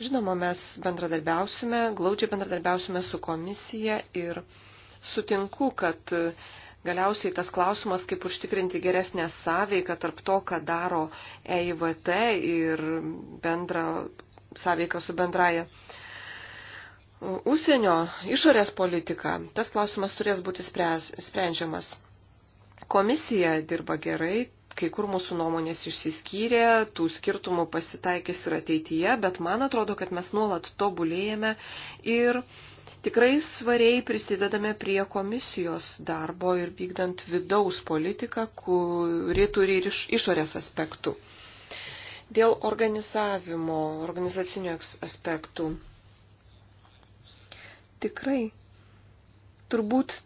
Žinoma, mes bendradarbiausime, glaudžiai bendradarbiausime su komisija ir sutinku, kad Galiausiai tas klausimas, kaip užtikrinti geresnę sąveiką tarp to, ką daro EIVT ir bendra sąveika su bendraja. Užsienio išorės politika, tas klausimas turės būti spręs, sprendžiamas. Komisija dirba gerai, kai kur mūsų nuomonės išsiskyrė, tų skirtumų pasitaikys ir ateityje, bet man atrodo, kad mes nuolat tobulėjame ir tikrai svariai prisidedame prie komisijos darbo ir vykdant vidaus politiką, kuri turi ir iš, išorės aspektų. Dėl organizavimo, organizacinių aspektų. Tikrai. Turbūt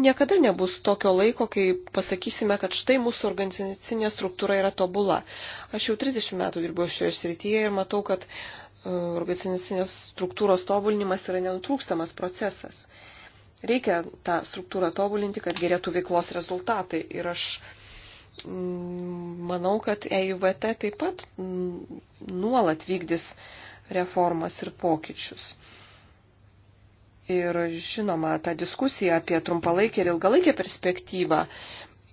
Niekada nebus tokio laiko, kai pasakysime, kad štai mūsų organizacinė struktūra yra tobula. Aš jau 30 metų dirbu šioje srityje ir matau, kad organizacinės struktūros tobulinimas yra nenutrūkstamas procesas. Reikia tą struktūrą tobulinti, kad gerėtų veiklos rezultatai. Ir aš mm, manau, kad EIVT taip pat mm, nuolat vykdys reformas ir pokyčius. Ir žinoma, ta diskusija apie trumpalaikę ir ilgalaikę perspektyvą.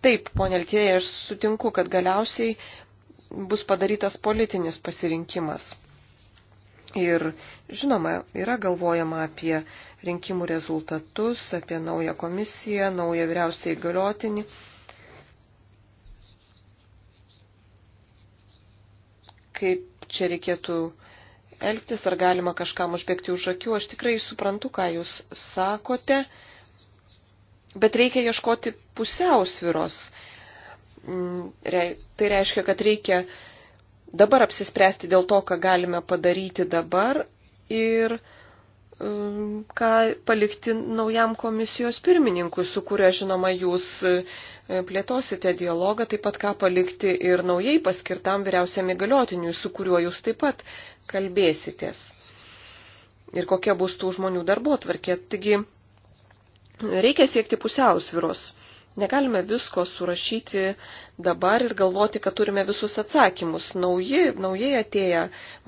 Taip, ponė Altėja, aš sutinku, kad galiausiai bus padarytas politinis pasirinkimas. Ir žinoma, yra galvojama apie rinkimų rezultatus, apie naują komisiją, naują vyriausiai galiotinį. Kaip čia reikėtų elgtis, ar galima kažkam užbėgti už akių. Aš tikrai suprantu, ką jūs sakote, bet reikia ieškoti pusiausviros. Mm, tai reiškia, kad reikia dabar apsispręsti dėl to, ką galime padaryti dabar ir um, ką palikti naujam komisijos pirmininkui, su kuria, žinoma, jūs e, plėtosite dialogą, taip pat ką palikti ir naujai paskirtam vyriausiam įgaliotiniui, su kuriuo jūs taip pat kalbėsitės. Ir kokia bus tų žmonių darbo tvarkė. Taigi reikia siekti pusiausviros. Negalime visko surašyti dabar ir galvoti, kad turime visus atsakymus. Nauji, naujai atėję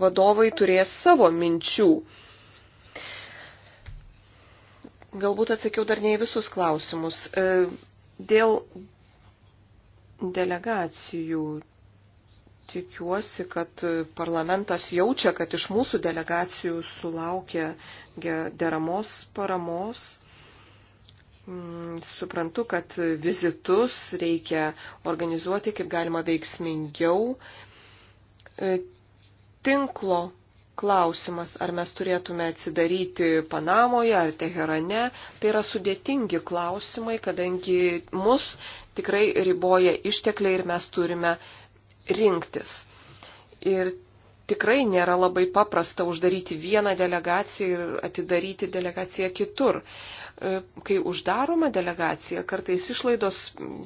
vadovai turės savo minčių. Galbūt atsakiau dar ne į visus klausimus. E, dėl delegacijų tikiuosi, kad parlamentas jaučia, kad iš mūsų delegacijų sulaukia deramos paramos. Mm, suprantu, kad vizitus reikia organizuoti kaip galima veiksmingiau. E, tinklo klausimas, ar mes turėtume atsidaryti Panamoje ar Teherane, tai yra sudėtingi klausimai, kadangi mus tikrai riboja ištekliai ir mes turime rinktis. Ir tikrai nėra labai paprasta uždaryti vieną delegaciją ir atidaryti delegaciją kitur. E, kai uždaroma delegacija, kartais išlaidos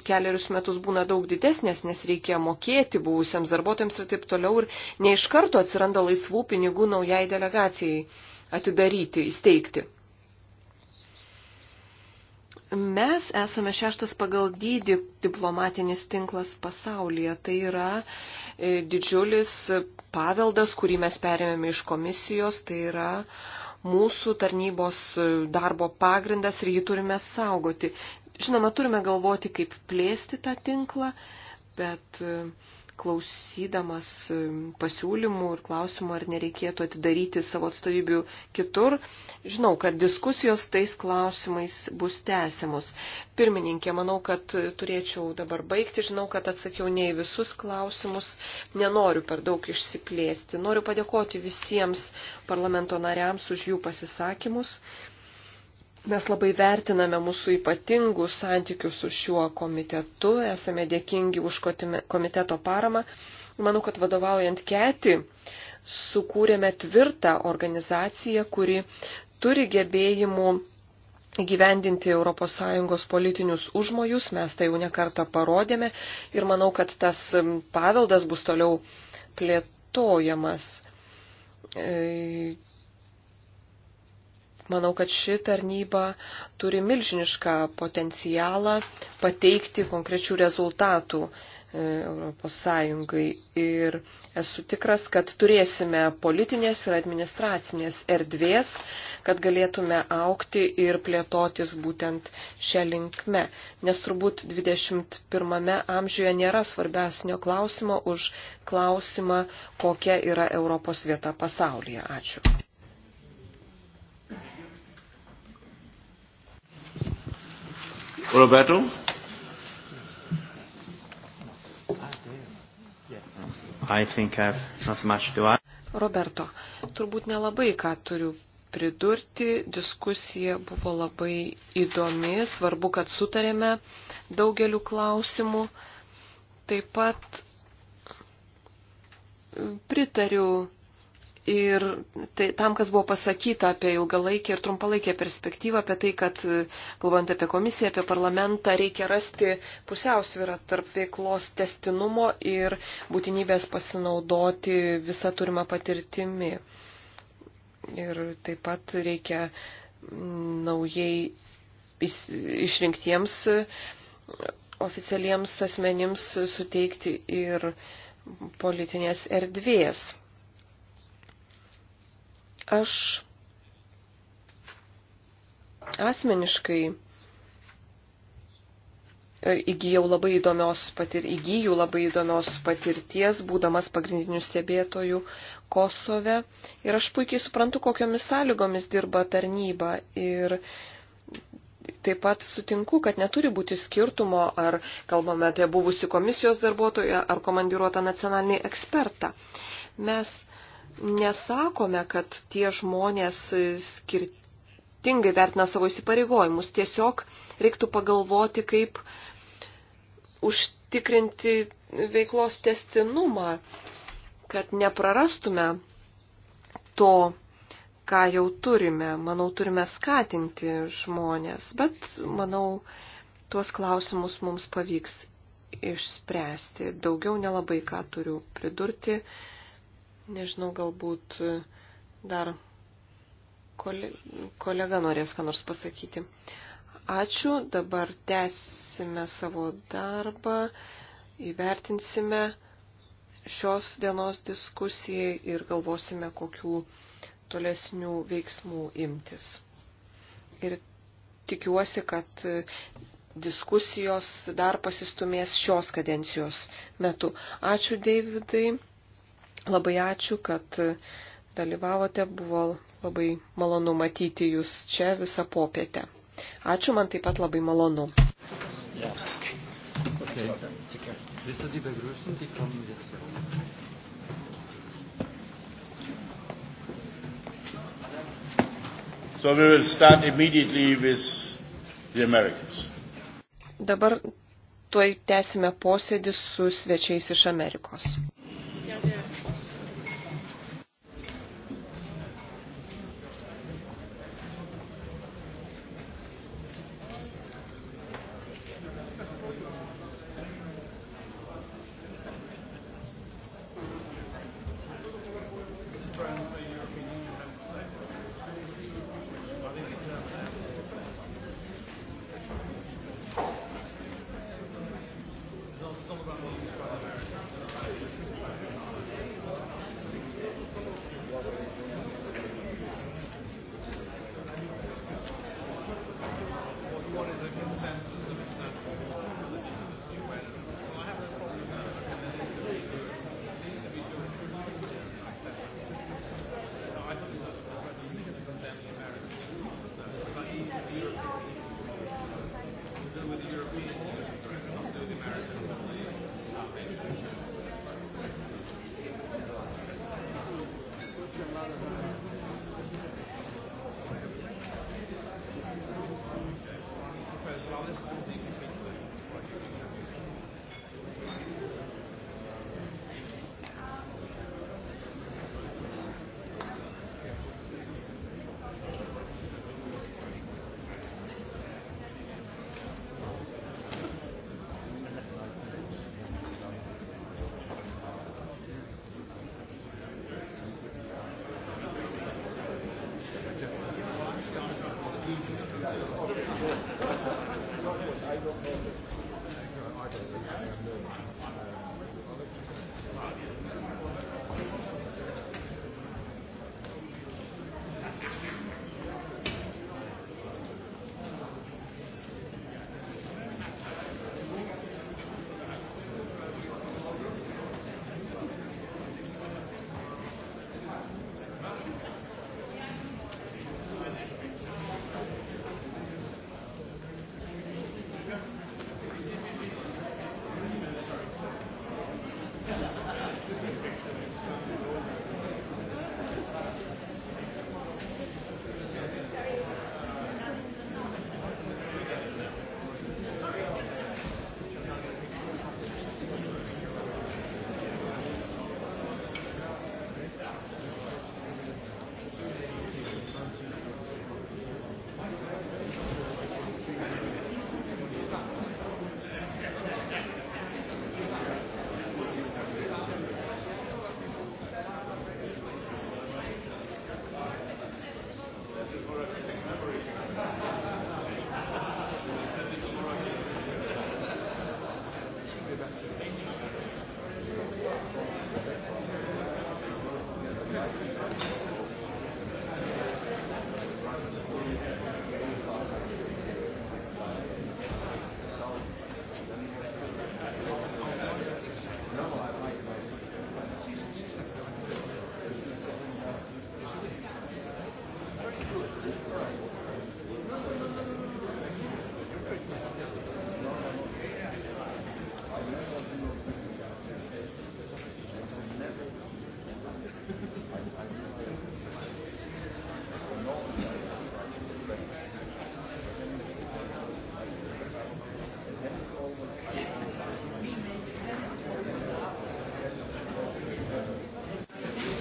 keliarius metus būna daug didesnės, nes reikia mokėti buvusiems darbuotojams ir taip toliau ir neiš karto atsiranda laisvų pinigų naujai delegacijai atidaryti, įsteigti. Mes esame šeštas pagal dydį diplomatinis tinklas pasaulyje. Tai yra e, didžiulis paveldas, kurį mes perėmėme iš komisijos. Tai yra mūsų tarnybos e, darbo pagrindas ir jį turime saugoti. Žinoma, turime galvoti, kaip plėsti tą tinklą, bet uh, klausydamas pasiūlymų ir klausimų, ar nereikėtų atidaryti savo atstovybių kitur, žinau, kad diskusijos tais klausimais bus tęsiamos. Pirmininkė, manau, kad turėčiau dabar baigti, žinau, kad atsakiau ne į visus klausimus, nenoriu per daug išsiplėsti. Noriu padėkoti visiems parlamento nariams už jų pasisakymus. Mes labai vertiname mūsų ypatingų santykių su šiuo komitetu, esame dėkingi už komiteto paramą. Manau, kad vadovaujant Keti sukūrėme tvirtą organizaciją, kuri turi gebėjimų gyvendinti ES politinius užmojus, mes tai jau nekartą parodėme ir manau, kad tas paveldas bus toliau plėtojamas e, Manau, kad ši tarnyba turi milžinišką potencialą pateikti konkrečių rezultatų e, Europos Sąjungai ir esu tikras, kad turėsime politinės ir administracinės erdvės, kad galėtume aukti ir plėtotis būtent šią linkme, nes turbūt 21 amžiuje nėra svarbesnio klausimo už klausimą, kokia yra Europos vieta pasaulyje. Ačiū. Roberto? I think I've not much to add. Roberto, turbūt nelabai ką turiu pridurti. Diskusija buvo labai įdomi, svarbu, kad sutarėme daugeliu klausimų. Taip pat pritariu Ir tai, tam, kas buvo pasakyta apie ilgalaikę ir trumpalaikę perspektyvą, apie tai, kad, e, galvojant apie komisiją, apie parlamentą, reikia rasti pusiausvyrą tarp veiklos testinumo ir būtinybės pasinaudoti visą turimą patirtimį. Ir taip pat reikia naujai išrinktiems e, oficialiems asmenims suteikti ir politinės erdvės. Aš asmeniškai įgyjau labai įdomios, patir, įgyjau labai įdomios patirties, būdamas pagrindiniu stebėtoju Kosove. Ir aš puikiai suprantu, kokiomis sąlygomis dirba tarnyba. Ir taip pat sutinku, kad neturi būti skirtumo, ar kalbame apie buvusi komisijos darbuotoją ar komandiruotą nacionalinį ekspertą. Mes nesakome, kad tie žmonės skirtingai vertina savo įsipareigojimus. Tiesiog reiktų pagalvoti, kaip užtikrinti veiklos testinumą, kad neprarastume to, ką jau turime. Manau, turime skatinti žmonės, bet manau, tuos klausimus mums pavyks išspręsti. Daugiau nelabai ką turiu pridurti. Nežinau, galbūt e, dar kolega norės ką nors pasakyti. Ačiū, dabar tęsime savo darbą, įvertinsime šios dienos diskusiją ir galvosime, kokių tolesnių veiksmų imtis. Ir tikiuosi, kad e, diskusijos dar pasistumės šios kadencijos metu. Ačiū, Davidai. Labai ačiū, kad dalyvavote, buvo labai malonu matyti jūs čia visą popietę. Ačiū, man taip pat labai malonu. Ja. Okay. Willst du die begrüßen? Die kommen jetzt. So we will start immediately with the Americans. Dabar tuoj tęsime posėdį su svečiais iš Amerikos.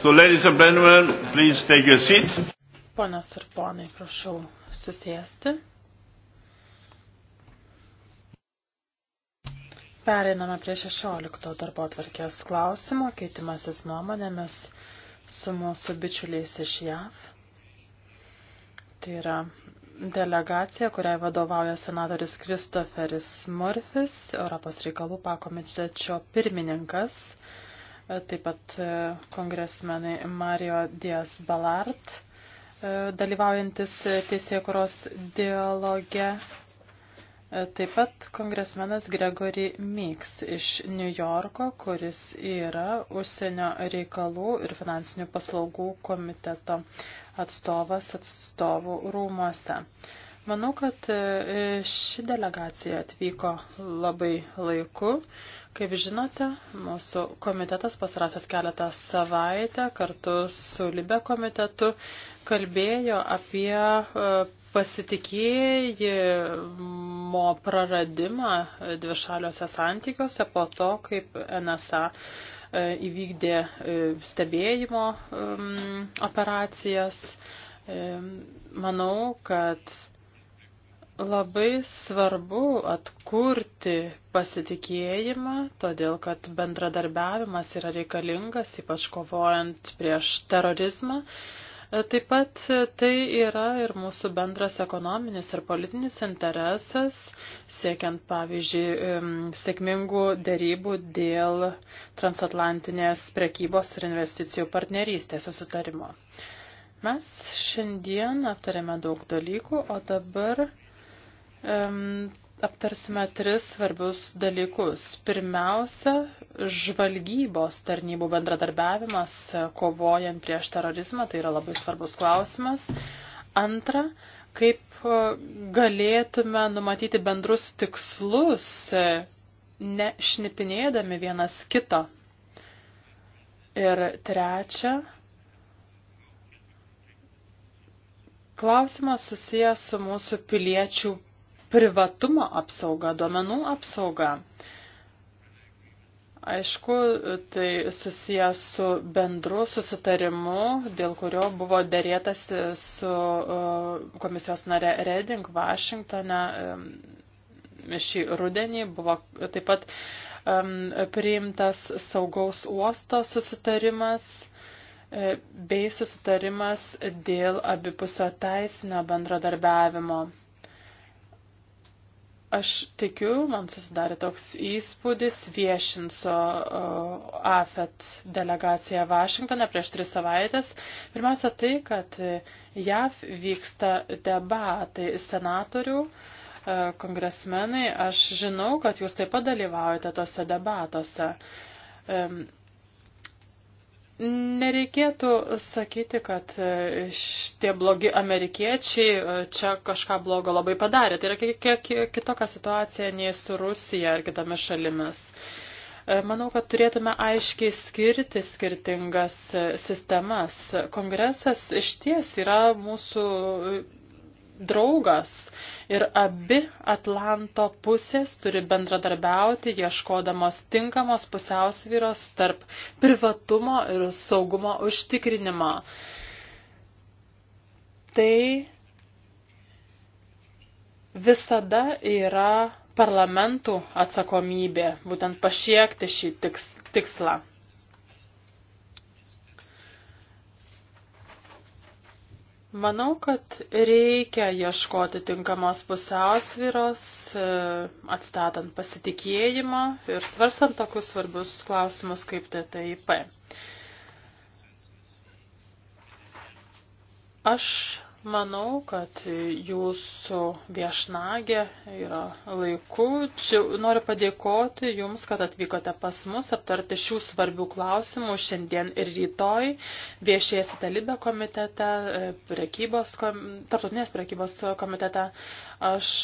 So, ladies and gentlemen, please take your seat. Ponas ir ponai, prašau susėsti. Pereiname prie 16 darbo atvarkės klausimo, keitimasis nuomonėmis su mūsų bičiuliais iš JAV. Tai yra delegacija, kuriai vadovauja senatorius Kristoferis Murfis, Europos reikalų pakomitečio pirmininkas taip pat e, kongresmenai Mario Dias Balart, e, dalyvaujantis teisėkuros dialoge, e, taip pat kongresmenas Gregory Meeks iš New Yorko, kuris yra užsienio reikalų ir finansinių paslaugų komiteto atstovas atstovų rūmuose. Manau, kad ši delegacija atvyko labai laiku. Kaip žinote, mūsų komitetas pastarąsias keletą savaitę kartu su Libe komitetu kalbėjo apie e, pasitikėjimo praradimą dvišaliuose santykiuose po to, kaip NSA e, įvykdė e, stebėjimo operacijas. Manau, kad Labai svarbu atkurti pasitikėjimą, todėl kad bendradarbiavimas yra reikalingas, ypač kovojant prieš terorizmą. Taip pat tai yra ir mūsų bendras ekonominis ir politinis interesas, siekiant, pavyzdžiui, sėkmingų dėrybų dėl transatlantinės prekybos ir investicijų partnerystės susitarimo. Mes šiandien aptarėme daug dalykų, o dabar aptarsime tris svarbius dalykus. Pirmiausia, žvalgybos tarnybų bendradarbiavimas kovojant prieš terorizmą, tai yra labai svarbus klausimas. Antra, kaip e, galėtume numatyti bendrus tikslus, e, nešnipinėdami vienas kito. Ir trečia, klausimas susijęs su mūsų piliečių privatumo apsauga, duomenų apsauga. Aišku, tai susijęs su bendru susitarimu, dėl kurio buvo dėrėtasi su uh, komisijos nare Reding Vašingtone um, šį rudenį. Buvo taip pat um, priimtas saugaus uosto susitarimas uh, bei susitarimas dėl abipusio teisinio bendradarbiavimo. Aš tikiu, man susidarė toks įspūdis viešinso uh, AFET delegacija Vašingtone prieš tris savaitės. Pirmiausia tai, kad uh, JAV vyksta debatai senatorių, uh, kongresmenai. Aš žinau, kad jūs taip pat dalyvaujate tose debatuose. Um, Nereikėtų sakyti, kad e, šitie blogi amerikiečiai e, čia kažką blogo labai padarė. Tai yra kiek kitokia situacija nei su Rusija ar kitomis šalimis. E, manau, kad turėtume aiškiai skirti skirtingas sistemas. Kongresas iš ties yra mūsų draugas ir abi Atlanto pusės turi bendradarbiauti, ieškodamos tinkamos pusiausvyros tarp privatumo ir saugumo užtikrinimo. Tai visada yra parlamentų atsakomybė būtent pasiekti šį tikslą. Manau, kad reikia ieškoti tinkamos pusiausvyros, e, atstatant pasitikėjimą ir svarstant tokius svarbius klausimus kaip TTIP. Aš Manau, kad jūsų viešnagė yra laiku. Čia noriu padėkoti Jums, kad atvykote pas mus aptarti šių svarbių klausimų šiandien ir rytoj. Viešėsite Libe komitete, prekybos, tarptautinės prekybos komitete. Aš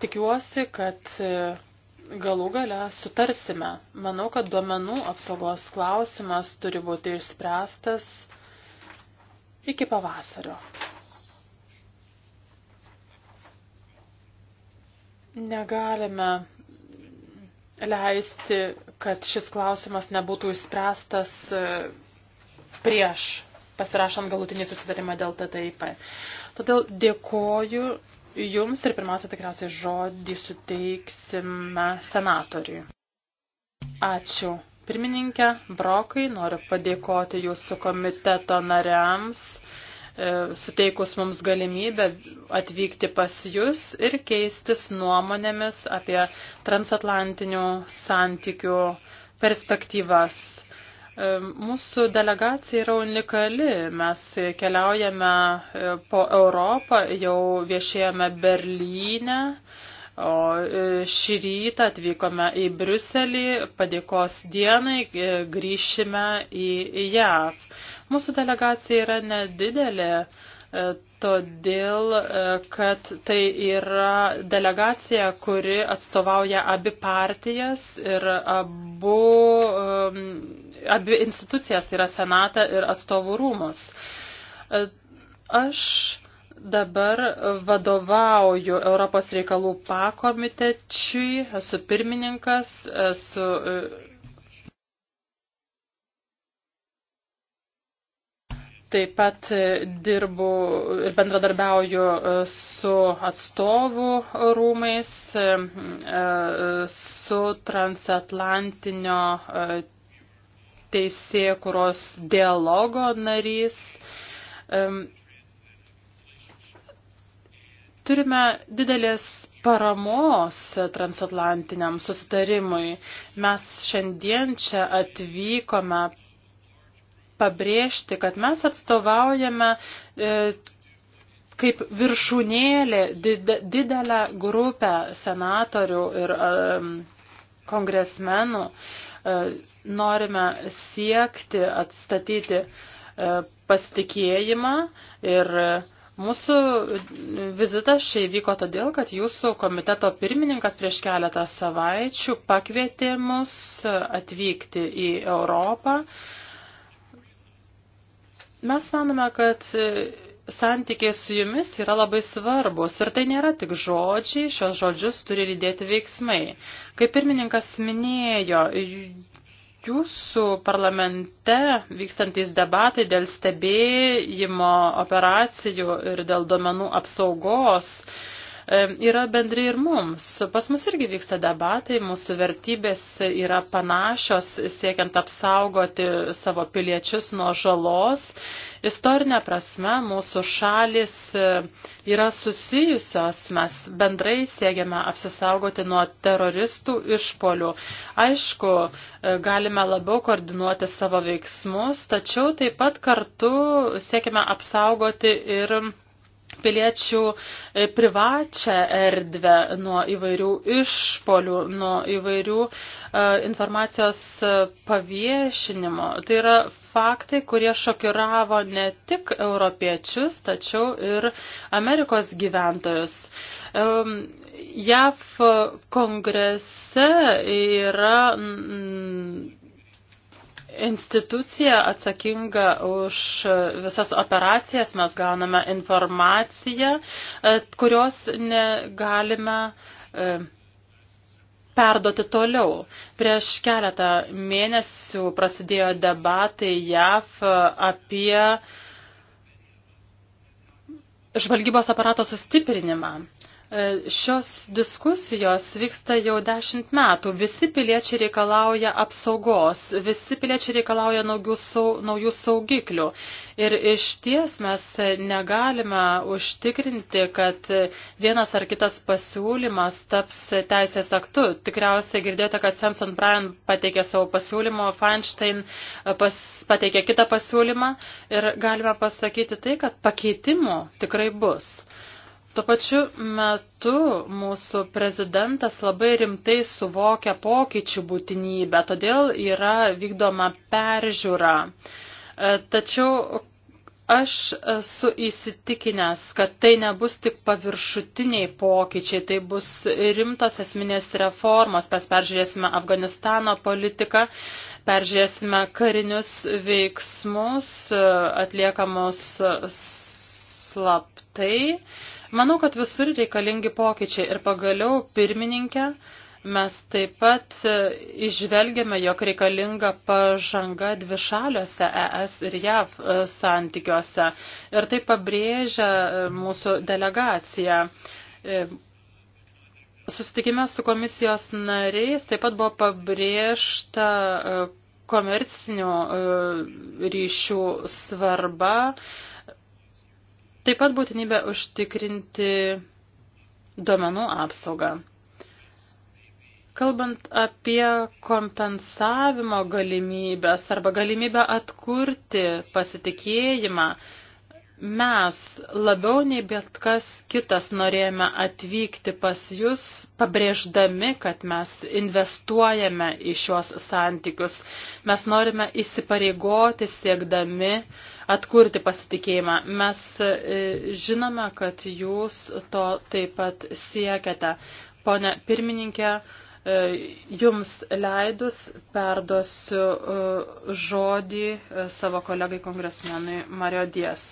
tikiuosi, kad galų gale sutarsime. Manau, kad duomenų apsaugos klausimas turi būti išspręstas iki pavasario. Negalime leisti, kad šis klausimas nebūtų išspręstas e, prieš pasirašant galutinį susitarimą dėl TTIP. Todėl dėkoju Jums ir pirmiausia tikriausiai žodį suteiksime senatoriui. Ačiū pirmininkė Brokai, noriu padėkoti jūsų komiteto nariams, e, suteikus mums galimybę atvykti pas jūs ir keistis nuomonėmis apie transatlantinių santykių perspektyvas. E, mūsų delegacija yra unikali. Mes keliaujame e, po Europą, jau viešėjame Berlyne, O e, šį rytą atvykome į Briuselį, padėkos dienai, e, grįšime į JAV. Mūsų delegacija yra nedidelė e, todėl, kad tai yra delegacija, kuri atstovauja abi partijas ir abu, abi institucijas, tai yra Senatą ir atstovų rūmus. Aš Dabar vadovauju Europos reikalų pakomitečiui, esu pirmininkas, esu e, Taip pat dirbu ir bendradarbiauju e, su atstovų rūmais, e, su transatlantinio teisėkuros dialogo narys turime didelės paramos transatlantiniam susitarimui. Mes šiandien čia atvykome pabrėžti, kad mes atstovaujame e, kaip viršūnėlė didelę grupę senatorių ir e, kongresmenų. E, norime siekti atstatyti pasitikėjimą ir Mūsų vizitas čia įvyko todėl, kad jūsų komiteto pirmininkas prieš keletą savaičių pakvietė mus atvykti į Europą. Mes manome, kad santykiai su jumis yra labai svarbus ir tai nėra tik žodžiai, šios žodžius turi lydėti veiksmai. Kaip pirmininkas minėjo, jūsų parlamente vykstantis debatai dėl stebėjimo operacijų ir dėl duomenų apsaugos uh, yra bendri ir mums. Pas mus irgi vyksta debatai, mūsų vertybės yra panašios, siekiant apsaugoti savo piliečius nuo žalos. Istorinė prasme, mūsų šalis e, yra susijusios, mes bendrai siekiame apsisaugoti nuo teroristų išpolių. Aišku, e, galime labiau koordinuoti savo veiksmus, tačiau taip pat kartu siekime apsaugoti ir piliečių e, privačią erdvę nuo įvairių išpolių, nuo įvairių e, informacijos e, paviešinimo. Tai yra faktai, kurie šokiravo ne tik europiečius, tačiau ir Amerikos gyventojus. JAV kongrese yra institucija atsakinga už visas operacijas, mes gauname informaciją, e, kurios negalime e, perduoti toliau. Prieš keletą mėnesių prasidėjo debatai JAV apie žvalgybos aparato sustiprinimą. E, šios diskusijos vyksta jau dešimt metų. Visi piliečiai reikalauja apsaugos, visi piliečiai reikalauja naujų, sau, naujų saugiklių. Ir iš ties mes negalime užtikrinti, kad vienas ar kitas pasiūlymas taps teisės aktu. Tikriausiai girdėjote, kad Samson Bryan pateikė savo pasiūlymą, Feinstein pas, pateikė kitą pasiūlymą ir galime pasakyti tai, kad pakeitimų tikrai bus. Tuo pačiu metu mūsų prezidentas labai rimtai suvokia pokyčių būtinybę, todėl yra vykdoma peržiūra. E, tačiau aš esu įsitikinęs, kad tai nebus tik paviršutiniai pokyčiai, tai bus rimtos esminės reformos. Mes peržiūrėsime Afganistano politiką, peržiūrėsime karinius veiksmus e, atliekamus slaptai. Manau, kad visur reikalingi pokyčiai ir pagaliau pirmininkę mes taip pat e, išvelgiame, jog reikalinga pažanga dvišaliuose ES ir JAV e, santykiuose. Ir tai pabrėžia e, mūsų delegacija. Susitikime su komisijos nariais taip pat buvo pabrėžta komercinių ryšių svarba Taip pat būtinybė užtikrinti duomenų apsaugą. Kalbant apie kompensavimo galimybės arba galimybę atkurti pasitikėjimą, Mes labiau nei bet kas kitas norėjome atvykti pas Jūs, pabrėždami, kad mes investuojame į šios santykius. Mes norime įsipareigoti siekdami atkurti pasitikėjimą. Mes e, žinome, kad Jūs to taip pat siekiate. Pone pirmininkė, e, Jums leidus perduosiu e, žodį savo kolegai kongresmenui Mario Dies.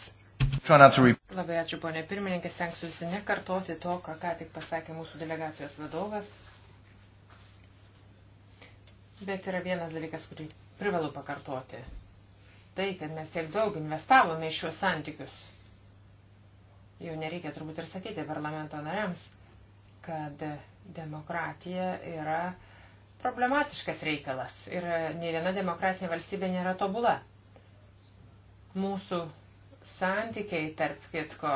Labai ačiū, ponė pirmininkė, stengsiuosi nekartoti to, ką ką tik pasakė mūsų delegacijos vadovas. Bet yra vienas dalykas, kurį privalu pakartoti. Tai, kad mes tiek daug investavome į šiuos santykius. Jau nereikia turbūt ir sakyti parlamento nariams, kad demokratija yra problematiškas reikalas ir nei viena demokratinė valstybė nėra tobula. Mūsų santykiai, tarp kitko,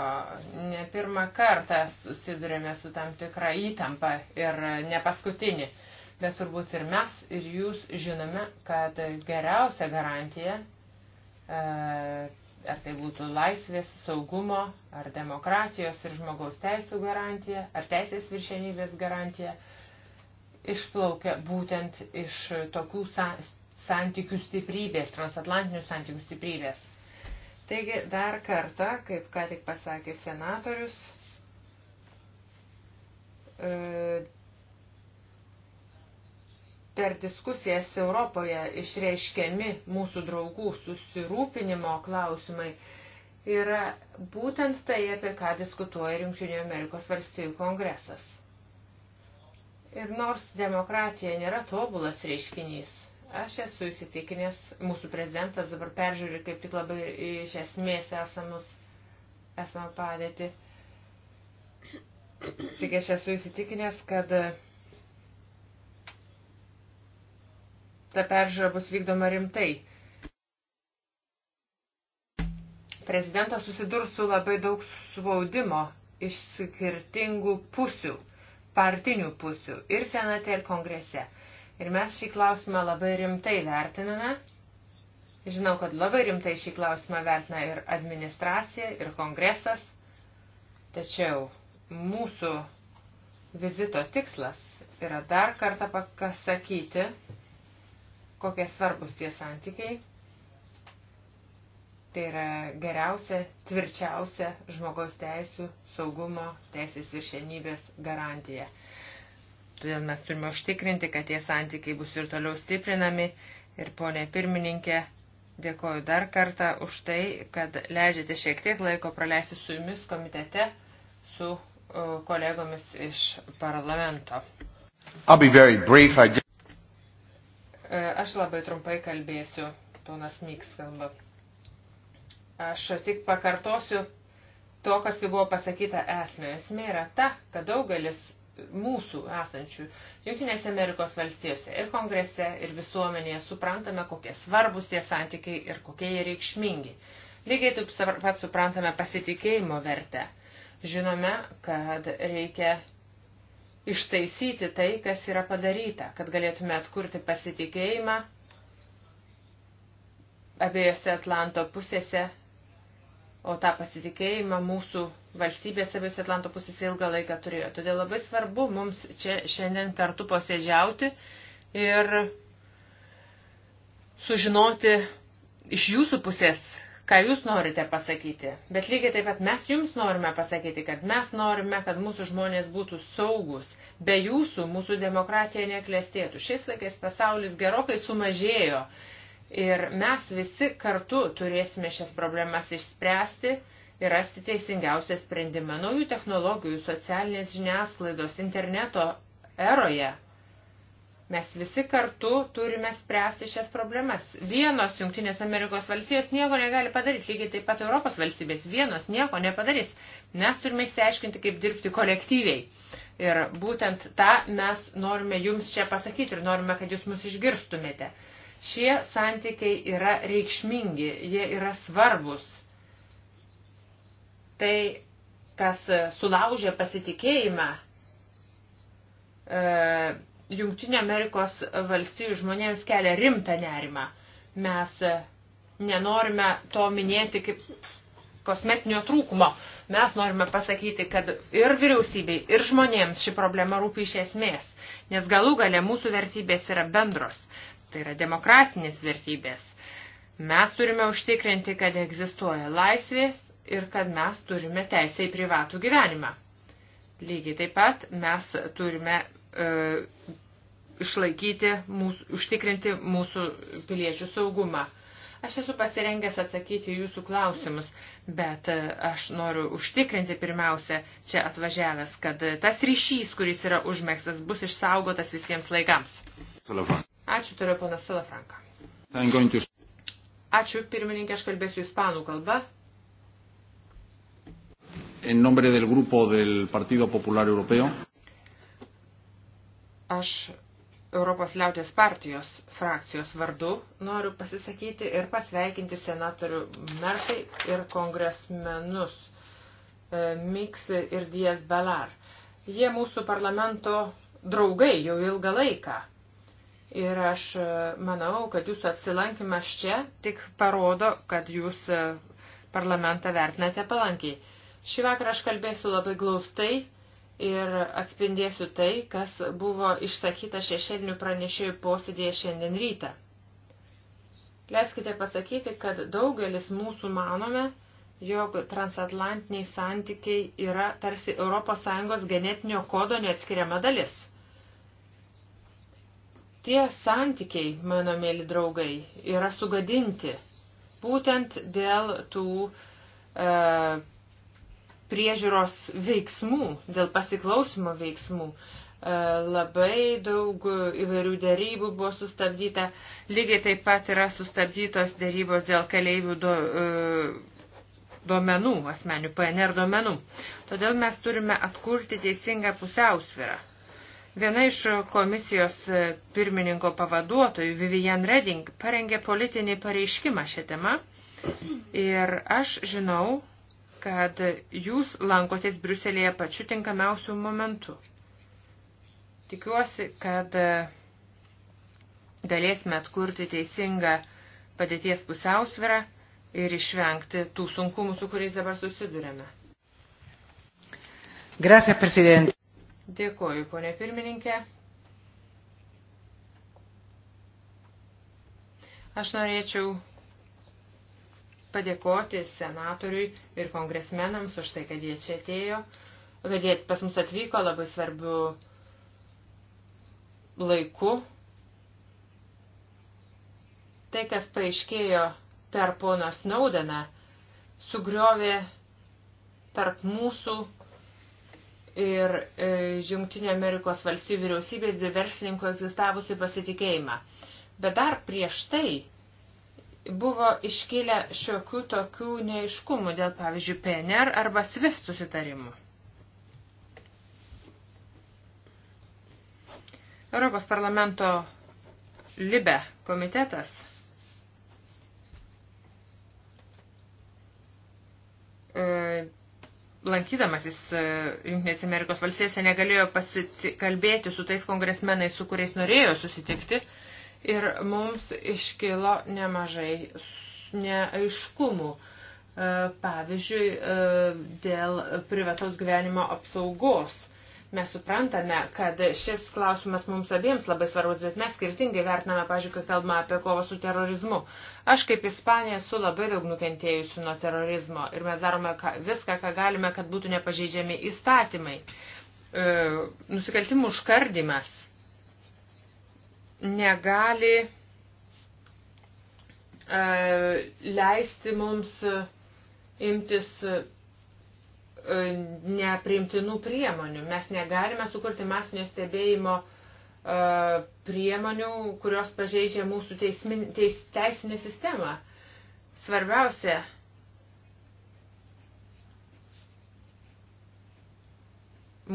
ne pirmą kartą susidurėme su tam tikra įtampa ir ne paskutinį. Bet turbūt ir mes, ir jūs žinome, kad geriausia garantija, e, ar tai būtų laisvės, saugumo, ar demokratijos ir žmogaus teisų garantija, ar teisės viršenybės garantija, išplaukia būtent iš tokių santykių stiprybės, transatlantinių santykių stiprybės. Taigi dar kartą, kaip ką tik pasakė senatorius, e, per diskusijas Europoje išreiškiami mūsų draugų susirūpinimo klausimai yra būtent tai, apie ką diskutuoja Junktinių Amerikos valstybių kongresas. Ir nors demokratija nėra tobulas reiškinys, Aš esu įsitikinęs, mūsų prezidentas dabar peržiūri kaip tik labai iš esmės esamus, esamą padėtį. Tik aš esu įsitikinęs, kad ta peržiūra bus vykdoma rimtai. Prezidentas susidurs su labai daug spaudimo iš skirtingų pusių, partinių pusių ir senate ir kongrese. Ir mes šį klausimą labai rimtai vertiname. Žinau, kad labai rimtai šį klausimą vertina ir administracija, ir kongresas. Tačiau mūsų vizito tikslas yra dar kartą pasakyti, kokie svarbus tie santykiai. Tai yra geriausia, tvirčiausia žmogaus teisų, saugumo, teisės viršenybės garantija. Todėl mes turime užtikrinti, kad tie santykiai bus ir toliau stiprinami. Ir ponė pirmininkė, dėkoju dar kartą už tai, kad leidžiate šiek tiek laiko praleisti su jumis komitete, su kolegomis iš parlamento. Brief, I... E, aš labai trumpai kalbėsiu, ponas Myks kalba. Aš tik pakartosiu to, kas jau buvo pasakyta esmė. Esmė yra ta, kad daugelis mūsų esančių Junktinėse Amerikos valstijose ir kongrese, ir visuomenėje suprantame, kokie svarbus tie santykiai ir kokie jie reikšmingi. Lygiai taip pat suprantame pasitikėjimo vertę. Žinome, kad reikia ištaisyti tai, kas yra padaryta, kad galėtume atkurti pasitikėjimą abiejose Atlanto pusėse O tą pasitikėjimą mūsų valstybės abiejose Atlanto pusėse ilgą laiką turėjo. Todėl labai svarbu mums čia šiandien kartu posėdžiauti ir sužinoti iš jūsų pusės, ką jūs norite pasakyti. Bet lygiai taip pat mes jums norime pasakyti, kad mes norime, kad mūsų žmonės būtų saugus. Be jūsų mūsų demokratija neklestėtų. Šiais laikais pasaulis gerokai sumažėjo Ir mes visi kartu turėsime šias problemas išspręsti ir rasti teisingiausią sprendimą. Naujų technologijų, socialinės žiniasklaidos, interneto eroje mes visi kartu turime spręsti šias problemas. Vienos Junktinės Amerikos valstijos nieko negali padaryti, lygiai taip pat Europos valstybės vienos nieko nepadarys. Mes turime išsiaiškinti, kaip dirbti kolektyviai. Ir būtent tą mes norime jums čia pasakyti ir norime, kad jūs mus išgirstumėte. Šie santykiai yra reikšmingi, jie yra svarbus. Tai, kas sulaužė pasitikėjimą, e, Junktinio Amerikos valstijų žmonėms kelia rimtą nerimą. Mes nenorime to minėti kaip kosmetinio trūkumo. Mes norime pasakyti, kad ir vyriausybei, ir žmonėms ši problema rūpi iš esmės, nes galų gale mūsų vertybės yra bendros tai yra demokratinės vertybės. Mes turime užtikrinti, kad egzistuoja laisvės ir kad mes turime teisę į privatų gyvenimą. Lygiai taip pat mes turime e, išlaikyti, mūsų, užtikrinti mūsų piliečių saugumą. Aš esu pasirengęs atsakyti jūsų klausimus, bet e, aš noriu užtikrinti pirmiausia čia atvažiavęs, kad tas ryšys, kuris yra užmėgstas, bus išsaugotas visiems laikams. Telefon. Ačiū, turiu panas Salafranką. Tai Ačiū, pirmininkė, aš kalbėsiu ispanų kalbą. En nombre del grupo del Partido Popular Europeo. Aš Europos liaudės partijos frakcijos vardu noriu pasisakyti ir pasveikinti senatorių Merkai ir kongresmenus e, Miks ir Dijas Belar. Jie mūsų parlamento draugai jau ilgą laiką. Ir aš e, manau, kad jūsų apsilankimas čia tik parodo, kad jūs e, parlamentą vertinate palankiai. Šį vakarą aš kalbėsiu labai glaustai ir atspindėsiu tai, kas buvo išsakyta šešėlinių pranešėjų posėdėje šiandien rytą. Leiskite pasakyti, kad daugelis mūsų manome, jog transatlantiniai santykiai yra tarsi ES genetinio kodo neatskiriama dalis. Tie santykiai, mano mėly draugai, yra sugadinti būtent dėl tų e, priežiūros veiksmų, dėl pasiklausimo veiksmų. E, labai daug įvairių dėrybų buvo sustabdyta. Lygiai taip pat yra sustabdytos dėrybos dėl keleivių do, e, duomenų, asmenių PNR duomenų. Todėl mes turime atkurti teisingą pusiausvyrą. Viena iš komisijos pirmininko pavaduotojų, Vivian Redding, parengė politinį pareiškimą šią temą. Ir aš žinau, kad jūs lankotės Briuselėje pačiu tinkamiausių momentų. Tikiuosi, kad e, galėsime atkurti teisingą padėties pusiausvirą ir išvengti tų sunkumų, su kuriais dabar susidurėme. Gracias, presidente. Dėkoju, ponė pirmininkė. Aš norėčiau padėkoti senatoriui ir kongresmenams už tai, kad jie čia atėjo, kad jie pas mus atvyko labai svarbių laiku. Tai, kas paaiškėjo per poną Snaudeną, sugriovė tarp mūsų ir e, Junktinio Amerikos valstybių vyriausybės bei verslininkų egzistavusi pasitikėjimą. Bet dar prieš tai buvo iškilę šiokių tokių neiškumų dėl, pavyzdžiui, PNR arba SWIFT susitarimų. Europos parlamento Libe komitetas e, lankydamasis e, Junktinės Amerikos valstijose negalėjo pasikalbėti su tais kongresmenais, su kuriais norėjo susitikti. Ir mums iškilo nemažai neaiškumų. E, pavyzdžiui, e, dėl privataus gyvenimo apsaugos Mes suprantame, kad šis klausimas mums abiems labai svarbus, bet mes skirtingai vertiname, pažiūrėjau, kai kalbame apie kovą su terorizmu. Aš kaip Ispanija esu labai daug nukentėjusi nuo terorizmo ir mes darome viską, ką galime, kad būtų nepažeidžiami įstatymai. E, nusikaltimų užkardimas negali e, leisti mums imtis E, nepriimtinų priemonių. Mes negalime sukurti masinio stebėjimo e, priemonių, kurios pažeidžia mūsų teismin, teis, teisinę sistemą. Svarbiausia,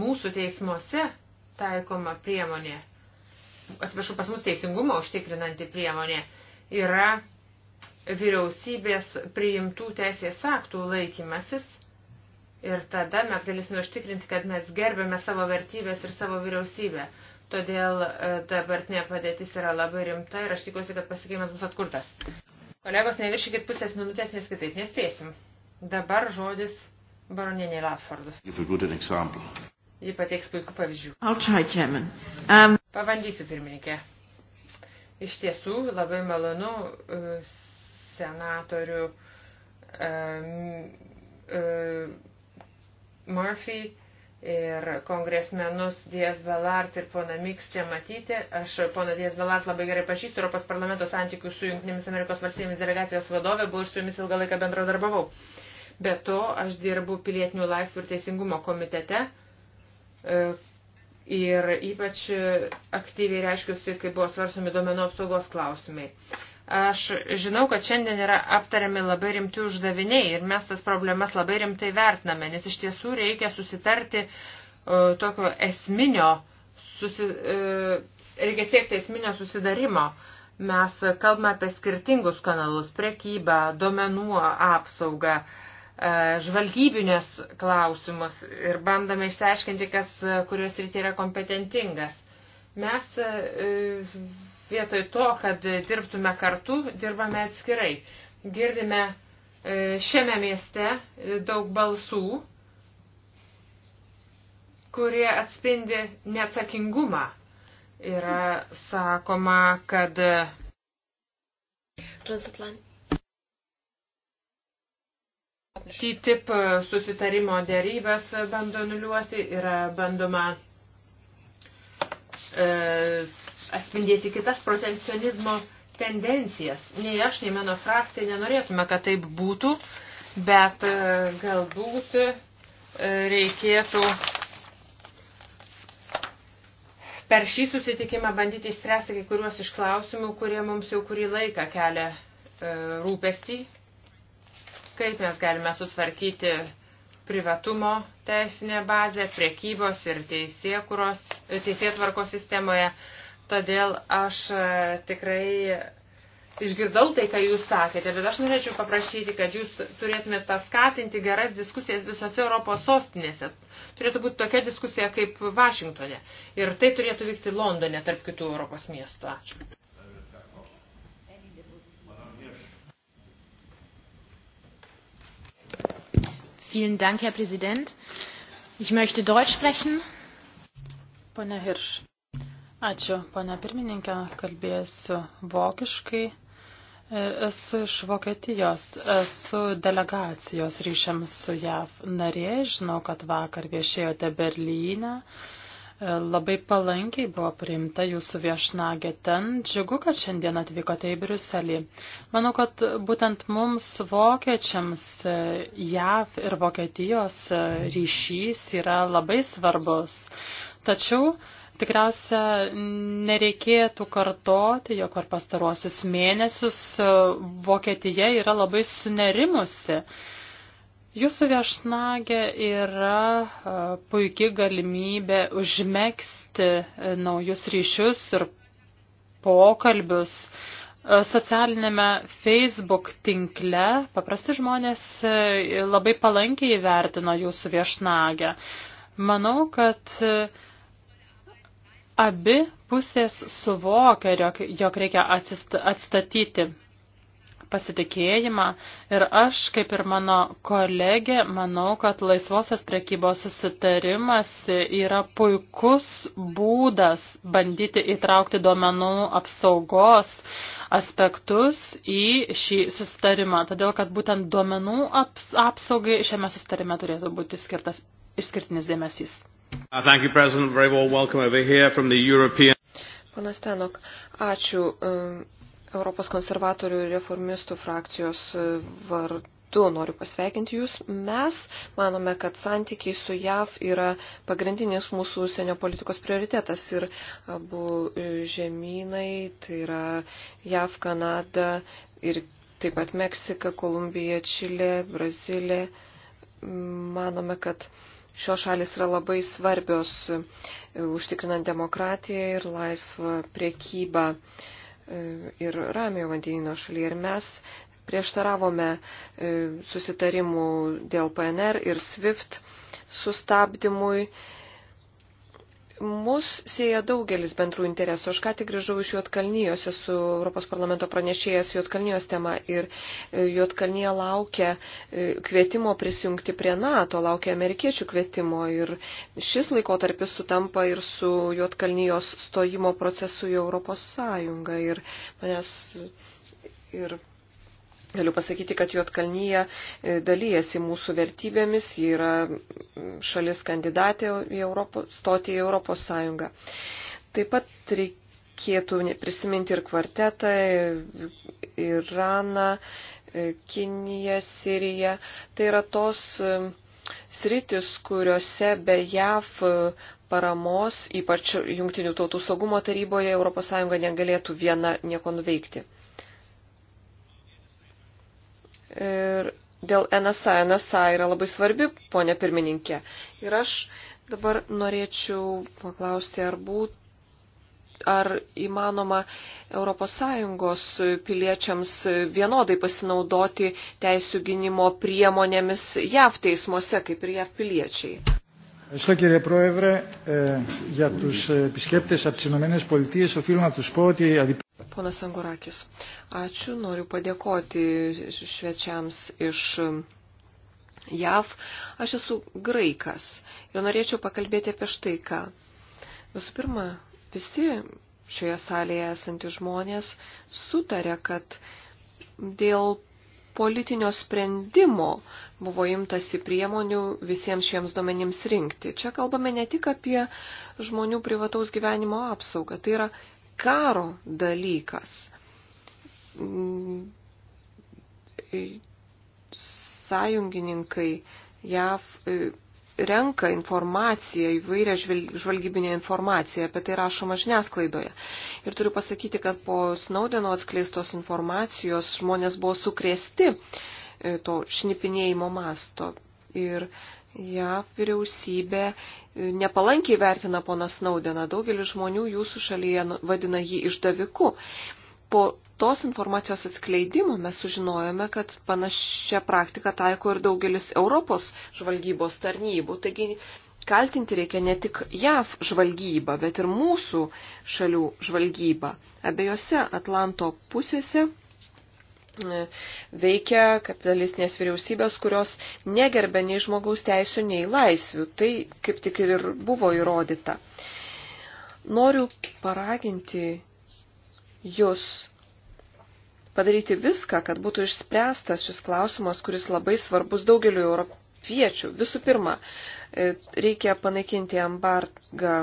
mūsų teismuose taikoma priemonė, atsiprašau, pas mus teisingumo užtikrinanti priemonė, yra vyriausybės priimtų teisės aktų laikymasis Ir tada mes galėsime užtikrinti, kad mes gerbėme savo vertybės ir savo vyriausybę. Todėl e, dabartinė padėtis yra labai rimta ir aš tikiuosi, kad pasikeimas bus atkurtas. Kolegos, neviršykit pusės minutės, nes kitaip nespėsim. Dabar žodis baronieniai Latfordus. Ji pateiks puikų pavyzdžių. Try, um, um... Pabandysiu, pirmininkė. Iš tiesų, labai malonu e, senatorių um, um, Murphy ir kongresmenus Dies Belart ir pona Miks čia matyti. Aš pona Dies Belart labai gerai pažįstu, Europos parlamento santykių su Junktinėmis Amerikos valstybėmis delegacijos vadovė, buvau ir su jumis ilgą laiką bendradarbavau. Be to, aš dirbu pilietinių laisvių ir teisingumo komitete e, ir ypač aktyviai reiškiusi, kai buvo svarstomi duomenų apsaugos klausimai. Aš žinau, kad šiandien yra aptariami labai rimti uždaviniai ir mes tas problemas labai rimtai vertiname, nes iš tiesų reikia susitarti uh, tokio esminio, susi, uh, reikia siekti esminio susidarimo. Mes kalbame apie skirtingus kanalus - prekybą, domenų apsaugą, uh, e, žvalgybinės klausimus ir bandome išsiaiškinti, kas, kurios rytį yra kompetentingas. Mes uh, vietoj to, kad dirbtume kartu, dirbame atskirai. Girdime e, šiame mieste e, daug balsų, kurie atspindi neatsakingumą. Yra sakoma, kad e, TTIP susitarimo dėrybės bando nuliuoti, yra bandoma e, atspindėti kitas protekcionizmo tendencijas. Nei aš, nei mano frakcija nenorėtume, kad taip būtų, bet e, galbūt e, reikėtų per šį susitikimą bandyti išspręsti kai kuriuos iš klausimų, kurie mums jau kurį laiką kelia e, rūpestį, kaip mes galime sutvarkyti privatumo teisinę bazę, priekybos ir teisėtvarkos sistemoje, Todėl aš e, tikrai išgirdau tai, ką jūs sakėte, bet aš norėčiau paprašyti, kad jūs turėtumėte paskatinti geras diskusijas visose Europos sostinėse. Turėtų būti tokia diskusija kaip Vašingtonė. Ir tai turėtų vykti Londone tarp kitų Europos miestų. Ačiū. Vielen Dank, Herr Präsident. Ich möchte Deutsch sprechen. Bonner Hirsch. Ačiū, pane pirmininkė, kalbėsiu vokiškai. Esu iš Vokietijos, esu delegacijos ryšiams su JAV narė, žinau, kad vakar viešėjote Berlyne. Labai palankiai buvo priimta jūsų viešnagė ten. Džiugu, kad šiandien atvykote į Briuselį. Manau, kad būtent mums vokiečiams JAV ir Vokietijos ryšys yra labai svarbus. Tačiau Tikriausia, nereikėtų kartoti, jog per pastaruosius mėnesius e, Vokietija yra labai sunerimusi. Jūsų viešnagė yra e, puikia galimybė užmėgsti e, naujus ryšius ir pokalbius. Socialinėme Facebook tinkle paprasti žmonės labai palankiai įvertino jūsų viešnagę. Manau, kad Abi pusės suvokia, jog reikia atstatyti pasitikėjimą ir aš, kaip ir mano kolegė, manau, kad laisvosios prekybos susitarimas yra puikus būdas bandyti įtraukti duomenų apsaugos aspektus į šį susitarimą, todėl kad būtent duomenų aps apsaugai šiame susitarime turėtų būti skirtas išskirtinis dėmesys. Uh, thank you, President. Very well welcome over here from the European. Panas Tenok, ačiū um, Europos konservatorių ir reformistų frakcijos uh, vardu. Noriu pasveikinti Jūs. Mes manome, kad santykiai su JAV yra pagrindinis mūsų užsienio politikos prioritetas ir abu e, žemynai, tai yra JAV, Kanada ir taip pat Meksika, Kolumbija, Čilė, Brazilė. Manome, kad uh, Šios šalis yra labai svarbios e, užtikrinant demokratiją ir laisvą priekybą e, ir ramiojo vandenino šalyje. Ir mes prieštaravome e, susitarimų dėl PNR ir SWIFT sustabdymui mus sieja daugelis bendrų interesų. Aš ką tik grįžau iš Juotkalnyjos, esu Europos parlamento pranešėjas Juotkalnyjos tema ir e, Juotkalnyje laukia e, kvietimo prisijungti prie NATO, laukia amerikiečių kvietimo ir šis laikotarpis sutampa ir su Juotkalnyjos stojimo procesu į Europos Sąjungą. Ir manęs, ir Galiu pasakyti, kad Juotkalnyje e, dalyjasi mūsų vertybėmis, ji yra šalis kandidatė į Europo, stoti į Europos Sąjungą. Taip pat reikėtų prisiminti ir kvartetą, e, Iraną, e, Kiniją, Siriją. Tai yra tos sritis, kuriuose be JAV paramos, ypač Junktinių tautų saugumo taryboje, ES negalėtų viena nieko nuveikti. Ir dėl NSA. NSA yra labai svarbi, ponė pirmininkė. Ir aš dabar norėčiau paklausti, ar būtų. Ar įmanoma ES piliečiams vienodai pasinaudoti teisų gynimo priemonėmis JAV teismuose, kaip ir JAV piliečiai? Ευχαριστώ κύριε Πρόεδρε. Ε, για τους επισκέπτες από τις Ηνωμένες Πολιτείες οφείλω να τους πω ότι Ponas Angurakis, ačiū, noriu padėkoti švečiams iš JAV. Aš esu graikas ir norėčiau pakalbėti apie štai ką. Visų pirma, visi šioje salėje esantys žmonės sutarė, kad dėl politinio sprendimo buvo imtasi priemonių visiems šiems duomenims rinkti. Čia kalbame ne tik apie žmonių privataus gyvenimo apsaugą, tai yra karo dalykas. Sąjungininkai JAV e, renka informaciją, įvairią žvalgybinę informaciją, apie tai rašoma žiniasklaidoje. Ir turiu pasakyti, kad po Snaudeno atskleistos informacijos žmonės buvo sukrėsti e, to šnipinėjimo masto. Ir JAV vyriausybė e, nepalankiai vertina poną Snaudeną. Daugelis žmonių jūsų šalyje nu, vadina jį išdaviku. Po tos informacijos atskleidimo mes sužinojome, kad panašią praktiką taiko ir daugelis Europos žvalgybos tarnybų. Taigi kaltinti reikia ne tik JAV žvalgybą, bet ir mūsų šalių žvalgybą. Abiejose Atlanto pusėse veikia kapitalistinės vyriausybės, kurios negerbė nei žmogaus teisų, nei laisvių. Tai kaip tik ir buvo įrodyta. Noriu paraginti jūs padaryti viską, kad būtų išspręstas šis klausimas, kuris labai svarbus daugeliu europiečių. Visų pirma, e, reikia panaikinti embargą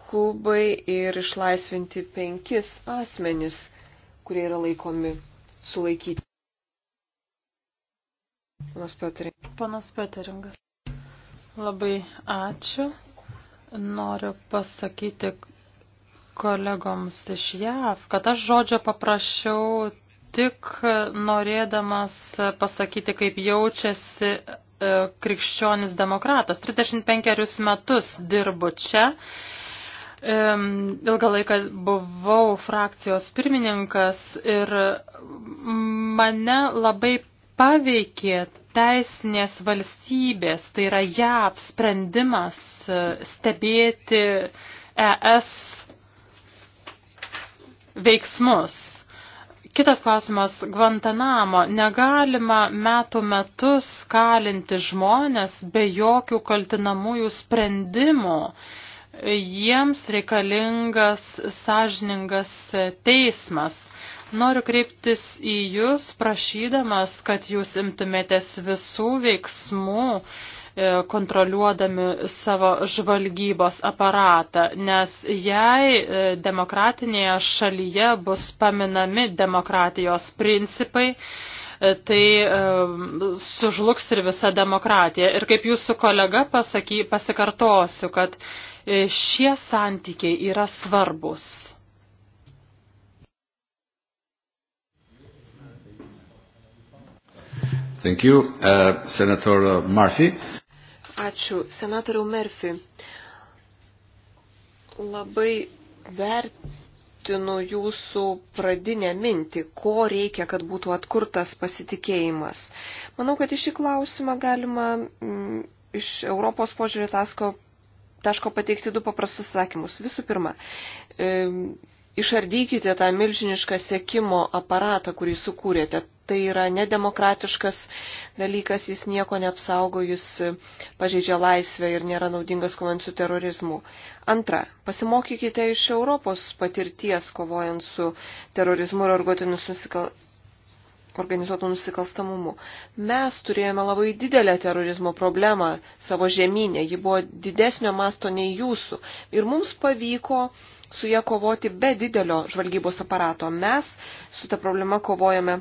Kubai ir išlaisvinti penkis asmenis, kurie yra laikomi sulaikyti. Panas Peteringas. Panas Peteringas. Labai ačiū. Noriu pasakyti kolegoms iš JAV, kad aš žodžio paprašiau tik norėdamas pasakyti, kaip jaučiasi e, krikščionis demokratas. 35 metus dirbu čia ilgą laiką buvau frakcijos pirmininkas ir mane labai paveikė teisinės valstybės, tai yra JAV sprendimas e, stebėti ES veiksmus. Kitas klausimas - Guantanamo. Negalima metų metus kalinti žmonės be jokių kaltinamųjų sprendimų jiems reikalingas sąžiningas teismas. Noriu kreiptis į Jūs, prašydamas, kad Jūs imtumėtės visų veiksmų, e, kontroliuodami savo žvalgybos aparatą, nes jei e, demokratinėje šalyje bus paminami demokratijos principai, e, tai sužlugs ir visa demokratija. Ir kaip jūsų kolega pasaky, pasikartosiu, kad E, šie santykiai yra svarbus. Thank you, uh, Senator Murphy. Ačiū, senatoriau Murphy. Labai vertinu jūsų pradinę mintį, ko reikia, kad būtų atkurtas pasitikėjimas. Manau, kad į šį klausimą galima m, mm, iš Europos požiūrį tasko taško pateikti du paprastus sakymus. Visų pirma, e, išardykite tą milžinišką sėkimo aparatą, kurį sukūrėte. Tai yra nedemokratiškas dalykas, jis nieko neapsaugo, jis pažeidžia laisvę ir nėra naudingas kovant su terorizmu. Antra, pasimokykite iš Europos patirties kovojant su terorizmu ir organinius nusikal organizuotų nusikalstamumu. Mes turėjome labai didelę terorizmo problemą savo žemynė, ji buvo didesnio masto nei jūsų. Ir mums pavyko su ją kovoti be didelio žvalgybos aparato. Mes su ta problema kovojame.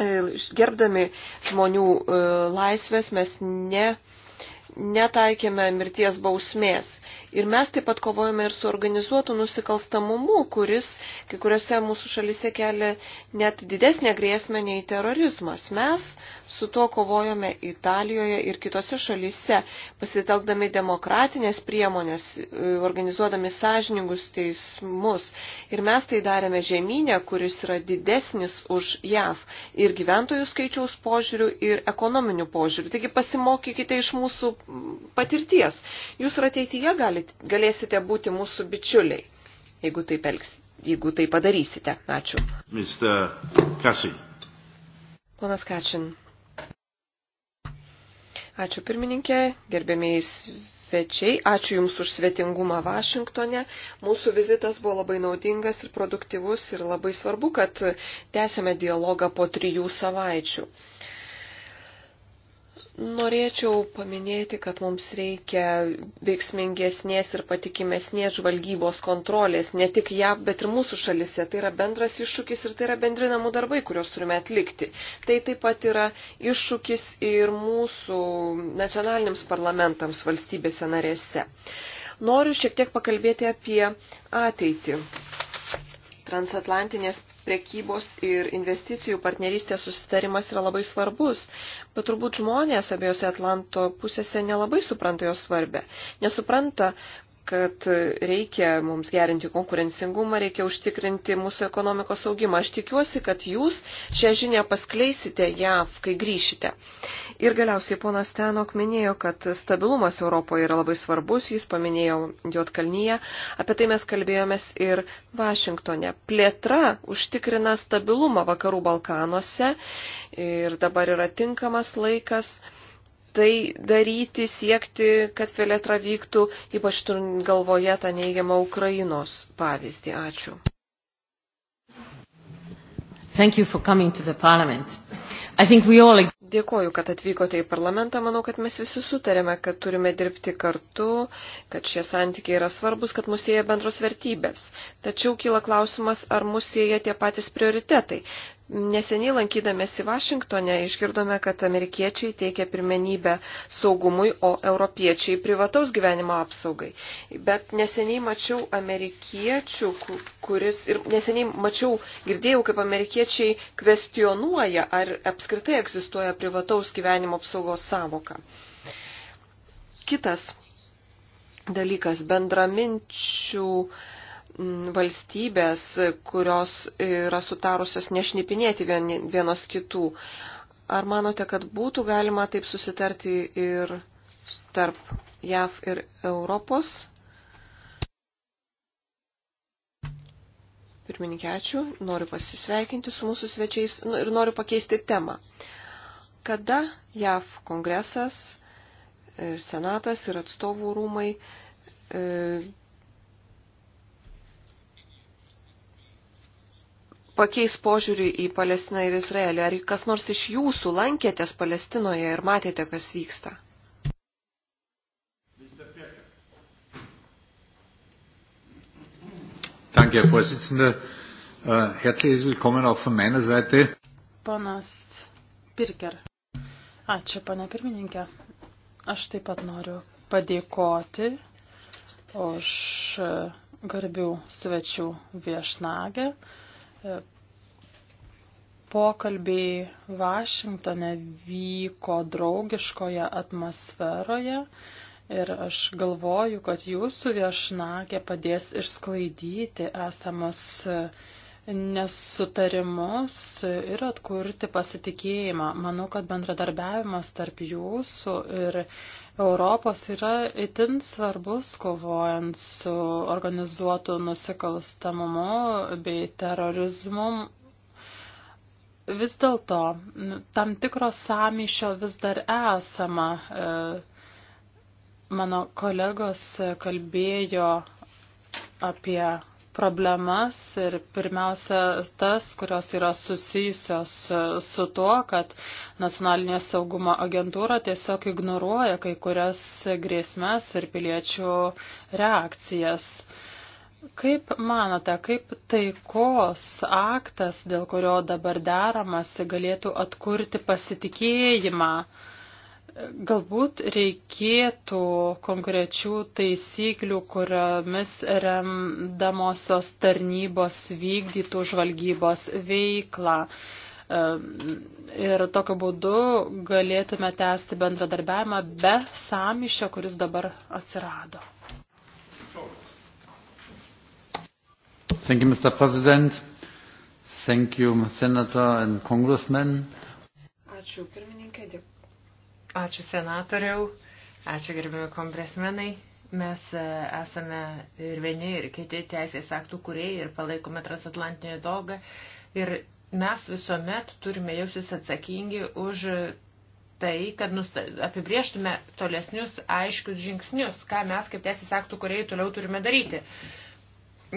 E, gerbdami žmonių e, laisvės mes ne, netaikėme mirties bausmės. Ir mes taip pat kovojame ir su organizuotu nusikalstamumu, kuris kai kuriuose mūsų šalise kelia net didesnę grėsmę nei terorizmas. Mes su tuo kovojame Italijoje ir kitose šalise, pasitelkdami demokratinės priemonės, e, organizuodami sąžiningus teismus. Ir mes tai darėme žemynę, kuris yra didesnis už JAV ir gyventojų skaičiaus požiūrių, ir ekonominių požiūrių. Taigi pasimokykite iš mūsų patirties. Jūs ir ateityje galite galit, galėsite būti mūsų bičiuliai, jeigu taip, elgs, jeigu taip padarysite. Ačiū. Ponas Kačin. Ačiū pirmininkė, gerbėmiai svečiai, ačiū Jums už svetingumą Vašingtone. Mūsų vizitas buvo labai naudingas ir produktyvus ir labai svarbu, kad tęsėme dialogą po trijų savaičių. Uh, Norėčiau paminėti, kad mums reikia veiksmingesnės ir patikimesnės žvalgybos kontrolės, ne tik JAV, bet ir mūsų šalise. Tai yra bendras iššūkis ir tai yra bendri namų darbai, kuriuos turime atlikti. Tai taip pat yra iššūkis ir mūsų nacionaliniams parlamentams valstybėse narėse. Noriu šiek tiek pakalbėti apie ateitį transatlantinės prekybos ir investicijų partnerystės susitarimas yra labai svarbus, bet turbūt žmonės abiejose Atlanto pusėse nelabai supranta jos svarbę. Nesupranta, kad reikia mums gerinti konkurencingumą, reikia užtikrinti mūsų ekonomikos augimą. Aš tikiuosi, kad jūs šią žinią paskleisite JAV, kai grįšite. Ir galiausiai ponas Tenok minėjo, kad stabilumas Europoje yra labai svarbus, jis paminėjo Jotkalnyje, apie tai mes kalbėjomės ir Vašingtone. Plėtra užtikrina stabilumą vakarų Balkanuose ir dabar yra tinkamas laikas tai daryti, siekti, kad Feletra vyktų, ypač turint galvoje tą neigiamą Ukrainos pavyzdį. Ačiū. All... Dėkoju, kad atvykote į parlamentą. Manau, kad mes visi sutarėme, kad turime dirbti kartu, kad šie santykiai yra svarbus, kad mus jėja bendros vertybės. Tačiau kyla klausimas, ar mus jėja tie patys prioritetai. Neseniai lankydamėsi Vašingtone išgirdome, kad amerikiečiai teikia pirmenybę saugumui, o europiečiai privataus gyvenimo apsaugai. Bet neseniai mačiau amerikiečių, kuris ir neseniai mačiau, girdėjau, kaip amerikiečiai kvestionuoja, ar apskritai egzistuoja privataus gyvenimo apsaugos savoka. Kitas dalykas - bendraminčių valstybės, kurios yra sutarusios nešnipinėti vienos kitų. Ar manote, kad būtų galima taip susitarti ir tarp JAV ir Europos? Pirmininkė, ačiū. Noriu pasisveikinti su mūsų svečiais nu, ir noriu pakeisti temą. Kada JAV kongresas ir e, senatas ir atstovų rūmai e, pakeis požiūrį į Palestiną ir Izraelį? Ar kas nors iš jūsų lankėtės Palestinoje ir matėte, kas vyksta? Danke, Herr Vorsitzender. Äh, herzliches Willkommen auch von meiner Seite. Ponas Pirker. Ačiū, pane pirmininkė. Aš taip pat noriu padėkoti už garbių svečių viešnagę pokalbiai Vašingtone vyko draugiškoje atmosferoje ir aš galvoju, kad jūsų viešnagė padės išsklaidyti esamus nesutarimus ir atkurti pasitikėjimą. Manau, kad bendradarbiavimas tarp jūsų ir Europos yra itin svarbus kovojant su organizuotu nusikalstamumu bei terorizmu. Vis dėlto tam tikro samyšio vis dar esama. E, mano kolegos kalbėjo apie problemas ir pirmiausia tas, kurios yra susijusios e, su tuo, kad nacionalinė saugumo agentūra tiesiog ignoruoja kai kurias grėsmės ir piliečių reakcijas. Kaip manote, kaip taikos aktas, dėl kurio dabar deramasi, galėtų atkurti pasitikėjimą? Uh, Galbūt reikėtų konkrečių taisyklių, kuriomis remdamosios tarnybos vykdytų žvalgybos veiklą. Ir tokiu būdu galėtume tęsti bendradarbiavimą be samyšio, kuris dabar atsirado. Thank you, Mr. President. Thank you, Senator and Congressman. Ačiū, pirmininkė. Dėkui. Ačiū senatoriau, ačiū gerbimi kompresmenai. Mes e, esame ir vieni, ir kiti teisės aktų kuriejai ir palaikome transatlantinį dogą. Ir mes visuomet turime jausis atsakingi už tai, kad apibrieštume tolesnius aiškius žingsnius, ką mes kaip teisės aktų kuriejai toliau turime daryti.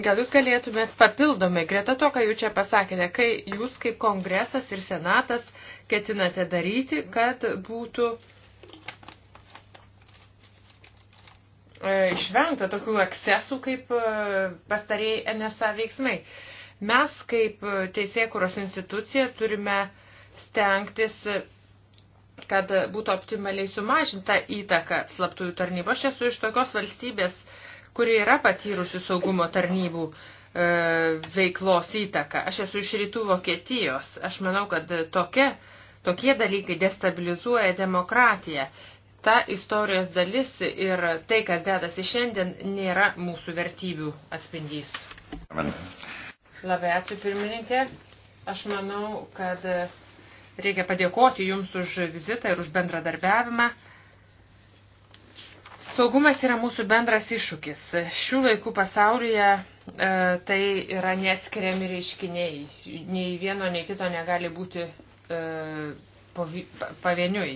Gal jūs galėtumėt papildomai, greta to, ką jūs čia pasakėte, kai jūs kaip kongresas ir senatas uh, ketinate daryti, kad būtų e, išvengta tokių ekscesų kaip e, pastarėjai NSA veiksmai. Mes kaip e, teisėkuros institucija turime stengtis, kad būtų optimaliai sumažinta įtaka slaptųjų tarnybų. Aš esu iš tokios valstybės, kuri yra patyrusi saugumo tarnybų E, veiklos įtaka. Aš esu iš rytų Vokietijos. Aš manau, kad tokia, tokie dalykai destabilizuoja demokratiją. Ta istorijos dalis ir tai, kas dedasi šiandien, nėra mūsų vertybių atspindys. Amen. Labai ačiū pirmininkė. Aš manau, kad reikia padėkoti Jums už vizitą ir už bendradarbiavimą. Saugumas yra mūsų bendras iššūkis. Šių laikų pasaulyje E, tai yra neatskiriami reiškiniai. Nei vieno, nei kito negali būti e, pavieniui.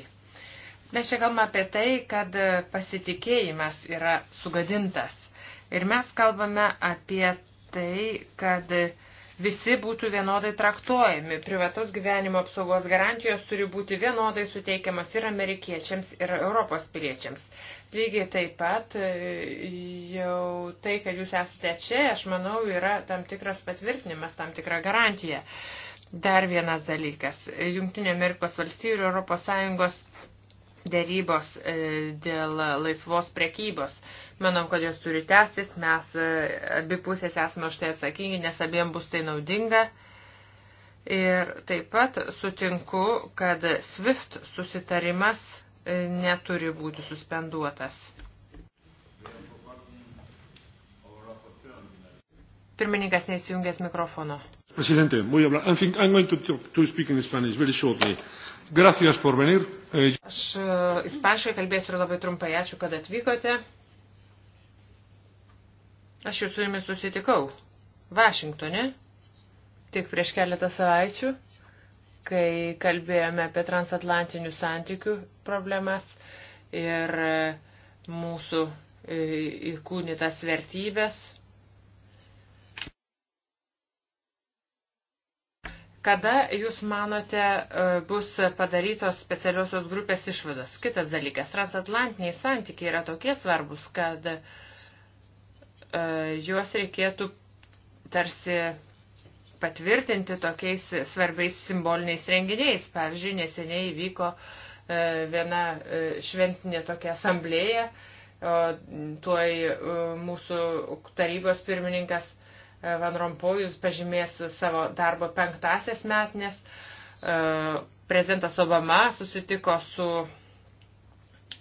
Mes čia kalbame apie tai, kad pasitikėjimas yra sugadintas. Ir mes kalbame apie tai, kad uh, visi būtų vienodai traktuojami. Privatos gyvenimo apsaugos garantijos turi būti vienodai suteikiamas ir amerikiečiams, ir Europos piliečiams. Lygiai taip pat e, jau tai, kad jūs esate čia, aš manau, yra tam tikras patvirtinimas, tam tikra garantija. Dar vienas dalykas. Junktinė Amerikos valstybių ir Europos Sąjungos dėrybos e, dėl laisvos prekybos. Manau, kad jos turi tęsis, mes e, abi pusės esame už tai atsakingi, nes abiem bus tai naudinga. Ir taip pat sutinku, kad SWIFT susitarimas e, neturi būti suspenduotas. Pirmininkas neįsijungęs mikrofono. Presidente, voy a hablar. En fin, I'm going to, talk, to speak in Spanish very shortly. Gracias por venir. Eh, Aš e, ispaniškai kalbėsiu ir labai trumpai. Ačiū, kad atvykote. Aš jau su jumis susitikau Vašingtone tik prieš keletą savaičių, kai kalbėjome apie transatlantinių santykių problemas ir mūsų e, įkūnytas vertybės. Kada jūs manote e, bus padarytos specialiosios grupės išvados? Kitas dalykas, transatlantiniai santykiai yra tokie svarbus, kad uh, E, juos reikėtų tarsi patvirtinti tokiais svarbiais simboliniais renginiais. Pavyzdžiui, neseniai vyko e, viena e, šventinė tokia asamblėja, tuoj mūsų tarybos pirmininkas Van Rompojus pažymės savo darbo penktasias metinės. Prezidentas Obama susitiko su,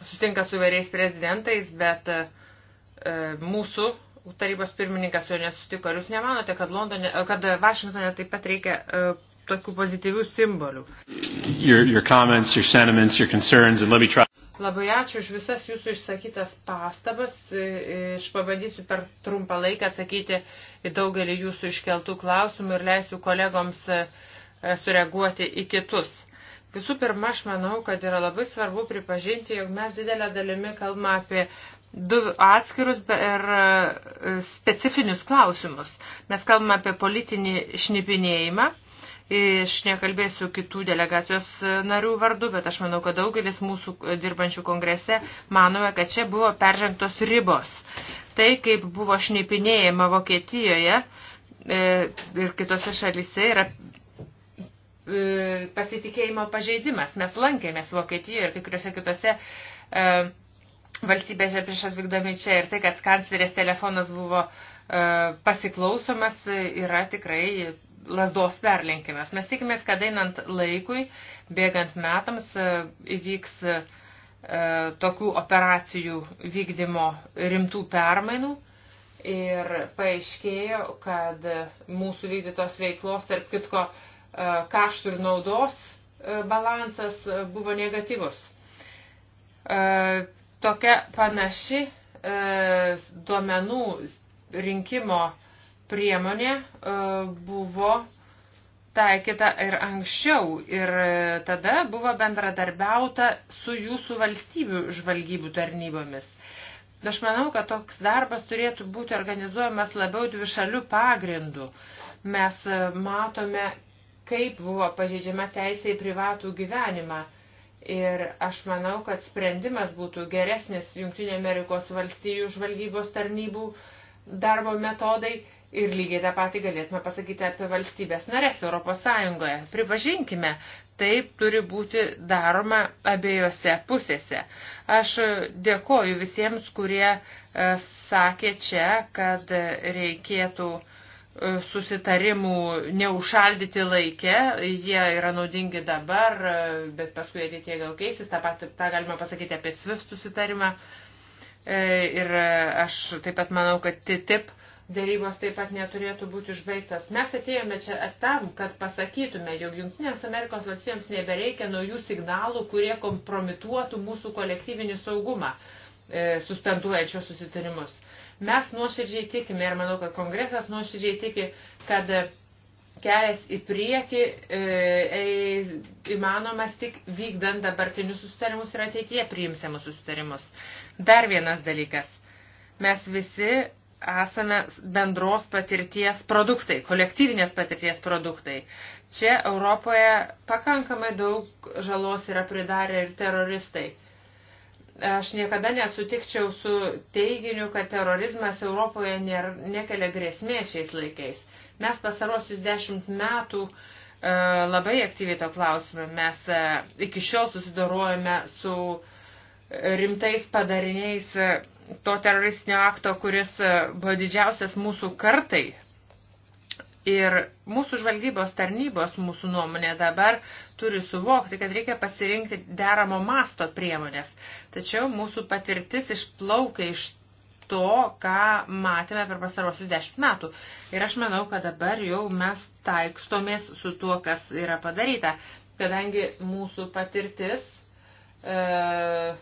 sutinka su vairiais prezidentais, bet mūsų tarybos pirmininkas jo nesutiko. Ar jūs nemanote, kad, Londone, kad Vašingtonė taip pat reikia uh, tokių pozityvių simbolių? Your, your comments, your sentiments, your concerns, and let me try. Labai ačiū už visas jūsų išsakytas pastabas. E, e, aš pabandysiu per trumpą laiką atsakyti į daugelį jūsų iškeltų klausimų ir leisiu kolegoms sureaguoti į kitus. Visų pirma, aš manau, kad yra labai svarbu pripažinti, jog mes didelę dalimi kalbame apie du atskirus ir er, specifinius klausimus. Mes kalbame apie politinį šnipinėjimą. Aš nekalbėsiu kitų delegacijos narių vardu, bet aš manau, kad daugelis mūsų dirbančių kongrese manome, kad čia buvo peržengtos ribos. Tai, kaip buvo šnipinėjama Vokietijoje e, ir kitose šalyse, yra e, pasitikėjimo pažeidimas. Mes lankėmės Vokietijoje ir kai kuriuose kitose e, valstybėse priešas vykdomi čia ir tai, kad kanclerės telefonas buvo e, pasiklausomas, yra tikrai lasdos perlenkimas. Mes tikimės, kad einant laikui, bėgant metams, e, įvyks e, tokių operacijų vykdymo rimtų permainų ir paaiškėjo, kad mūsų vykdytos veiklos, tarp kitko, kaštų ir naudos balansas buvo negatyvus tokia panaši e, duomenų rinkimo priemonė e, buvo taikyta ir anksčiau ir e, tada buvo bendradarbiauta su jūsų valstybių žvalgybų tarnybomis. Aš manau, kad toks darbas turėtų būti organizuojamas labiau dvišalių pagrindų. Mes e, matome, kaip buvo pažeidžiama teisė į privatų gyvenimą Ir aš manau, kad sprendimas būtų geresnis Junktinė Amerikos valstijų žvalgybos tarnybų darbo metodai ir lygiai tą patį galėtume pasakyti apie valstybės narės Europos Sąjungoje. Pripažinkime, taip turi būti daroma abiejose pusėse. Aš dėkoju visiems, kurie e, sakė čia, kad reikėtų uh, susitarimų neužšaldyti laikę, jie yra naudingi dabar, bet paskui ateitie gal keisis, tą, pat, tą galima pasakyti apie SWIFT susitarimą. E, ir aš taip pat manau, kad TTIP dėrybos taip pat neturėtų būti užbaigtas. Mes atėjome čia tam, kad pasakytume, jog Junktinėms Amerikos valstybėms nebereikia naujų signalų, kurie kompromituotų mūsų kolektyvinį saugumą, e, suspenduojančios susitarimus Mes nuoširdžiai tikime ir manau, kad kongresas nuoširdžiai tiki, kad kelias į priekį e, e, įmanomas tik vykdant dabartinius susitarimus ir ateityje priimsiamus susitarimus. Dar vienas dalykas. Mes visi esame bendros patirties produktai, kolektyvinės patirties produktai. Čia Europoje pakankamai daug žalos yra pridarę ir teroristai. Aš niekada nesutikčiau su teiginiu, kad terorizmas Europoje nėra, nekelia grėsmės šiais laikais. Mes pasarosius dešimt metų e, labai aktyviai to klausime. Mes e, iki šiol susidorojame su e, rimtais padariniais e, to teroristinio akto, kuris e, buvo didžiausias mūsų kartai Ir mūsų žvalgybos tarnybos, mūsų nuomonė dabar turi suvokti, kad reikia pasirinkti deramo masto priemonės. Tačiau mūsų patirtis išplaukia iš to, ką matėme per pasarosius dešimt metų. Ir aš manau, kad dabar jau mes taikstomės su tuo, kas yra padaryta, kadangi mūsų patirtis e,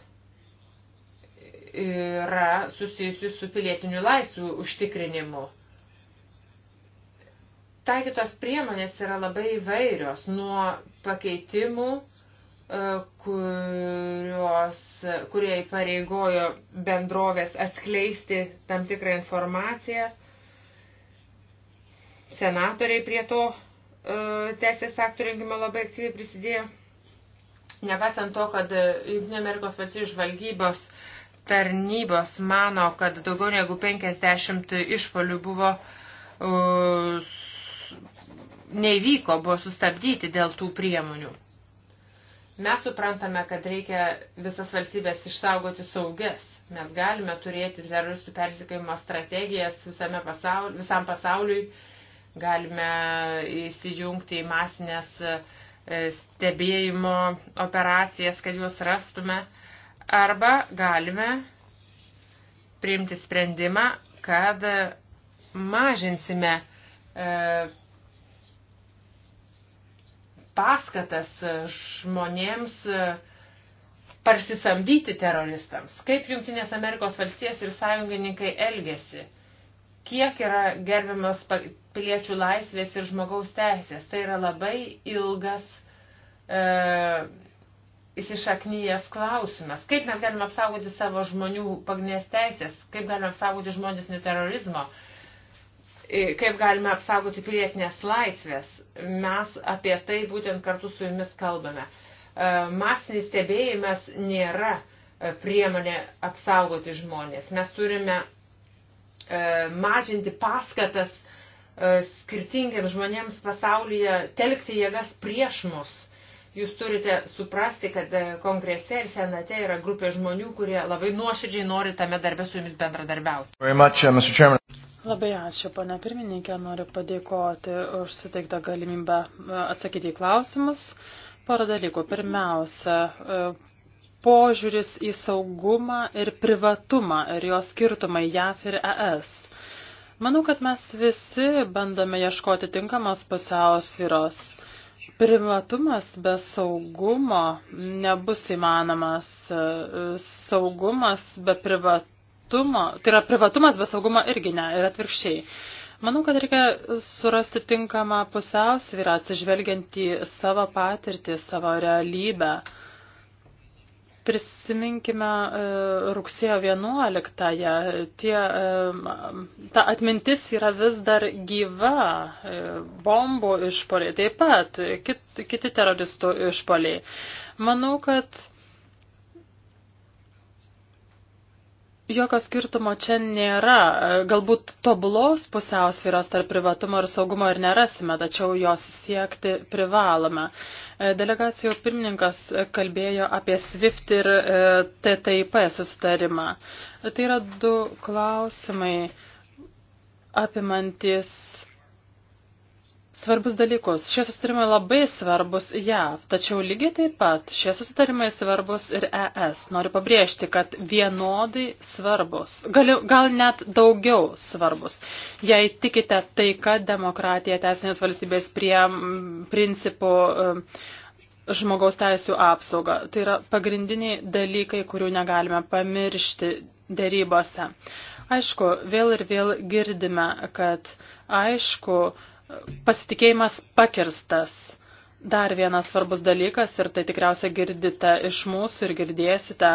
yra susijusi su pilietiniu laisvių užtikrinimu. Taikytos priemonės yra labai įvairios, nuo pakeitimų, e, kurios, kurie įpareigojo bendrovės atskleisti tam tikrą informaciją. Senatoriai prie to e, teisės aktų rengimo labai aktyviai prisidėjo. Nepasant to, kad e, Junktinė Amerikos valstybių žvalgybos tarnybos mano, kad daugiau negu 50 išpolių buvo nevyko, buvo sustabdyti dėl tų priemonių. Mes suprantame, kad reikia visas valstybės išsaugoti saugias. Mes galime turėti teroristų persikėjimo strategijas pasaul, visam pasauliui, galime įsijungti į masinės e, stebėjimo operacijas, kad juos rastume, arba galime priimti sprendimą, kad mažinsime e, paskatas žmonėms e, parsisamdyti teroristams. Kaip Junktinės Amerikos valstijos ir sąjungininkai elgesi? Kiek yra gerbiamos piliečių laisvės ir žmogaus teisės? Tai yra labai ilgas e, įsišaknyjas klausimas. Kaip mes galime apsaugoti savo žmonių pagrindinės teisės? Kaip galime apsaugoti žmonės nuo terorizmo? E, E, kaip galime apsaugoti pilietinės laisvės. Mes apie tai būtent kartu su jumis kalbame. E, masinis stebėjimas nėra e, priemonė apsaugoti žmonės. Mes turime mažinti paskatas skirtingiams žmonėms pasaulyje, telkti jėgas prieš mus. Jūs turite suprasti, kad kongrese ir senate yra grupė žmonių, kurie labai nuoširdžiai nori tame darbe su jumis bendradarbiauti. Very much, uh, Labai ačiū, pane pirmininkė, noriu padėkoti už suteiktą galimybę e, atsakyti į klausimus. Porą dalykų. Pirmiausia, e, požiūris į saugumą ir privatumą ir jo skirtumai JAF ir ES. Manau, kad mes visi bandome ieškoti tinkamos pusiausvyros. Privatumas be saugumo nebus įmanomas. E, saugumas be privatumo privatumo, tai yra privatumas be saugumo irgi ne, ir atvirkščiai. Manau, kad reikia surasti tinkamą pusiausvyrą, atsižvelgiant į savo patirtį, savo realybę. Prisiminkime e, rugsėjo 11-ąją. Tie, e, ta atmintis yra vis dar gyva. E, bombų išpoliai taip pat, kit, kiti teroristų išpoliai. Manau, kad Jokio skirtumo čia nėra. Galbūt tobulos pusiausvyros tarp privatumo ir saugumo ir nerasime, tačiau jos siekti privalome. E, delegacijų pirmininkas kalbėjo apie SWIFT ir e, TTIP susitarimą. Tai yra du klausimai apimantis svarbus dalykus. Šie susitarimai labai svarbus JAV, tačiau lygiai taip pat šie susitarimai svarbus ir ES. Noriu pabrėžti, kad vienodai svarbus, gal, gal net daugiau svarbus. Jei tikite tai, kad demokratija teisinės valstybės prie principų e, žmogaus teisų apsauga, tai yra pagrindiniai dalykai, kurių negalime pamiršti dėrybose. Aišku, vėl ir vėl girdime, kad aišku, pasitikėjimas pakirstas. Dar vienas svarbus dalykas, ir tai tikriausiai girdite iš mūsų ir girdėsite,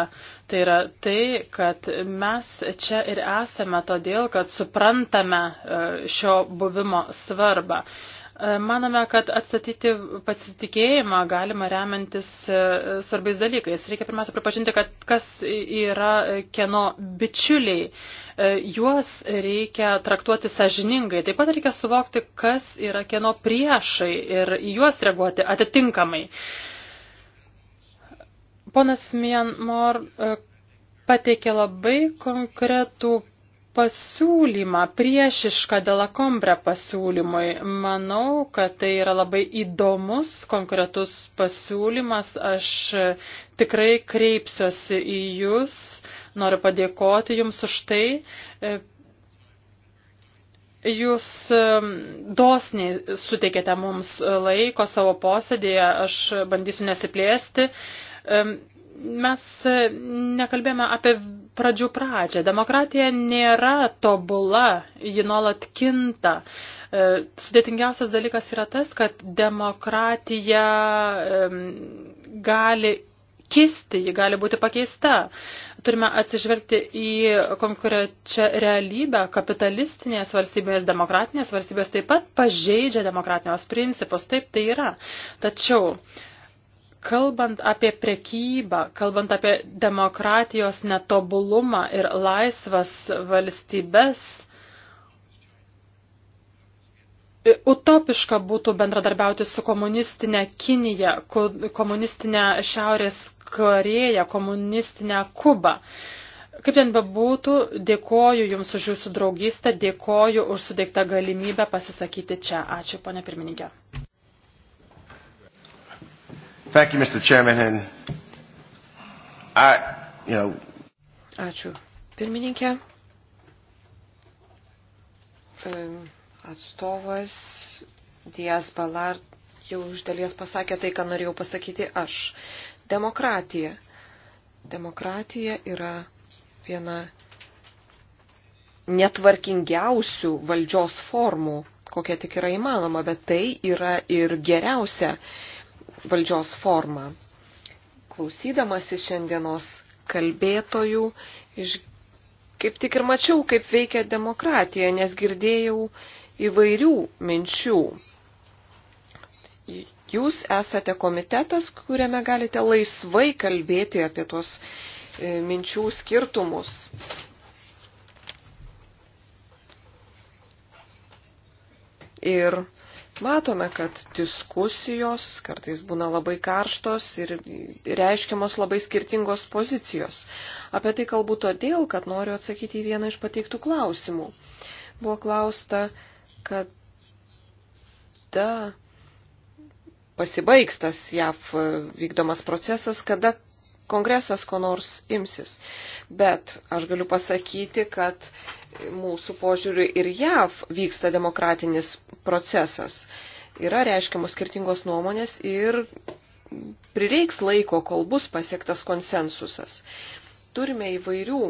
tai yra tai, kad mes čia ir esame todėl, kad suprantame e, šio buvimo svarbą. Manome, kad atstatyti pasitikėjimą galima remiantis e, svarbiais dalykais. Reikia pirmiausia pripažinti, kad kas yra kieno bičiuliai. E, juos reikia traktuoti sažiningai. Taip pat reikia suvokti, kas yra kieno priešai ir į juos reaguoti atitinkamai. Ponas Mianmor e, pateikė labai konkretų pasiūlymą priešišką Delakombre pasiūlymui. Manau, kad tai yra labai įdomus, konkretus pasiūlymas. Aš tikrai kreipsiuosi į Jūs. Noriu padėkoti Jums už tai. Jūs um, dosniai suteikėte mums laiko savo posėdėje, aš bandysiu nesiplėsti. Um, mes e, nekalbėjome apie pradžių pradžią. Demokratija nėra tobula, ji nuolat kinta. E, sudėtingiausias dalykas yra tas, kad demokratija gali kisti, ji gali būti pakeista. Turime atsižvelgti į konkrečią realybę. Kapitalistinės valstybės, demokratinės valstybės taip pat pažeidžia demokratinės principus. Taip tai yra. Tačiau uh, Kalbant apie prekybą, kalbant apie demokratijos netobulumą ir laisvas valstybės, utopiška būtų bendradarbiauti su komunistinė Kinija, komunistinė Šiaurės Koreja, komunistinė Kuba. Kaip ten bebūtų, dėkoju Jums už Jūsų draugystę, dėkoju už sudėktą galimybę pasisakyti čia. Ačiū, ponė pirmininkė. Thank you, Mr. Chairman, and I, you know... Ačiū. Pirmininkė, atstovas Dijas Balar jau iš dalies pasakė tai, ką norėjau pasakyti aš. Demokratija. Demokratija yra viena netvarkingiausių valdžios formų, kokia tik yra įmanoma, bet tai yra ir geriausia valdžios formą. Klausydamasi šiandienos kalbėtojų, iš, kaip tik ir mačiau, kaip veikia demokratija, nes girdėjau įvairių minčių. Jūs esate komitetas, kuriame galite laisvai kalbėti apie tuos e, minčių skirtumus. Ir Matome, kad diskusijos kartais būna labai karštos ir reiškiamos labai skirtingos pozicijos. Apie tai kalbu todėl, kad noriu atsakyti į vieną iš pateiktų klausimų. Buvo klausta, kada pasibaigs tas JAV vykdomas procesas, kada kongresas ko nors imsis. Bet aš galiu pasakyti, kad mūsų požiūriu ir JAV vyksta demokratinis procesas. Yra reiškiamos skirtingos nuomonės ir prireiks laiko, kol bus pasiektas konsensusas. Turime įvairių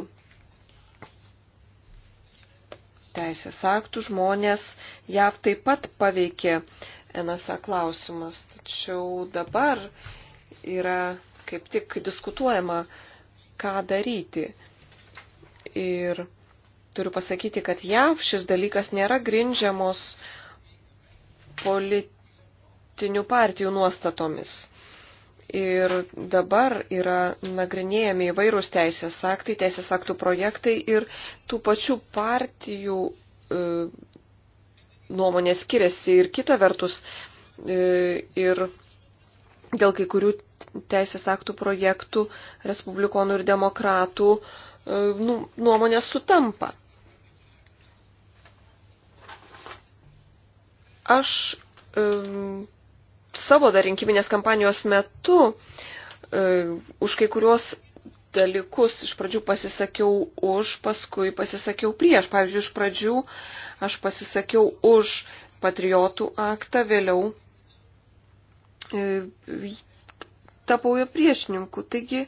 teisės aktų žmonės, jav taip pat paveikė NSA klausimas, tačiau dabar yra kaip tik diskutuojama, ką daryti. Ir turiu pasakyti, kad jav šis dalykas nėra grindžiamos politinių partijų nuostatomis. Ir dabar yra nagrinėjami įvairūs teisės aktai, teisės aktų projektai ir tų pačių partijų e, nuomonės skiriasi ir kita vertus e, ir dėl kai kurių teisės aktų projektų respublikonų ir demokratų e, nu, nuomonės sutampa. Aš um, savo dar rinkiminės kampanijos metu um, už kai kuriuos dalykus iš pradžių pasisakiau už, paskui pasisakiau prieš. Pavyzdžiui, iš pradžių aš pasisakiau už patriotų aktą, vėliau E, tapau jo priešininku. Taigi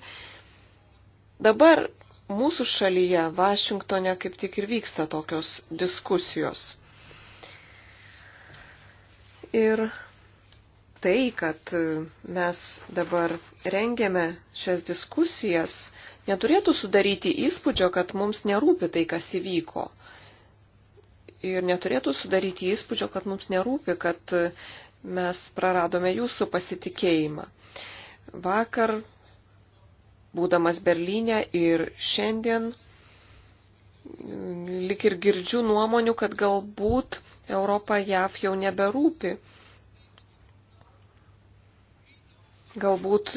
dabar mūsų šalyje, Vašingtone, kaip tik ir vyksta tokios diskusijos. Ir tai, kad mes dabar rengiame šias diskusijas, neturėtų sudaryti įspūdžio, kad mums nerūpi tai, kas įvyko. Ir neturėtų sudaryti įspūdžio, kad mums nerūpi, kad mes praradome jūsų pasitikėjimą. Vakar, būdamas Berlyne ir šiandien, lik ir girdžiu nuomonių, kad galbūt Europą JAF jau neberūpi. Galbūt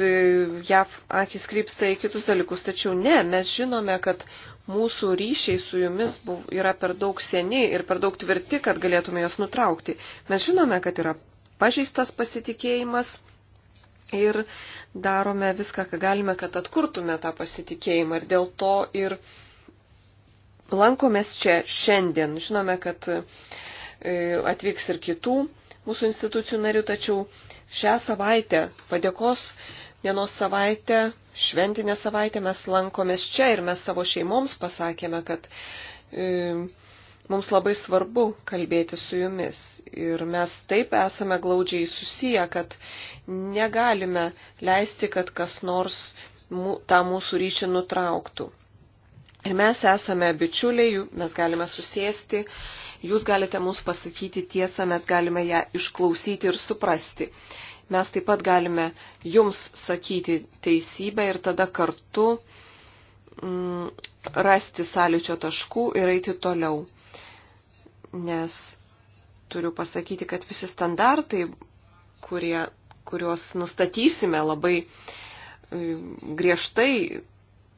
JAF akis krypsta į kitus dalykus, tačiau ne, mes žinome, kad mūsų ryšiai su jumis yra per daug seni ir per daug tvirti, kad galėtume juos nutraukti. Mes žinome, kad yra pažeistas pasitikėjimas ir darome viską, ką galime, kad atkurtume tą pasitikėjimą. Ir dėl to ir lankomės čia šiandien. Žinome, kad e, atvyks ir kitų mūsų institucijų narių, tačiau šią savaitę, padėkos dienos savaitę, šventinę savaitę mes lankomės čia ir mes savo šeimoms pasakėme, kad e, mums labai svarbu kalbėti su jumis. Ir mes taip esame glaudžiai susiję, kad negalime leisti, kad kas nors tą mūsų ryšį nutrauktų. Ir mes esame bičiuliai, mes galime susėsti, jūs galite mums pasakyti tiesą, mes galime ją išklausyti ir suprasti. Mes taip pat galime jums sakyti teisybę ir tada kartu mm, rasti sąlyčio taškų ir eiti toliau nes turiu pasakyti, kad visi standartai, kurie, kuriuos nustatysime labai e, griežtai,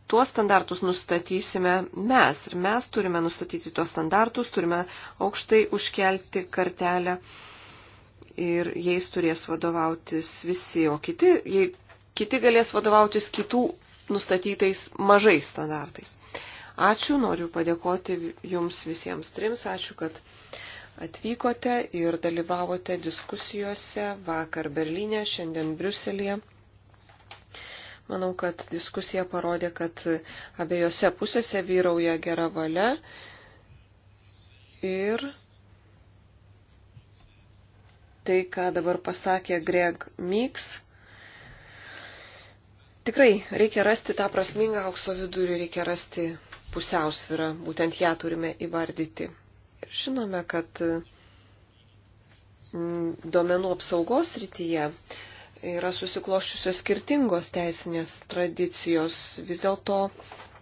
tuos standartus nustatysime mes. Ir mes turime nustatyti tuos standartus, turime aukštai užkelti kartelę ir jais turės vadovautis visi, o kiti, jei, kiti galės vadovautis kitų nustatytais mažais standartais. Uh, Ačiū, noriu padėkoti jums visiems trims, ačiū, kad atvykote ir dalyvavote diskusijose vakar Berlyne, šiandien Briuselėje. Manau, kad diskusija parodė, kad abiejose pusėse vyrauja gera valia ir tai, ką dabar pasakė Greg Mix. Tikrai reikia rasti tą prasmingą aukso vidurį, reikia rasti pusiausvyrą, būtent ją turime įvardyti. Ir žinome, kad mm, duomenų apsaugos rytyje yra susikloščiusios skirtingos teisinės tradicijos. Vis dėlto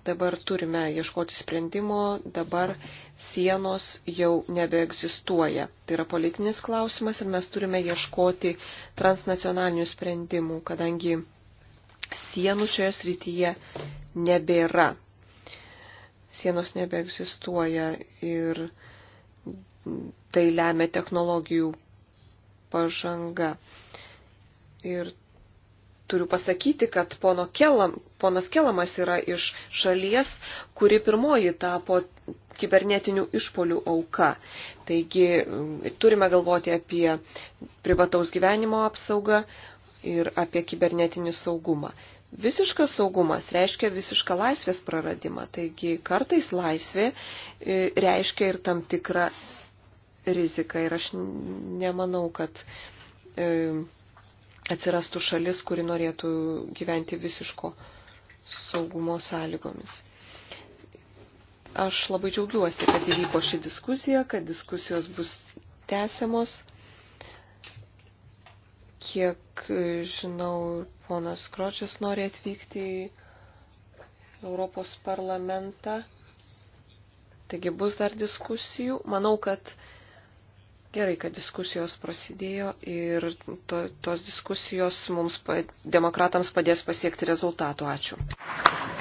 dabar turime ieškoti sprendimo, dabar sienos jau nebeegzistuoja. Tai yra politinis klausimas ir mes turime ieškoti transnacionalinių sprendimų, kadangi sienų šioje srityje nebėra sienos nebeegzistuoja ir tai lemia technologijų pažanga. Ir turiu pasakyti, kad pono Kelam, ponas Kelamas yra iš šalies, kuri pirmoji tapo kibernetinių išpolių auka. Taigi turime galvoti apie privataus gyvenimo apsaugą ir apie kibernetinį saugumą. Visiškas saugumas reiškia visišką laisvės praradimą. Taigi kartais laisvė e, reiškia ir tam tikrą riziką. Ir aš nemanau, kad e, atsirastų šalis, kuri norėtų gyventi visiško saugumo sąlygomis. Aš labai džiaugiuosi, kad įvyko ši diskusija, kad diskusijos bus tęsiamos. Kiek žinau, ponas Kročius nori atvykti į Europos parlamentą. Taigi bus dar diskusijų. Manau, kad gerai, kad diskusijos prasidėjo ir to, tos diskusijos mums, demokratams, padės pasiekti rezultatų. Ačiū.